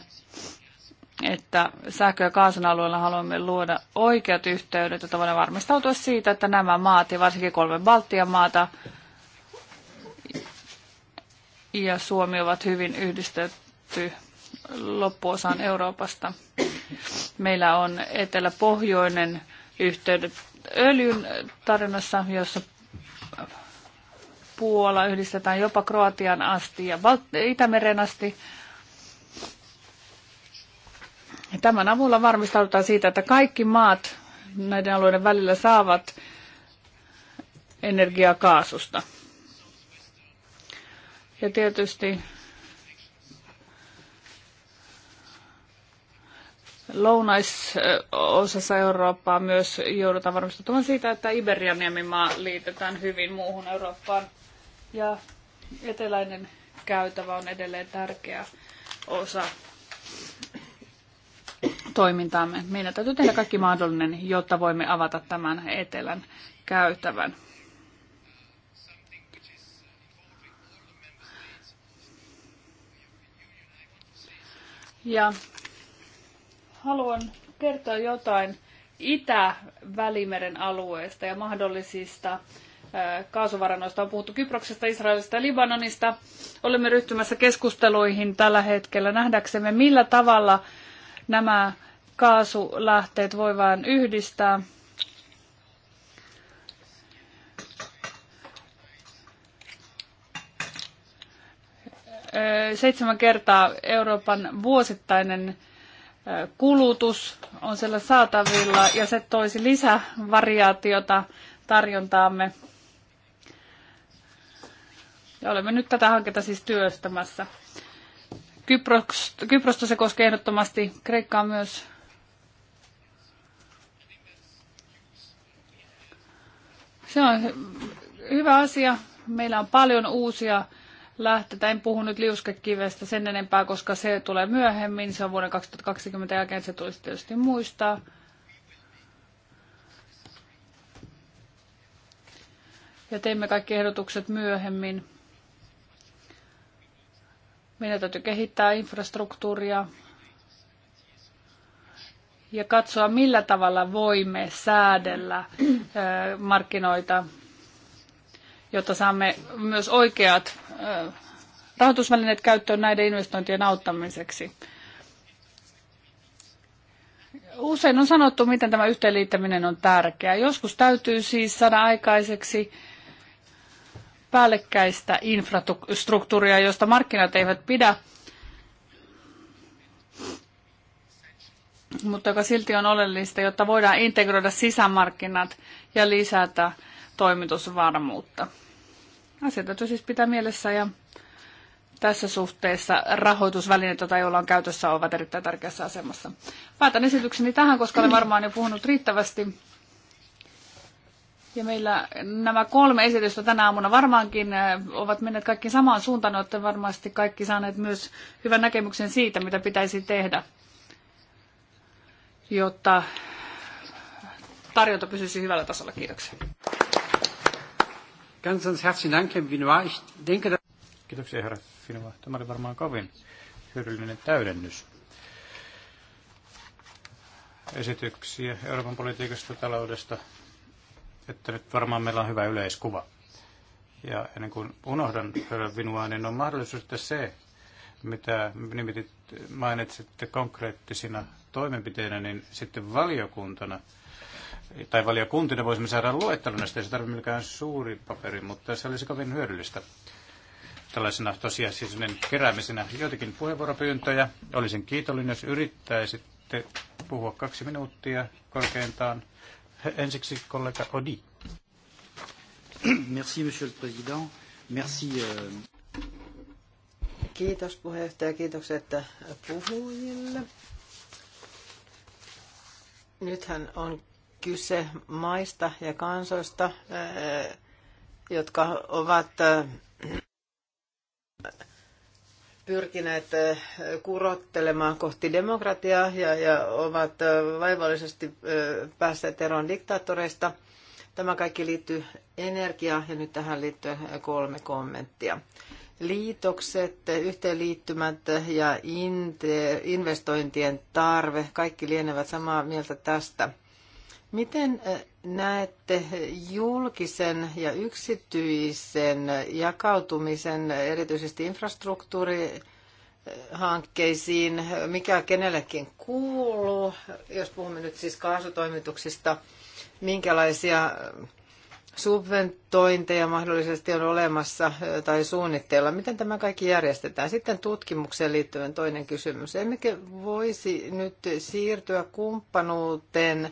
että sähkö- ja kaasun alueella haluamme luoda oikeat yhteydet, jotta voidaan varmistautua siitä, että nämä maat ja varsinkin kolme Baltian maata ja Suomi ovat hyvin yhdistetty loppuosaan Euroopasta. Meillä on eteläpohjoinen yhteydet öljyn tarinassa, jossa Puola yhdistetään jopa Kroatian asti ja Itämeren asti. Tämän avulla varmistaudutaan siitä, että kaikki maat näiden alueiden välillä saavat energiaa kaasusta. Ja tietysti lounaisosassa Eurooppaa myös joudutaan varmistuttamaan siitä, että Iberian liitetään hyvin muuhun Eurooppaan. Ja eteläinen käytävä on edelleen tärkeä osa toimintaamme. Meidän täytyy tehdä kaikki mahdollinen, jotta voimme avata tämän etelän käytävän. Ja haluan kertoa jotain Itä-Välimeren alueesta ja mahdollisista kaasuvarannoista on puhuttu Kyproksesta, Israelista ja Libanonista. Olemme ryhtymässä keskusteluihin tällä hetkellä nähdäksemme, millä tavalla nämä kaasulähteet voivat yhdistää seitsemän kertaa Euroopan vuosittainen kulutus on siellä saatavilla ja se toisi lisävariaatiota tarjontaamme. Ja olemme nyt tätä hanketta siis työstämässä. Kyprosta, Kyprosta se koskee ehdottomasti, Kreikkaa myös. Se on hyvä asia. Meillä on paljon uusia lähtetä. En puhu nyt liuskakivestä sen enempää, koska se tulee myöhemmin. Se on vuoden 2020 jälkeen, se tulisi tietysti muistaa. Ja teimme kaikki ehdotukset myöhemmin. Meidän täytyy kehittää infrastruktuuria ja katsoa, millä tavalla voimme säädellä markkinoita, jotta saamme myös oikeat rahoitusvälineet käyttöön näiden investointien auttamiseksi. Usein on sanottu, miten tämä yhteenliittäminen on tärkeää. Joskus täytyy siis saada aikaiseksi päällekkäistä infrastruktuuria, josta markkinat eivät pidä, mutta joka silti on oleellista, jotta voidaan integroida sisämarkkinat ja lisätä toimitusvarmuutta. Asia täytyy siis pitää mielessä ja tässä suhteessa rahoitusvälineet, joita joilla on käytössä, ovat erittäin tärkeässä asemassa. Päätän esitykseni tähän, koska olen varmaan jo puhunut riittävästi. Ja meillä nämä kolme esitystä tänä aamuna varmaankin äh, ovat menneet kaikki samaan suuntaan, olette varmasti kaikki saaneet myös hyvän näkemyksen siitä, mitä pitäisi tehdä, jotta tarjonta pysyisi hyvällä tasolla. Kiitoksia. Ganz, ganz herzlichen Dank, Herr Ich denke, dass... Kiitoksia, herra Vinoa. Tämä oli varmaan kovin hyödyllinen täydennys esityksiä Euroopan politiikasta taloudesta, että nyt varmaan meillä on hyvä yleiskuva. Ja ennen kuin unohdan herra Vinua, niin on mahdollisuus, että se, mitä nimitit, mainitsitte konkreettisina toimenpiteinä, niin sitten valiokuntana – tai valiokuntina voisimme saada luettelon näistä, ei se tarvitse mikään suuri paperi, mutta se olisi kovin hyödyllistä tällaisena tosiasiallisen keräämisenä. Joitakin puheenvuoropyyntöjä. Olisin kiitollinen, jos yrittäisitte puhua kaksi minuuttia korkeintaan. Ensiksi kollega Odi. Merci, monsieur le président. Merci, euh, Kiitos puheenjohtaja, kiitokset puhujille. Nythän on kyse maista ja kansoista, eh, jotka ovat eh, pyrkineet eh, kurottelemaan kohti demokratiaa ja, ja ovat vaivallisesti päässeet eroon diktaattoreista. Tämä kaikki liittyy energiaan ja nyt tähän liittyy kolme kommenttia. Liitokset, yhteenliittymät ja investointien tarve, kaikki lienevät samaa mieltä tästä – Miten näette julkisen ja yksityisen jakautumisen erityisesti infrastruktuurihankkeisiin, mikä kenellekin kuuluu, jos puhumme nyt siis kaasutoimituksista, minkälaisia subventointeja mahdollisesti on olemassa tai suunnitteilla. Miten tämä kaikki järjestetään? Sitten tutkimukseen liittyen toinen kysymys. Emmekö voisi nyt siirtyä kumppanuuteen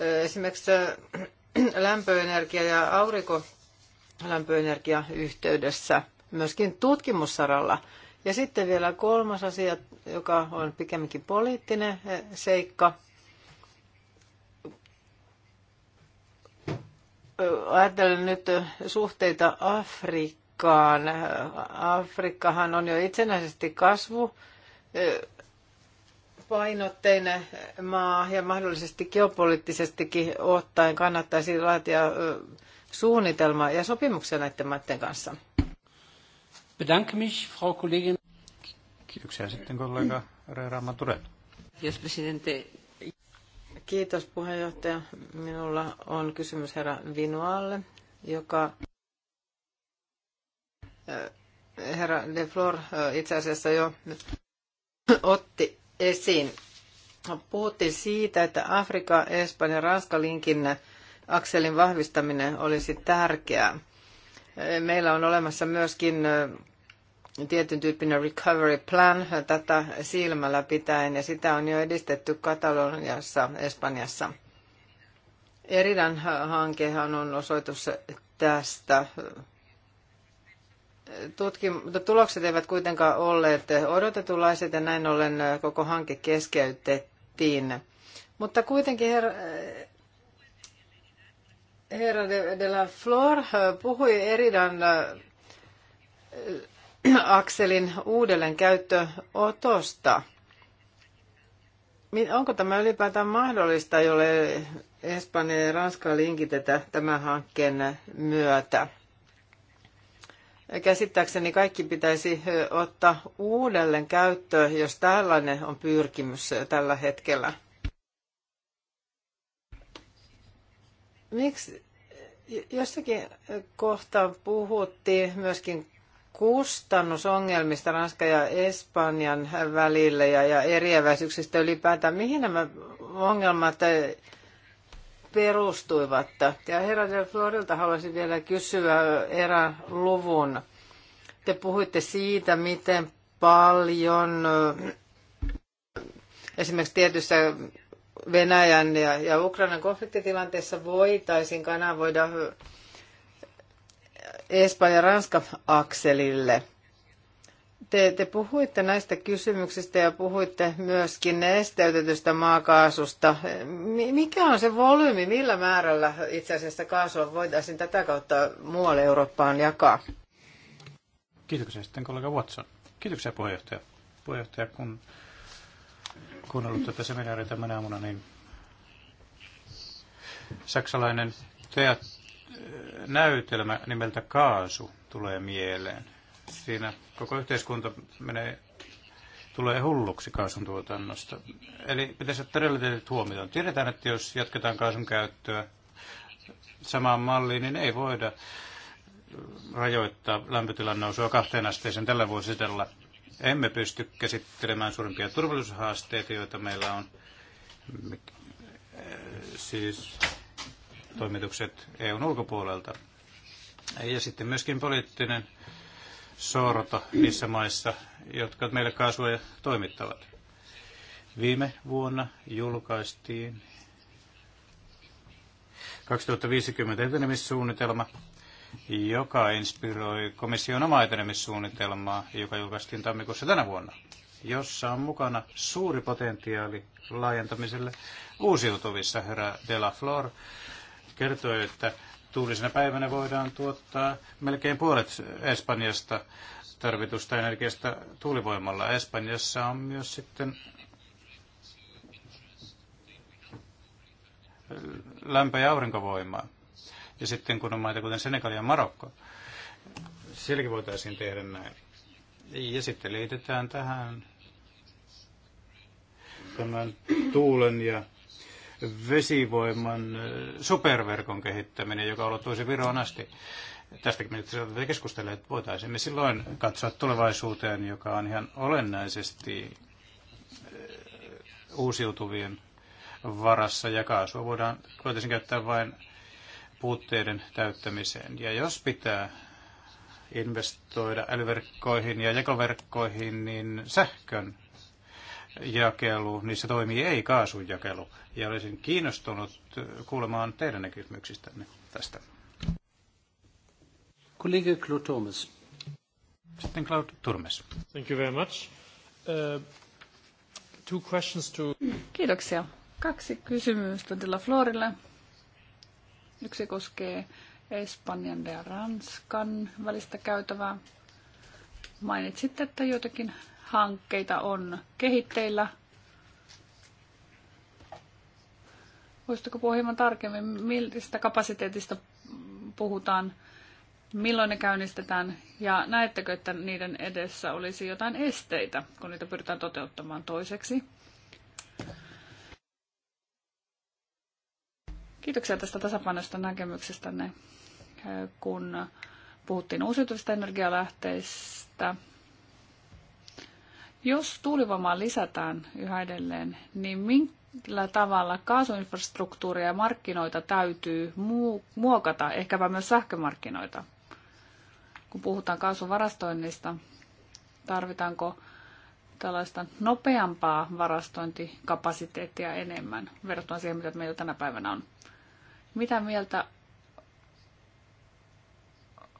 Esimerkiksi <clears throat> lämpöenergia ja aurinkolämpöenergia yhteydessä, myöskin tutkimussaralla. Ja sitten vielä kolmas asia, joka on pikemminkin poliittinen seikka. Ajattelen nyt suhteita Afrikkaan. Afrikkahan on jo itsenäisesti kasvu painotteinen maa ja mahdollisesti geopoliittisestikin ottaen kannattaisi laatia suunnitelma ja sopimuksia näiden maiden kanssa. Bedanke mich, Frau Kollegin. Kiitoksia sitten kollega Reera Maturen. Kiitos, presidente. Kiitos puheenjohtaja. Minulla on kysymys herra Vinualle, joka herra De Flor itse asiassa jo otti esiin. Puhuttiin siitä, että Afrika, Espanja ja Ranska linkin akselin vahvistaminen olisi tärkeää. Meillä on olemassa myöskin tietyn tyyppinen recovery plan tätä silmällä pitäen ja sitä on jo edistetty Kataloniassa, Espanjassa. Eridan hankehan on osoitus tästä tutkim- tulokset eivät kuitenkaan olleet odotetunlaiset ja näin ollen koko hanke keskeytettiin. Mutta kuitenkin herra, herra de, de la Flor puhui Eridan äh, akselin uudelleen käyttöotosta. Onko tämä ylipäätään mahdollista, jolle Espanja ja Ranska linkitetä tämän hankkeen myötä? käsittääkseni kaikki pitäisi ottaa uudelleen käyttöön, jos tällainen on pyrkimys tällä hetkellä. Miksi jossakin kohtaa puhuttiin myöskin kustannusongelmista Ranskan ja Espanjan välillä ja, ja eriäväisyyksistä ylipäätään. Mihin nämä ongelmat perustuivat. Ja herra Del Florilta haluaisin vielä kysyä erään luvun. Te puhuitte siitä, miten paljon äh, esimerkiksi tietyssä Venäjän ja, ja Ukrainan konfliktitilanteessa voitaisiin kanavoida äh, Espanja-Ranska-akselille – te, te puhuitte näistä kysymyksistä ja puhuitte myöskin nesteytetystä maakaasusta. Mikä on se volyymi, millä määrällä itse asiassa kaasua voitaisiin tätä kautta muualle Eurooppaan jakaa? Kiitoksia sitten kollega Watson. Kiitoksia puheenjohtaja. Puheenjohtaja, kun kuunnellut tätä seminaaria tämän aamuna, niin saksalainen teat, näytelmä nimeltä Kaasu tulee mieleen – siinä koko yhteiskunta menee, tulee hulluksi kaasun tuotannosta. Eli pitäisi olla realiteetit huomioon. Tiedetään, että jos jatketaan kaasun käyttöä samaan malliin, niin ei voida rajoittaa lämpötilan nousua kahteen asteeseen tällä vuosisadalla. Emme pysty käsittelemään suurimpia turvallisuushaasteita, joita meillä on. Siis toimitukset EUn ulkopuolelta. Ja sitten myöskin poliittinen sorto niissä maissa, jotka meille kasvoja toimittavat. Viime vuonna julkaistiin 2050 etenemissuunnitelma, joka inspiroi komission omaa etenemissuunnitelmaa, joka julkaistiin tammikuussa tänä vuonna, jossa on mukana suuri potentiaali laajentamiselle uusiutuvissa. Herra De La Flor kertoi, että tuulisena päivänä voidaan tuottaa melkein puolet Espanjasta tarvitusta energiasta tuulivoimalla. Espanjassa on myös sitten lämpö- ja aurinkovoimaa. Ja sitten kun on maita kuten Senegal ja Marokko, sielläkin voitaisiin tehdä näin. Ja sitten liitetään tähän tämän tuulen ja vesivoiman superverkon kehittäminen, joka ulottuisi Viroon asti. Tästäkin me keskustelee, että voitaisiin me silloin katsoa tulevaisuuteen, joka on ihan olennaisesti uusiutuvien varassa ja kaasua voidaan voitaisiin käyttää vain puutteiden täyttämiseen. Ja jos pitää investoida älyverkkoihin ja jakoverkkoihin, niin sähkön jakelu, niissä toimii ei kaasun jakelu. Ja olisin kiinnostunut kuulemaan teidän näkemyksistänne tästä. Kollega Claude Turmes. Sitten Claude Turmes. Thank you very much. Uh, two questions to... Kiitoksia. Kaksi kysymystä Della Florille. Yksi koskee Espanjan ja Ranskan välistä käytävää. Mainitsitte, että joitakin hankkeita on kehitteillä. Voisitko puhua hieman tarkemmin, miltä kapasiteetista puhutaan, milloin ne käynnistetään ja näettekö, että niiden edessä olisi jotain esteitä, kun niitä pyritään toteuttamaan toiseksi? Kiitoksia tästä tasapainosta näkemyksestänne, kun puhuttiin uusiutuvista energialähteistä jos tuulivoimaa lisätään yhä edelleen, niin millä tavalla kaasuinfrastruktuuria ja markkinoita täytyy muokata, ehkäpä myös sähkömarkkinoita? Kun puhutaan kaasuvarastoinnista, tarvitaanko tällaista nopeampaa varastointikapasiteettia enemmän verrattuna siihen, mitä meillä tänä päivänä on. Mitä mieltä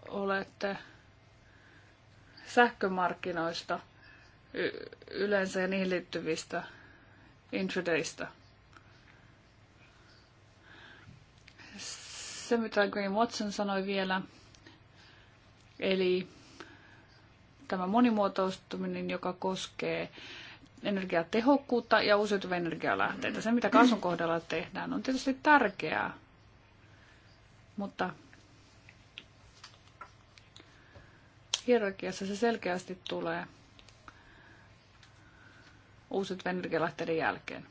olette sähkömarkkinoista yleensä ja niihin liittyvistä intradeista. Se, mitä Graham Watson sanoi vielä, eli tämä monimuotoistuminen, joka koskee energiatehokkuutta ja uusiutuvia energialähteitä. Se, mitä kasvun kohdalla tehdään, on tietysti tärkeää, mutta hierarkiassa se selkeästi tulee – uusiutuvien energialähteiden jälkeen.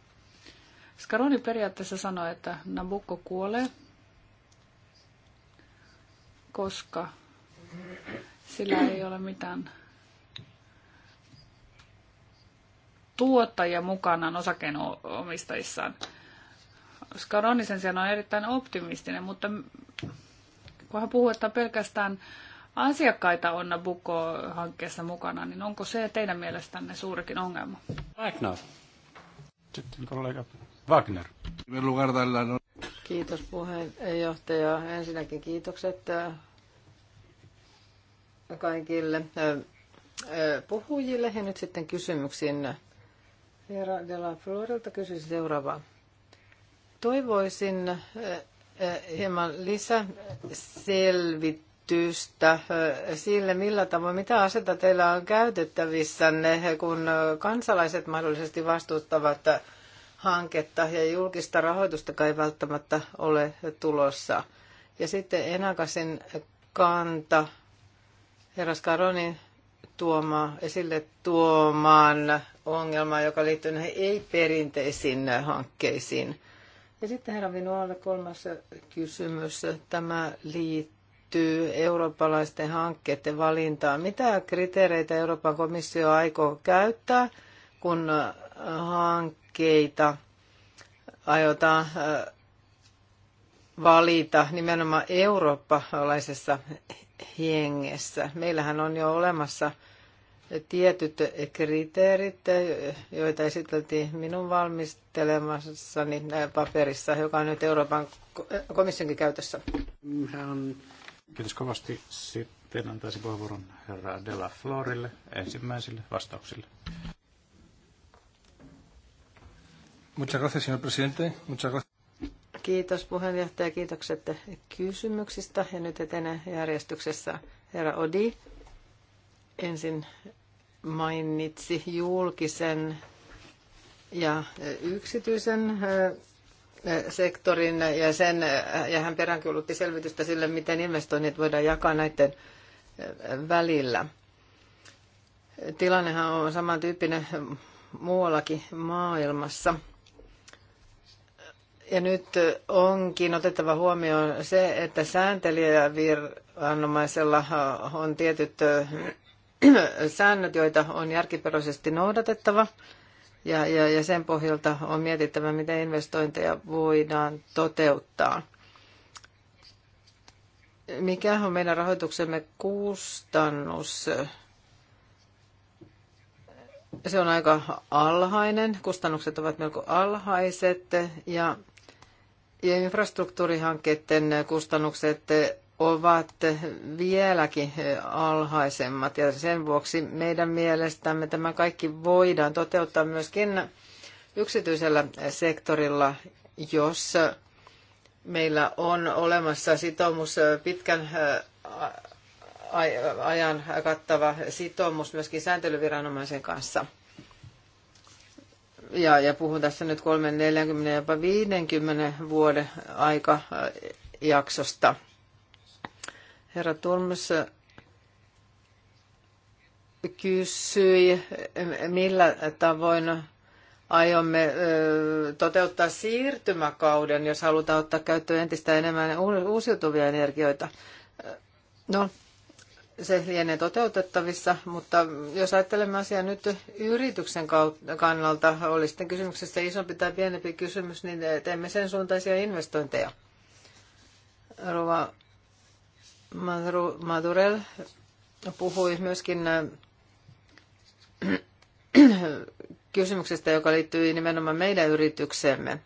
Scaroni periaatteessa sanoi, että Nabucco kuolee, koska sillä ei ole mitään tuottajia mukanaan osakeomistajissaan. Scaroni sen sijaan on erittäin optimistinen, mutta kun hän puhuu, että pelkästään asiakkaita on Nabucco-hankkeessa mukana, niin onko se teidän mielestänne suurikin ongelma? Wagner. Sitten kollega Wagner. No- Kiitos puheenjohtaja. Ensinnäkin kiitokset äh, kaikille äh, äh, puhujille ja nyt sitten kysymyksiin. Herra de la Florilta kysyisi seuraavaa. Toivoisin hieman lisäselvitystä merkitystä sille, millä tavoin, mitä asetta teillä on käytettävissänne, kun kansalaiset mahdollisesti vastustavat hanketta ja julkista rahoitusta ei välttämättä ole tulossa. Ja sitten Enakasin kanta, herras Karonin tuoma, esille tuomaan ongelmaan, joka liittyy näihin ei-perinteisiin hankkeisiin. Ja sitten herra Vinualle kolmas kysymys. Tämä liittyy liittyy eurooppalaisten hankkeiden valintaan. Mitä kriteereitä Euroopan komissio aikoo käyttää, kun äh, hankkeita aiotaan äh, valita nimenomaan eurooppalaisessa hengessä? Meillähän on jo olemassa tietyt kriteerit, joita esiteltiin minun valmistelemassani niin, äh, paperissa, joka on nyt Euroopan komissionkin käytössä. Kiitos kovasti. Sitten antaisin puheenvuoron herra Della Florille ensimmäisille vastauksille. Muchas gracias, señor presidente. Muchas gracias. Kiitos puheenjohtaja, kiitokset kysymyksistä. Ja nyt etenee järjestyksessä herra Odi. Ensin mainitsi julkisen ja yksityisen äh, sektorin ja, sen, ja hän peräänkuulutti selvitystä sille, miten investoinnit voidaan jakaa näiden välillä. Tilannehan on samantyyppinen muuallakin maailmassa. Ja nyt onkin otettava huomioon se, että sääntelijäviranomaisella on tietyt säännöt, joita on järkiperäisesti noudatettava – ja, ja, ja sen pohjalta on mietittävä, miten investointeja voidaan toteuttaa. Mikä on meidän rahoituksemme kustannus? Se on aika alhainen, kustannukset ovat melko alhaiset ja, ja infrastruktuurihankkeiden kustannukset ovat vieläkin alhaisemmat ja sen vuoksi meidän mielestämme tämä kaikki voidaan toteuttaa myöskin yksityisellä sektorilla, jos meillä on olemassa sitoumus pitkän ajan kattava sitoumus myöskin sääntelyviranomaisen kanssa. Ja, ja puhun tässä nyt 3, 40, jopa 50 vuoden aikajaksosta. Herra Tulmus kysyi, millä tavoin aiomme toteuttaa siirtymäkauden, jos halutaan ottaa käyttöön entistä enemmän uusiutuvia energioita. No, se lienee toteutettavissa, mutta jos ajattelemme asiaa nyt yrityksen kannalta, oli sitten kysymyksessä isompi tai pienempi kysymys, niin teemme sen suuntaisia investointeja. Rova Madurel puhui myöskin äh, <clears throat> kysymyksestä, joka liittyy nimenomaan meidän yritykseemme.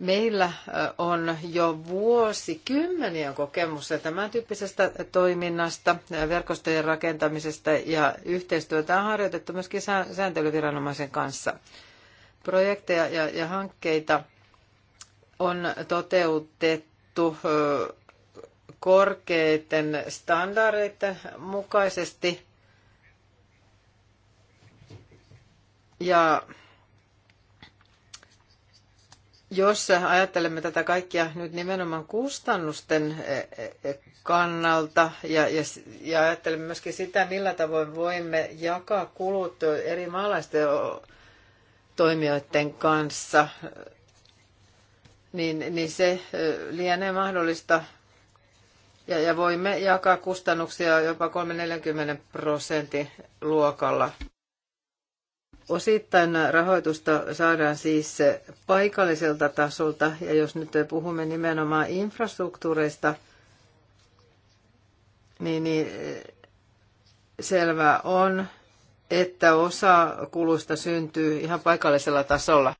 Meillä äh, on jo vuosikymmeniä kokemusta tämän tyyppisestä toiminnasta, äh, verkostojen rakentamisesta ja yhteistyötä on harjoitettu myöskin sääntelyviranomaisen kanssa. Projekteja ja, ja hankkeita on toteutettu korkeiden standardeiden mukaisesti. Ja jos ajattelemme tätä kaikkia nyt nimenomaan kustannusten e, e, e, kannalta ja, ja, ja ajattelemme myöskin sitä, millä tavoin voimme jakaa kulut eri maalaisten toimijoiden kanssa, niin, niin se lienee mahdollista ja, ja voimme jakaa kustannuksia jopa 3-40 prosentin luokalla. Osittain rahoitusta saadaan siis paikalliselta tasolta, ja jos nyt puhumme nimenomaan infrastruktuureista, niin, niin selvää on, että osa kulusta syntyy ihan paikallisella tasolla.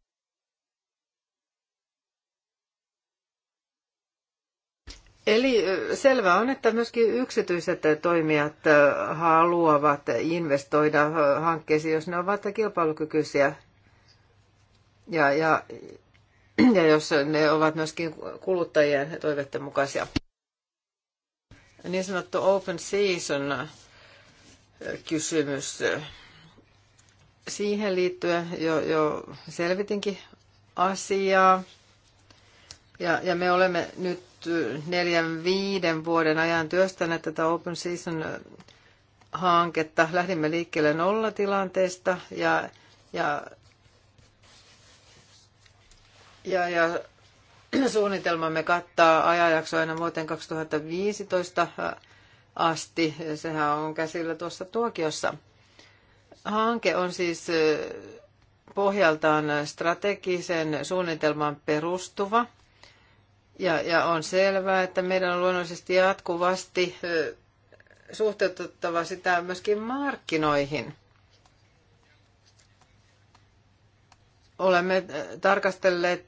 Eli selvä on, että myöskin yksityiset toimijat haluavat investoida hankkeisiin, jos ne ovat kilpailukykyisiä. Ja, ja, ja jos ne ovat myöskin kuluttajien toiveiden mukaisia. Niin sanottu open season kysymys. Siihen liittyen jo, jo selvitinkin asiaa. Ja, ja me olemme nyt neljän viiden vuoden ajan työstäneet tätä Open Season-hanketta. Lähdimme liikkeelle nollatilanteesta ja, ja, ja, ja <clears throat> suunnitelmamme kattaa ajanjakso aina vuoteen 2015 asti. Sehän on käsillä tuossa tuokiossa. Hanke on siis pohjaltaan strategisen suunnitelman perustuva – ja, ja on selvää, että meidän on luonnollisesti jatkuvasti suhteutettava sitä myöskin markkinoihin. Olemme tarkastelleet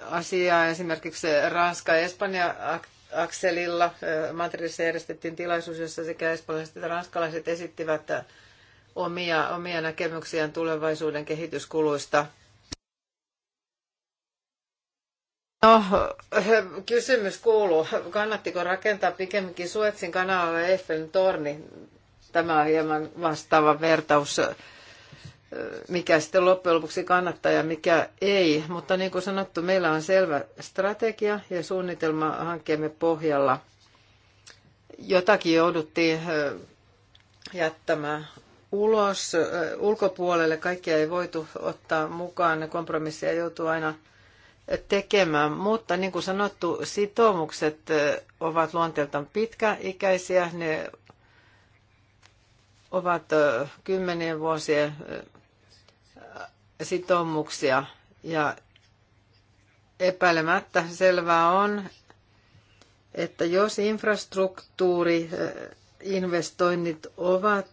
asiaa esimerkiksi Ranska- ja Espanja-akselilla. Madridissa järjestettiin tilaisuus, jossa sekä espanjalaiset että ranskalaiset esittivät omia, omia näkemyksiään tulevaisuuden kehityskuluista – No, <laughs> kysymys kuuluu, kannattiko rakentaa pikemminkin Suetsin kanavalle Eiffelin torni? Tämä on hieman vastaava vertaus, mikä sitten loppujen lopuksi kannattaa ja mikä ei. Mutta niin kuin sanottu, meillä on selvä strategia ja suunnitelma hankkeemme pohjalla. Jotakin jouduttiin jättämään ulos ulkopuolelle. Kaikkia ei voitu ottaa mukaan. Kompromissia joutuu aina tekemään, mutta niin kuin sanottu, sitoumukset ovat luonteeltaan pitkäikäisiä, ne ovat kymmenien vuosien sitoumuksia ja epäilemättä selvää on, että jos infrastruktuuri investoinnit ovat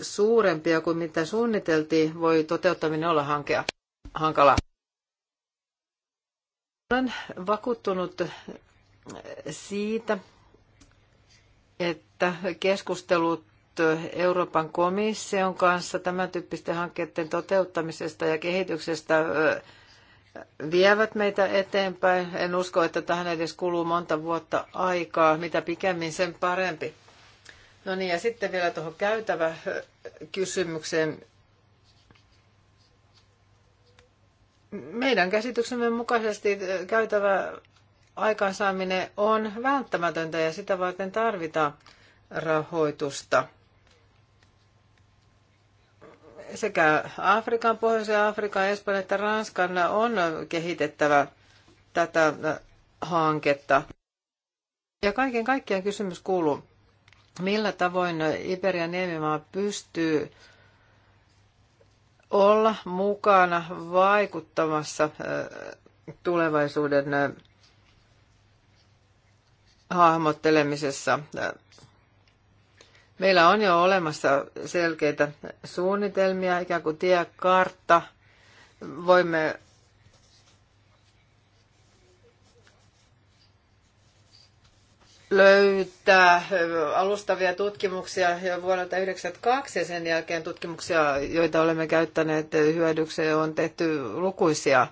suurempia kuin mitä suunniteltiin, voi toteuttaminen olla hankea, hankalaa. Olen vakuuttunut siitä, että keskustelut Euroopan komission kanssa tämän tyyppisten hankkeiden toteuttamisesta ja kehityksestä vievät meitä eteenpäin. En usko, että tähän edes kuluu monta vuotta aikaa. Mitä pikemmin, sen parempi. No niin, ja sitten vielä tuohon käytävä kysymykseen. meidän käsityksemme mukaisesti eh, käytävä aikaansaaminen on välttämätöntä ja sitä varten tarvitaan rahoitusta sekä Afrikan, Pohjoisen Afrikan, Espanjan että Ranskan on kehitettävä tätä eh, hanketta. Ja kaiken kaikkiaan kysymys kuuluu, millä tavoin Iberian niemimaa pystyy olla mukana vaikuttamassa tulevaisuuden hahmottelemisessa. Meillä on jo olemassa selkeitä suunnitelmia, ikään kuin tiekartta. Voimme löytää alustavia tutkimuksia jo vuodelta 1992 ja sen jälkeen tutkimuksia, joita olemme käyttäneet hyödykseen, on tehty lukuisia.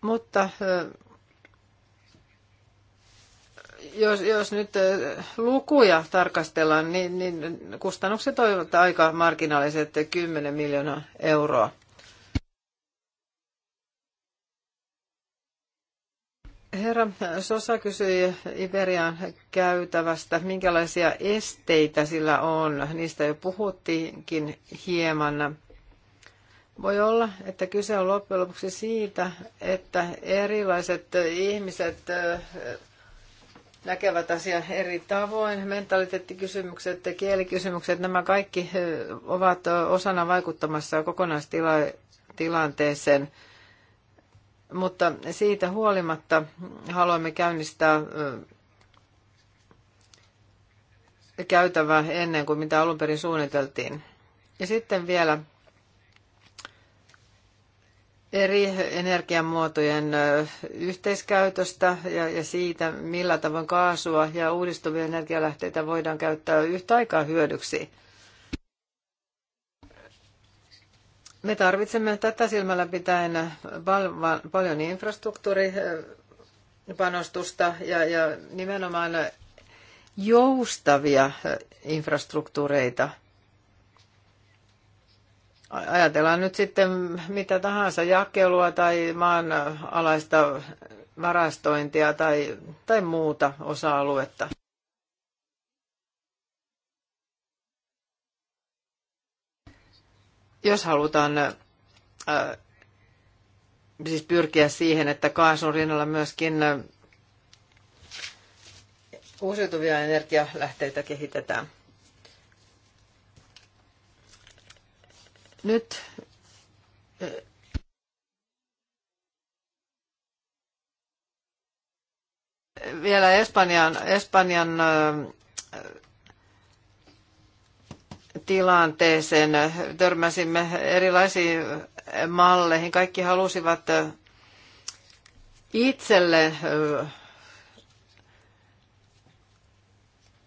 Mutta eh, jos, jos nyt eh, lukuja tarkastellaan, niin, niin kustannukset ovat aika marginaaliset, 10 miljoonaa euroa. Herra Sosa kysyi Iberian käytävästä, minkälaisia esteitä sillä on. Niistä jo puhuttiinkin hieman. Voi olla, että kyse on loppujen lopuksi siitä, että erilaiset ihmiset näkevät asian eri tavoin. Mentaliteettikysymykset, kielikysymykset, nämä kaikki ovat osana vaikuttamassa kokonaistilanteeseen. Kokonaistila- mutta siitä huolimatta haluamme käynnistää käytävä ennen kuin mitä alun perin suunniteltiin. Ja sitten vielä eri energiamuotojen yhteiskäytöstä ja, siitä, millä tavoin kaasua ja uudistuvia energialähteitä voidaan käyttää yhtä aikaa hyödyksi. Me tarvitsemme tätä silmällä pitäen paljon infrastruktuuripanostusta ja, ja nimenomaan joustavia infrastruktuureita. Ajatellaan nyt sitten mitä tahansa jakelua tai maanalaista varastointia tai, tai muuta osa-aluetta. Jos halutaan äh, siis pyrkiä siihen, että kaasun rinnalla myöskin äh, uusiutuvia energialähteitä kehitetään. Nyt äh, vielä Espanjan, Espanjan tilanteeseen. Törmäsimme erilaisiin malleihin. Kaikki halusivat itselle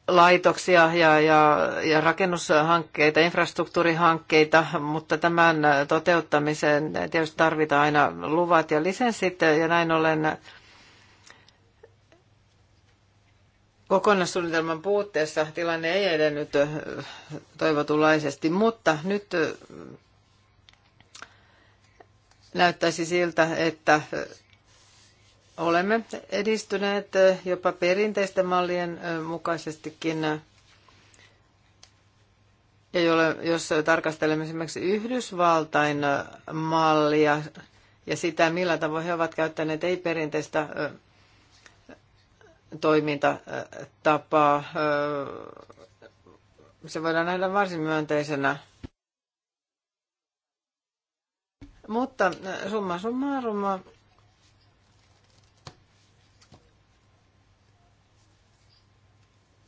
laitoksia ja, ja, ja rakennushankkeita, infrastruktuurihankkeita, mutta tämän toteuttamiseen tietysti tarvitaan aina luvat ja lisenssit, ja näin ollen kokonaissuunnitelman puutteessa tilanne ei edennyt toivotulaisesti, mutta nyt näyttäisi siltä, että olemme edistyneet jopa perinteisten mallien mukaisestikin. Ja jos tarkastelemme esimerkiksi Yhdysvaltain mallia ja sitä, millä tavoin he ovat käyttäneet ei-perinteistä toimintatapaa. Se voidaan nähdä varsin myönteisenä. Mutta summa summarum,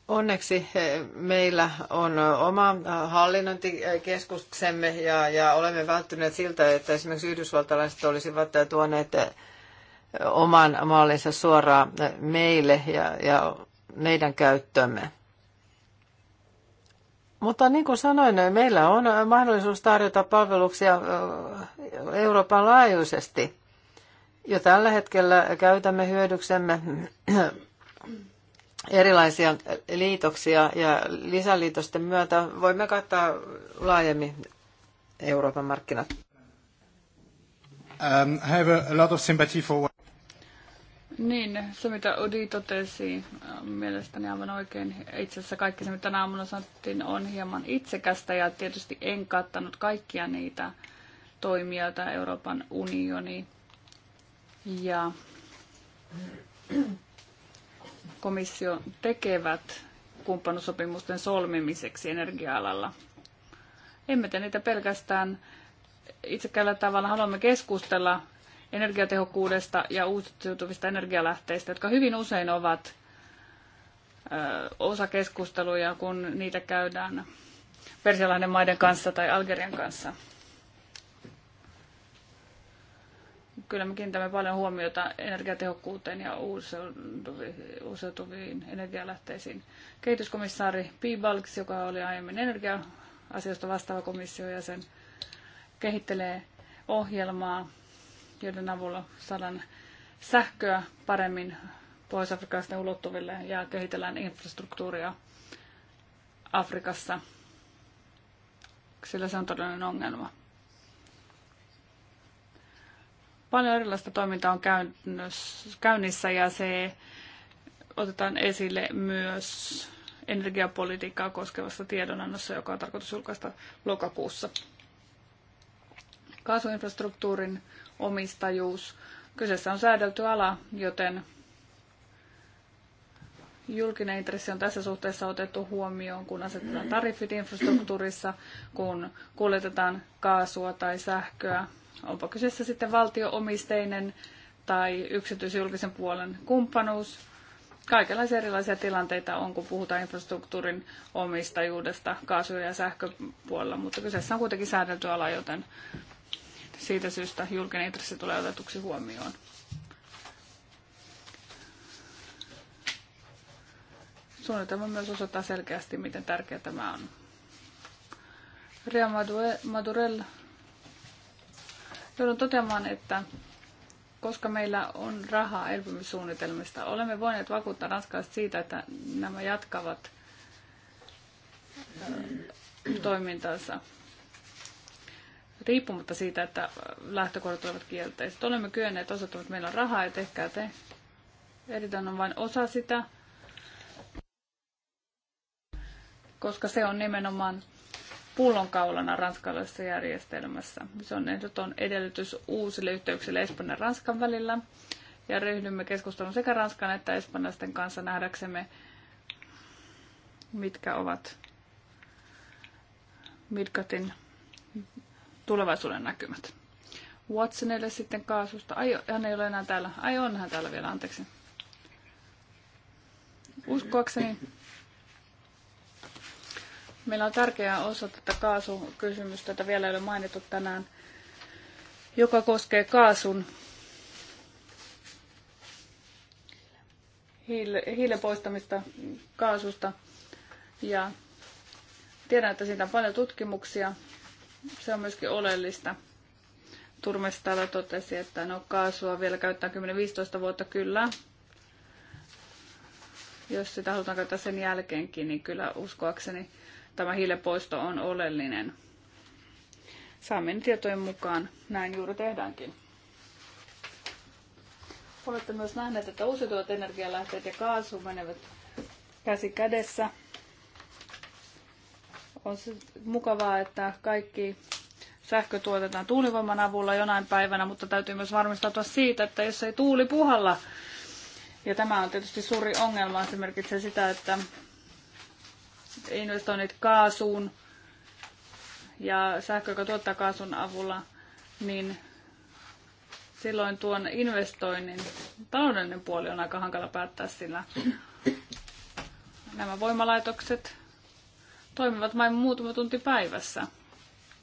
Onneksi meillä on oma hallinnointikeskuksemme ja, ja olemme välttyneet siltä, että esimerkiksi yhdysvaltalaiset olisivat tuoneet oman mallinsa suoraan meille ja, ja meidän käyttömme. Mutta niin kuin sanoin, meillä on mahdollisuus tarjota palveluksia Euroopan laajuisesti. Jo tällä hetkellä käytämme hyödyksemme <clears throat> erilaisia liitoksia ja lisäliitosten myötä voimme kattaa laajemmin Euroopan markkinat. Um, I have a lot of sympathy for niin, se mitä Odi totesi äh, mielestäni aivan oikein. Itse asiassa kaikki se, mitä tänä aamuna sanottiin, on hieman itsekästä ja tietysti en kattanut kaikkia niitä toimia, joita Euroopan unioni ja komissio tekevät kumppanusopimusten solmimiseksi energia-alalla. Emme tee niitä pelkästään itsekällä tavalla. Haluamme keskustella energiatehokkuudesta ja uusiutuvista energialähteistä, jotka hyvin usein ovat osa keskusteluja, kun niitä käydään persialainen maiden kanssa tai Algerian kanssa. Kyllä me kiinnitämme paljon huomiota energiatehokkuuteen ja uusiutuviin energialähteisiin. Kehityskomissaari Pibalks, joka oli aiemmin energia-asioista vastaava komission jäsen, kehittelee ohjelmaa joiden avulla saadaan sähköä paremmin pohjois-afrikkalaisten ulottuville ja kehitellään infrastruktuuria Afrikassa, sillä se on todellinen ongelma. Paljon erilaista toimintaa on käynnissä ja se otetaan esille myös energiapolitiikkaa koskevassa tiedonannossa, joka on tarkoitus julkaista lokakuussa. Kaasuinfrastruktuurin omistajuus. Kyseessä on säädelty ala, joten julkinen intressi on tässä suhteessa otettu huomioon, kun asetetaan tariffit infrastruktuurissa, kun kuljetetaan kaasua tai sähköä. Onpa kyseessä sitten valtioomisteinen tai yksityisjulkisen puolen kumppanuus. Kaikenlaisia erilaisia tilanteita on, kun puhutaan infrastruktuurin omistajuudesta kaasu- ja sähköpuolella, mutta kyseessä on kuitenkin säädelty ala, joten siitä syystä julkinen intressi tulee otetuksi huomioon. Suunnitelma myös osoittaa selkeästi, miten tärkeä tämä on. Ria Madurell, joudun toteamaan, että koska meillä on rahaa elpymissuunnitelmista, olemme voineet vakuuttaa ranskalaiset siitä, että nämä jatkavat toimintansa riippumatta siitä, että lähtökohdat olivat kielteiset. Olemme kyenneet osoittamaan, että meillä on rahaa ja tehkää te. Editön on vain osa sitä, koska se on nimenomaan pullonkaulana ranskalaisessa järjestelmässä. Se on ehdoton edellytys uusille yhteyksille Espanjan ja Ranskan välillä. Ja ryhdymme keskustelun sekä Ranskan että espanjalaisten kanssa nähdäksemme, mitkä ovat Midgatin tulevaisuuden näkymät. Watsonille sitten kaasusta. Ai, hän ei ole enää täällä. Ai, on hän täällä vielä, anteeksi. Uskoakseni meillä on tärkeä osa tätä kaasukysymystä, jota vielä ei ole mainittu tänään, joka koskee kaasun hiilen poistamista kaasusta. Ja tiedän, että siitä on paljon tutkimuksia se on myöskin oleellista. Turmes täällä totesi, että no kaasua vielä käyttää 10-15 vuotta kyllä. Jos sitä halutaan käyttää sen jälkeenkin, niin kyllä uskoakseni tämä hiilepoisto on oleellinen. Saamien tietojen mukaan näin juuri tehdäänkin. Olette myös nähneet, että uusiutuvat energialähteet ja kaasu menevät käsi kädessä – on se mukavaa, että kaikki sähkö tuotetaan tuulivoiman avulla jonain päivänä, mutta täytyy myös varmistautua siitä, että jos ei tuuli puhalla, ja tämä on tietysti suuri ongelma, se merkitsee sitä, että investoinnit kaasuun ja sähkö, joka tuottaa kaasun avulla, niin silloin tuon investoinnin taloudellinen puoli on aika hankala päättää, sillä nämä voimalaitokset toimivat vain muutama tunti päivässä.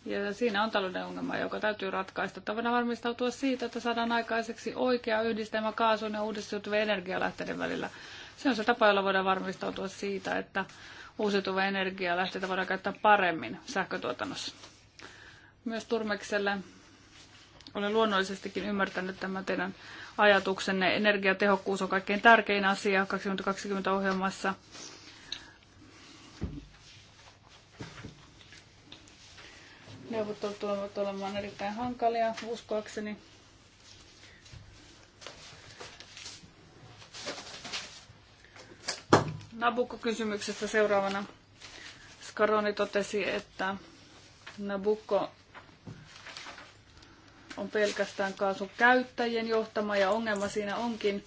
Ja siinä on talouden ongelma, joka täytyy ratkaista. Tavana varmistautua siitä, että saadaan aikaiseksi oikea yhdistelmä kaasun ja uudistuvien energialähteiden välillä. Se on se tapa, jolla voidaan varmistautua siitä, että uusiutuvia energialähteitä voidaan käyttää paremmin sähkötuotannossa. Myös Turmekselle olen luonnollisestikin ymmärtänyt tämän teidän ajatuksenne. Energiatehokkuus on kaikkein tärkein asia 2020 ohjelmassa. Neuvottelut tulevat olemaan erittäin hankalia, uskoakseni. Nabukko-kysymyksestä seuraavana. Skaroni totesi, että Nabukko on pelkästään kaasun käyttäjien johtama ja ongelma siinä onkin,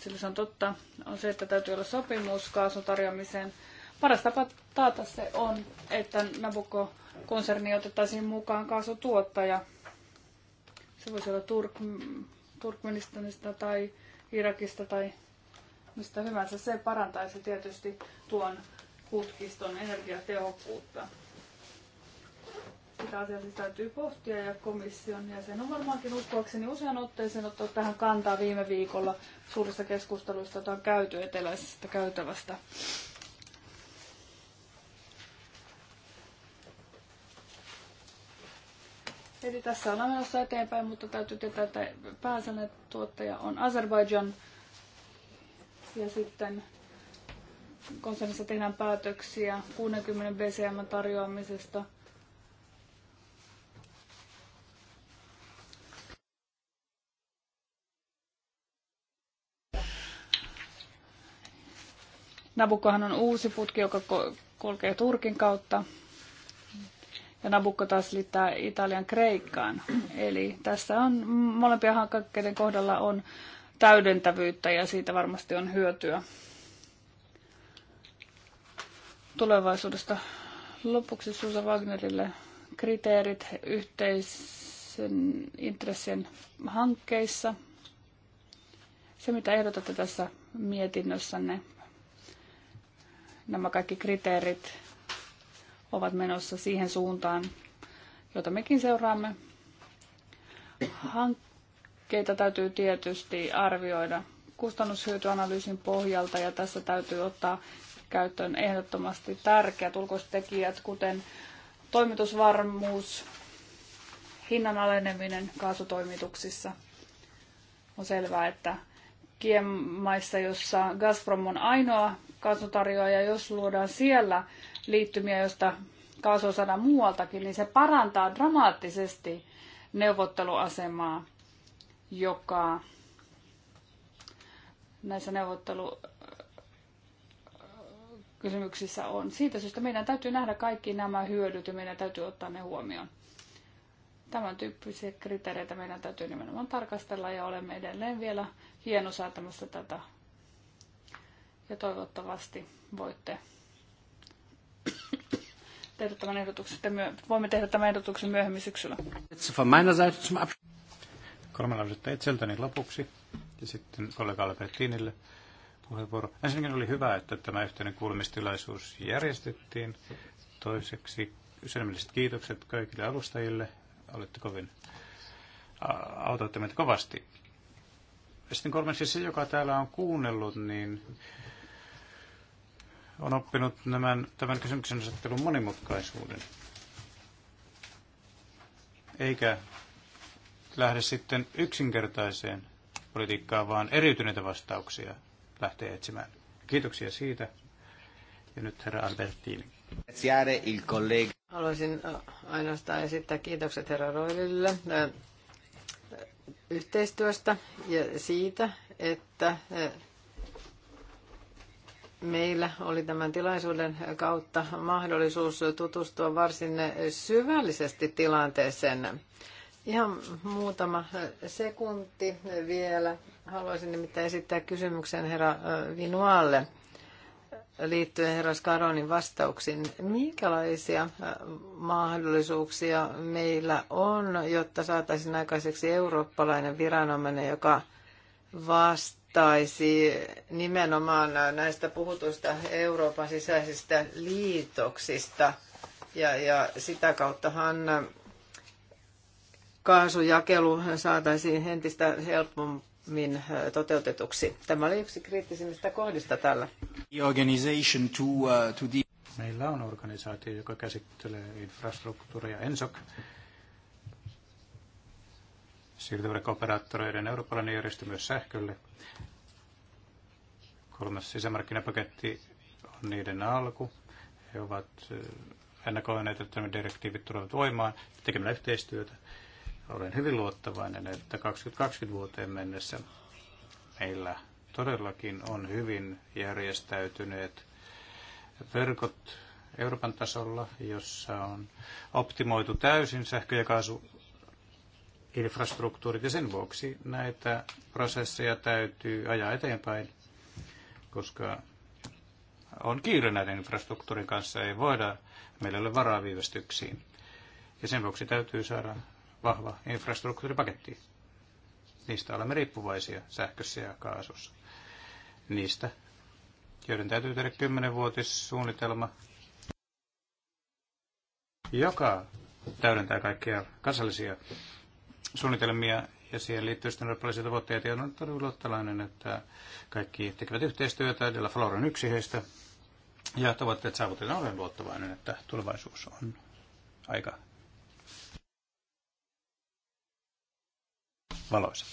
sillä se on totta, on se, että täytyy olla sopimus kaasun tarjoamiseen. Paras tapa taata se on, että Nabukko konserni otettaisiin mukaan kaasutuottaja. Se voisi olla Turk- Turkmenistanista tai Irakista tai mistä hyvänsä. Se parantaisi tietysti tuon putkiston energiatehokkuutta. Sitä asiaa siis täytyy pohtia ja komission sen on varmaankin uskoakseni usean otteeseen ottaa tähän kantaa viime viikolla suurista keskusteluista, joita on käyty eteläisestä käytävästä. Eli tässä on menossa eteenpäin, mutta täytyy tietää, että pääsänä tuottaja on Azerbaijan. Ja sitten konsernissa tehdään päätöksiä 60 BCM tarjoamisesta. Nabukohan on uusi putki, joka kulkee Turkin kautta ja Nabucco taas liittää Italian Kreikkaan. Eli tässä on molempien hankkeiden kohdalla on täydentävyyttä ja siitä varmasti on hyötyä tulevaisuudesta. Lopuksi Susa Wagnerille kriteerit yhteisen intressien hankkeissa. Se, mitä ehdotatte tässä mietinnössänne, nämä kaikki kriteerit ovat menossa siihen suuntaan, jota mekin seuraamme. Hankkeita täytyy tietysti arvioida kustannushyötyanalyysin pohjalta ja tässä täytyy ottaa käyttöön ehdottomasti tärkeät ulkoistekijät, kuten toimitusvarmuus, hinnan aleneminen kaasutoimituksissa. On selvää, että kiemaissa, jossa Gazprom on ainoa kaasutarjoaja, jos luodaan siellä liittymiä, josta kaasu saadaan muualtakin, niin se parantaa dramaattisesti neuvotteluasemaa, joka näissä neuvottelukysymyksissä on. Siitä syystä meidän täytyy nähdä kaikki nämä hyödyt ja meidän täytyy ottaa ne huomioon. Tämän tyyppisiä kriteereitä meidän täytyy nimenomaan tarkastella ja olemme edelleen vielä hienosäätämässä tätä ja toivottavasti voitte tehdä tämän ehdotuksen. Voimme tehdä tämän ehdotuksen myöhemmin syksyllä. Kolme lausetta itseltäni lopuksi ja sitten kollega Albertinille puheenvuoro. Ensinnäkin oli hyvä, että tämä yhteinen kuulemistilaisuus järjestettiin. Toiseksi sydämelliset kiitokset kaikille alustajille. Olette kovin, autoitte meitä kovasti. Sitten kolmeksi se, joka täällä on kuunnellut, niin on oppinut nämän, tämän kysymyksen asettelun monimutkaisuuden. Eikä lähde sitten yksinkertaiseen politiikkaan, vaan eriytyneitä vastauksia lähtee etsimään. Kiitoksia siitä. Ja nyt herra Albertini. Haluaisin ainoastaan esittää kiitokset herra Roilille yhteistyöstä ja siitä, että meillä oli tämän tilaisuuden kautta mahdollisuus tutustua varsin syvällisesti tilanteeseen. Ihan muutama sekunti vielä. Haluaisin nimittäin esittää kysymyksen herra Vinualle liittyen herra Skaronin vastauksiin. Minkälaisia mahdollisuuksia meillä on, jotta saataisiin aikaiseksi eurooppalainen viranomainen, joka vastaa vastaisi nimenomaan näistä puhutuista Euroopan sisäisistä liitoksista. Ja, ja sitä kauttahan kaasujakelu saataisiin entistä helpommin toteutetuksi. Tämä oli yksi kriittisimmistä kohdista tällä. Uh, Meillä on organisaatio, joka käsittelee infrastruktuuria ENSOC, siirtoverkko-operaattoreiden eurooppalainen järjestö myös sähkölle. Kolmas sisämarkkinapaketti on niiden alku. He ovat eh, ennakoineet, että nämä direktiivit tulevat voimaan tekemällä yhteistyötä. Olen hyvin luottavainen, että 2020 vuoteen mennessä meillä todellakin on hyvin järjestäytyneet verkot Euroopan tasolla, jossa on optimoitu täysin sähkö- ja kaasu infrastruktuurit. Ja sen vuoksi näitä prosesseja täytyy ajaa eteenpäin, koska on kiire näiden infrastruktuurin kanssa. Ei voida, meillä ei ole varaa viivästyksiin. Ja sen vuoksi täytyy saada vahva infrastruktuuripaketti. Niistä olemme riippuvaisia sähkössä ja kaasussa. Niistä, joiden täytyy tehdä 10-vuotissuunnitelma, joka täydentää kaikkia kansallisia suunnitelmia ja siihen liittyy sitten eurooppalaisia tavoitteita. Ja on todella tällainen, että kaikki tekevät yhteistyötä. Della Flora on yksi heistä. Ja tavoitteet saavutetaan. Olen luottavainen, että tulevaisuus on aika valoisa.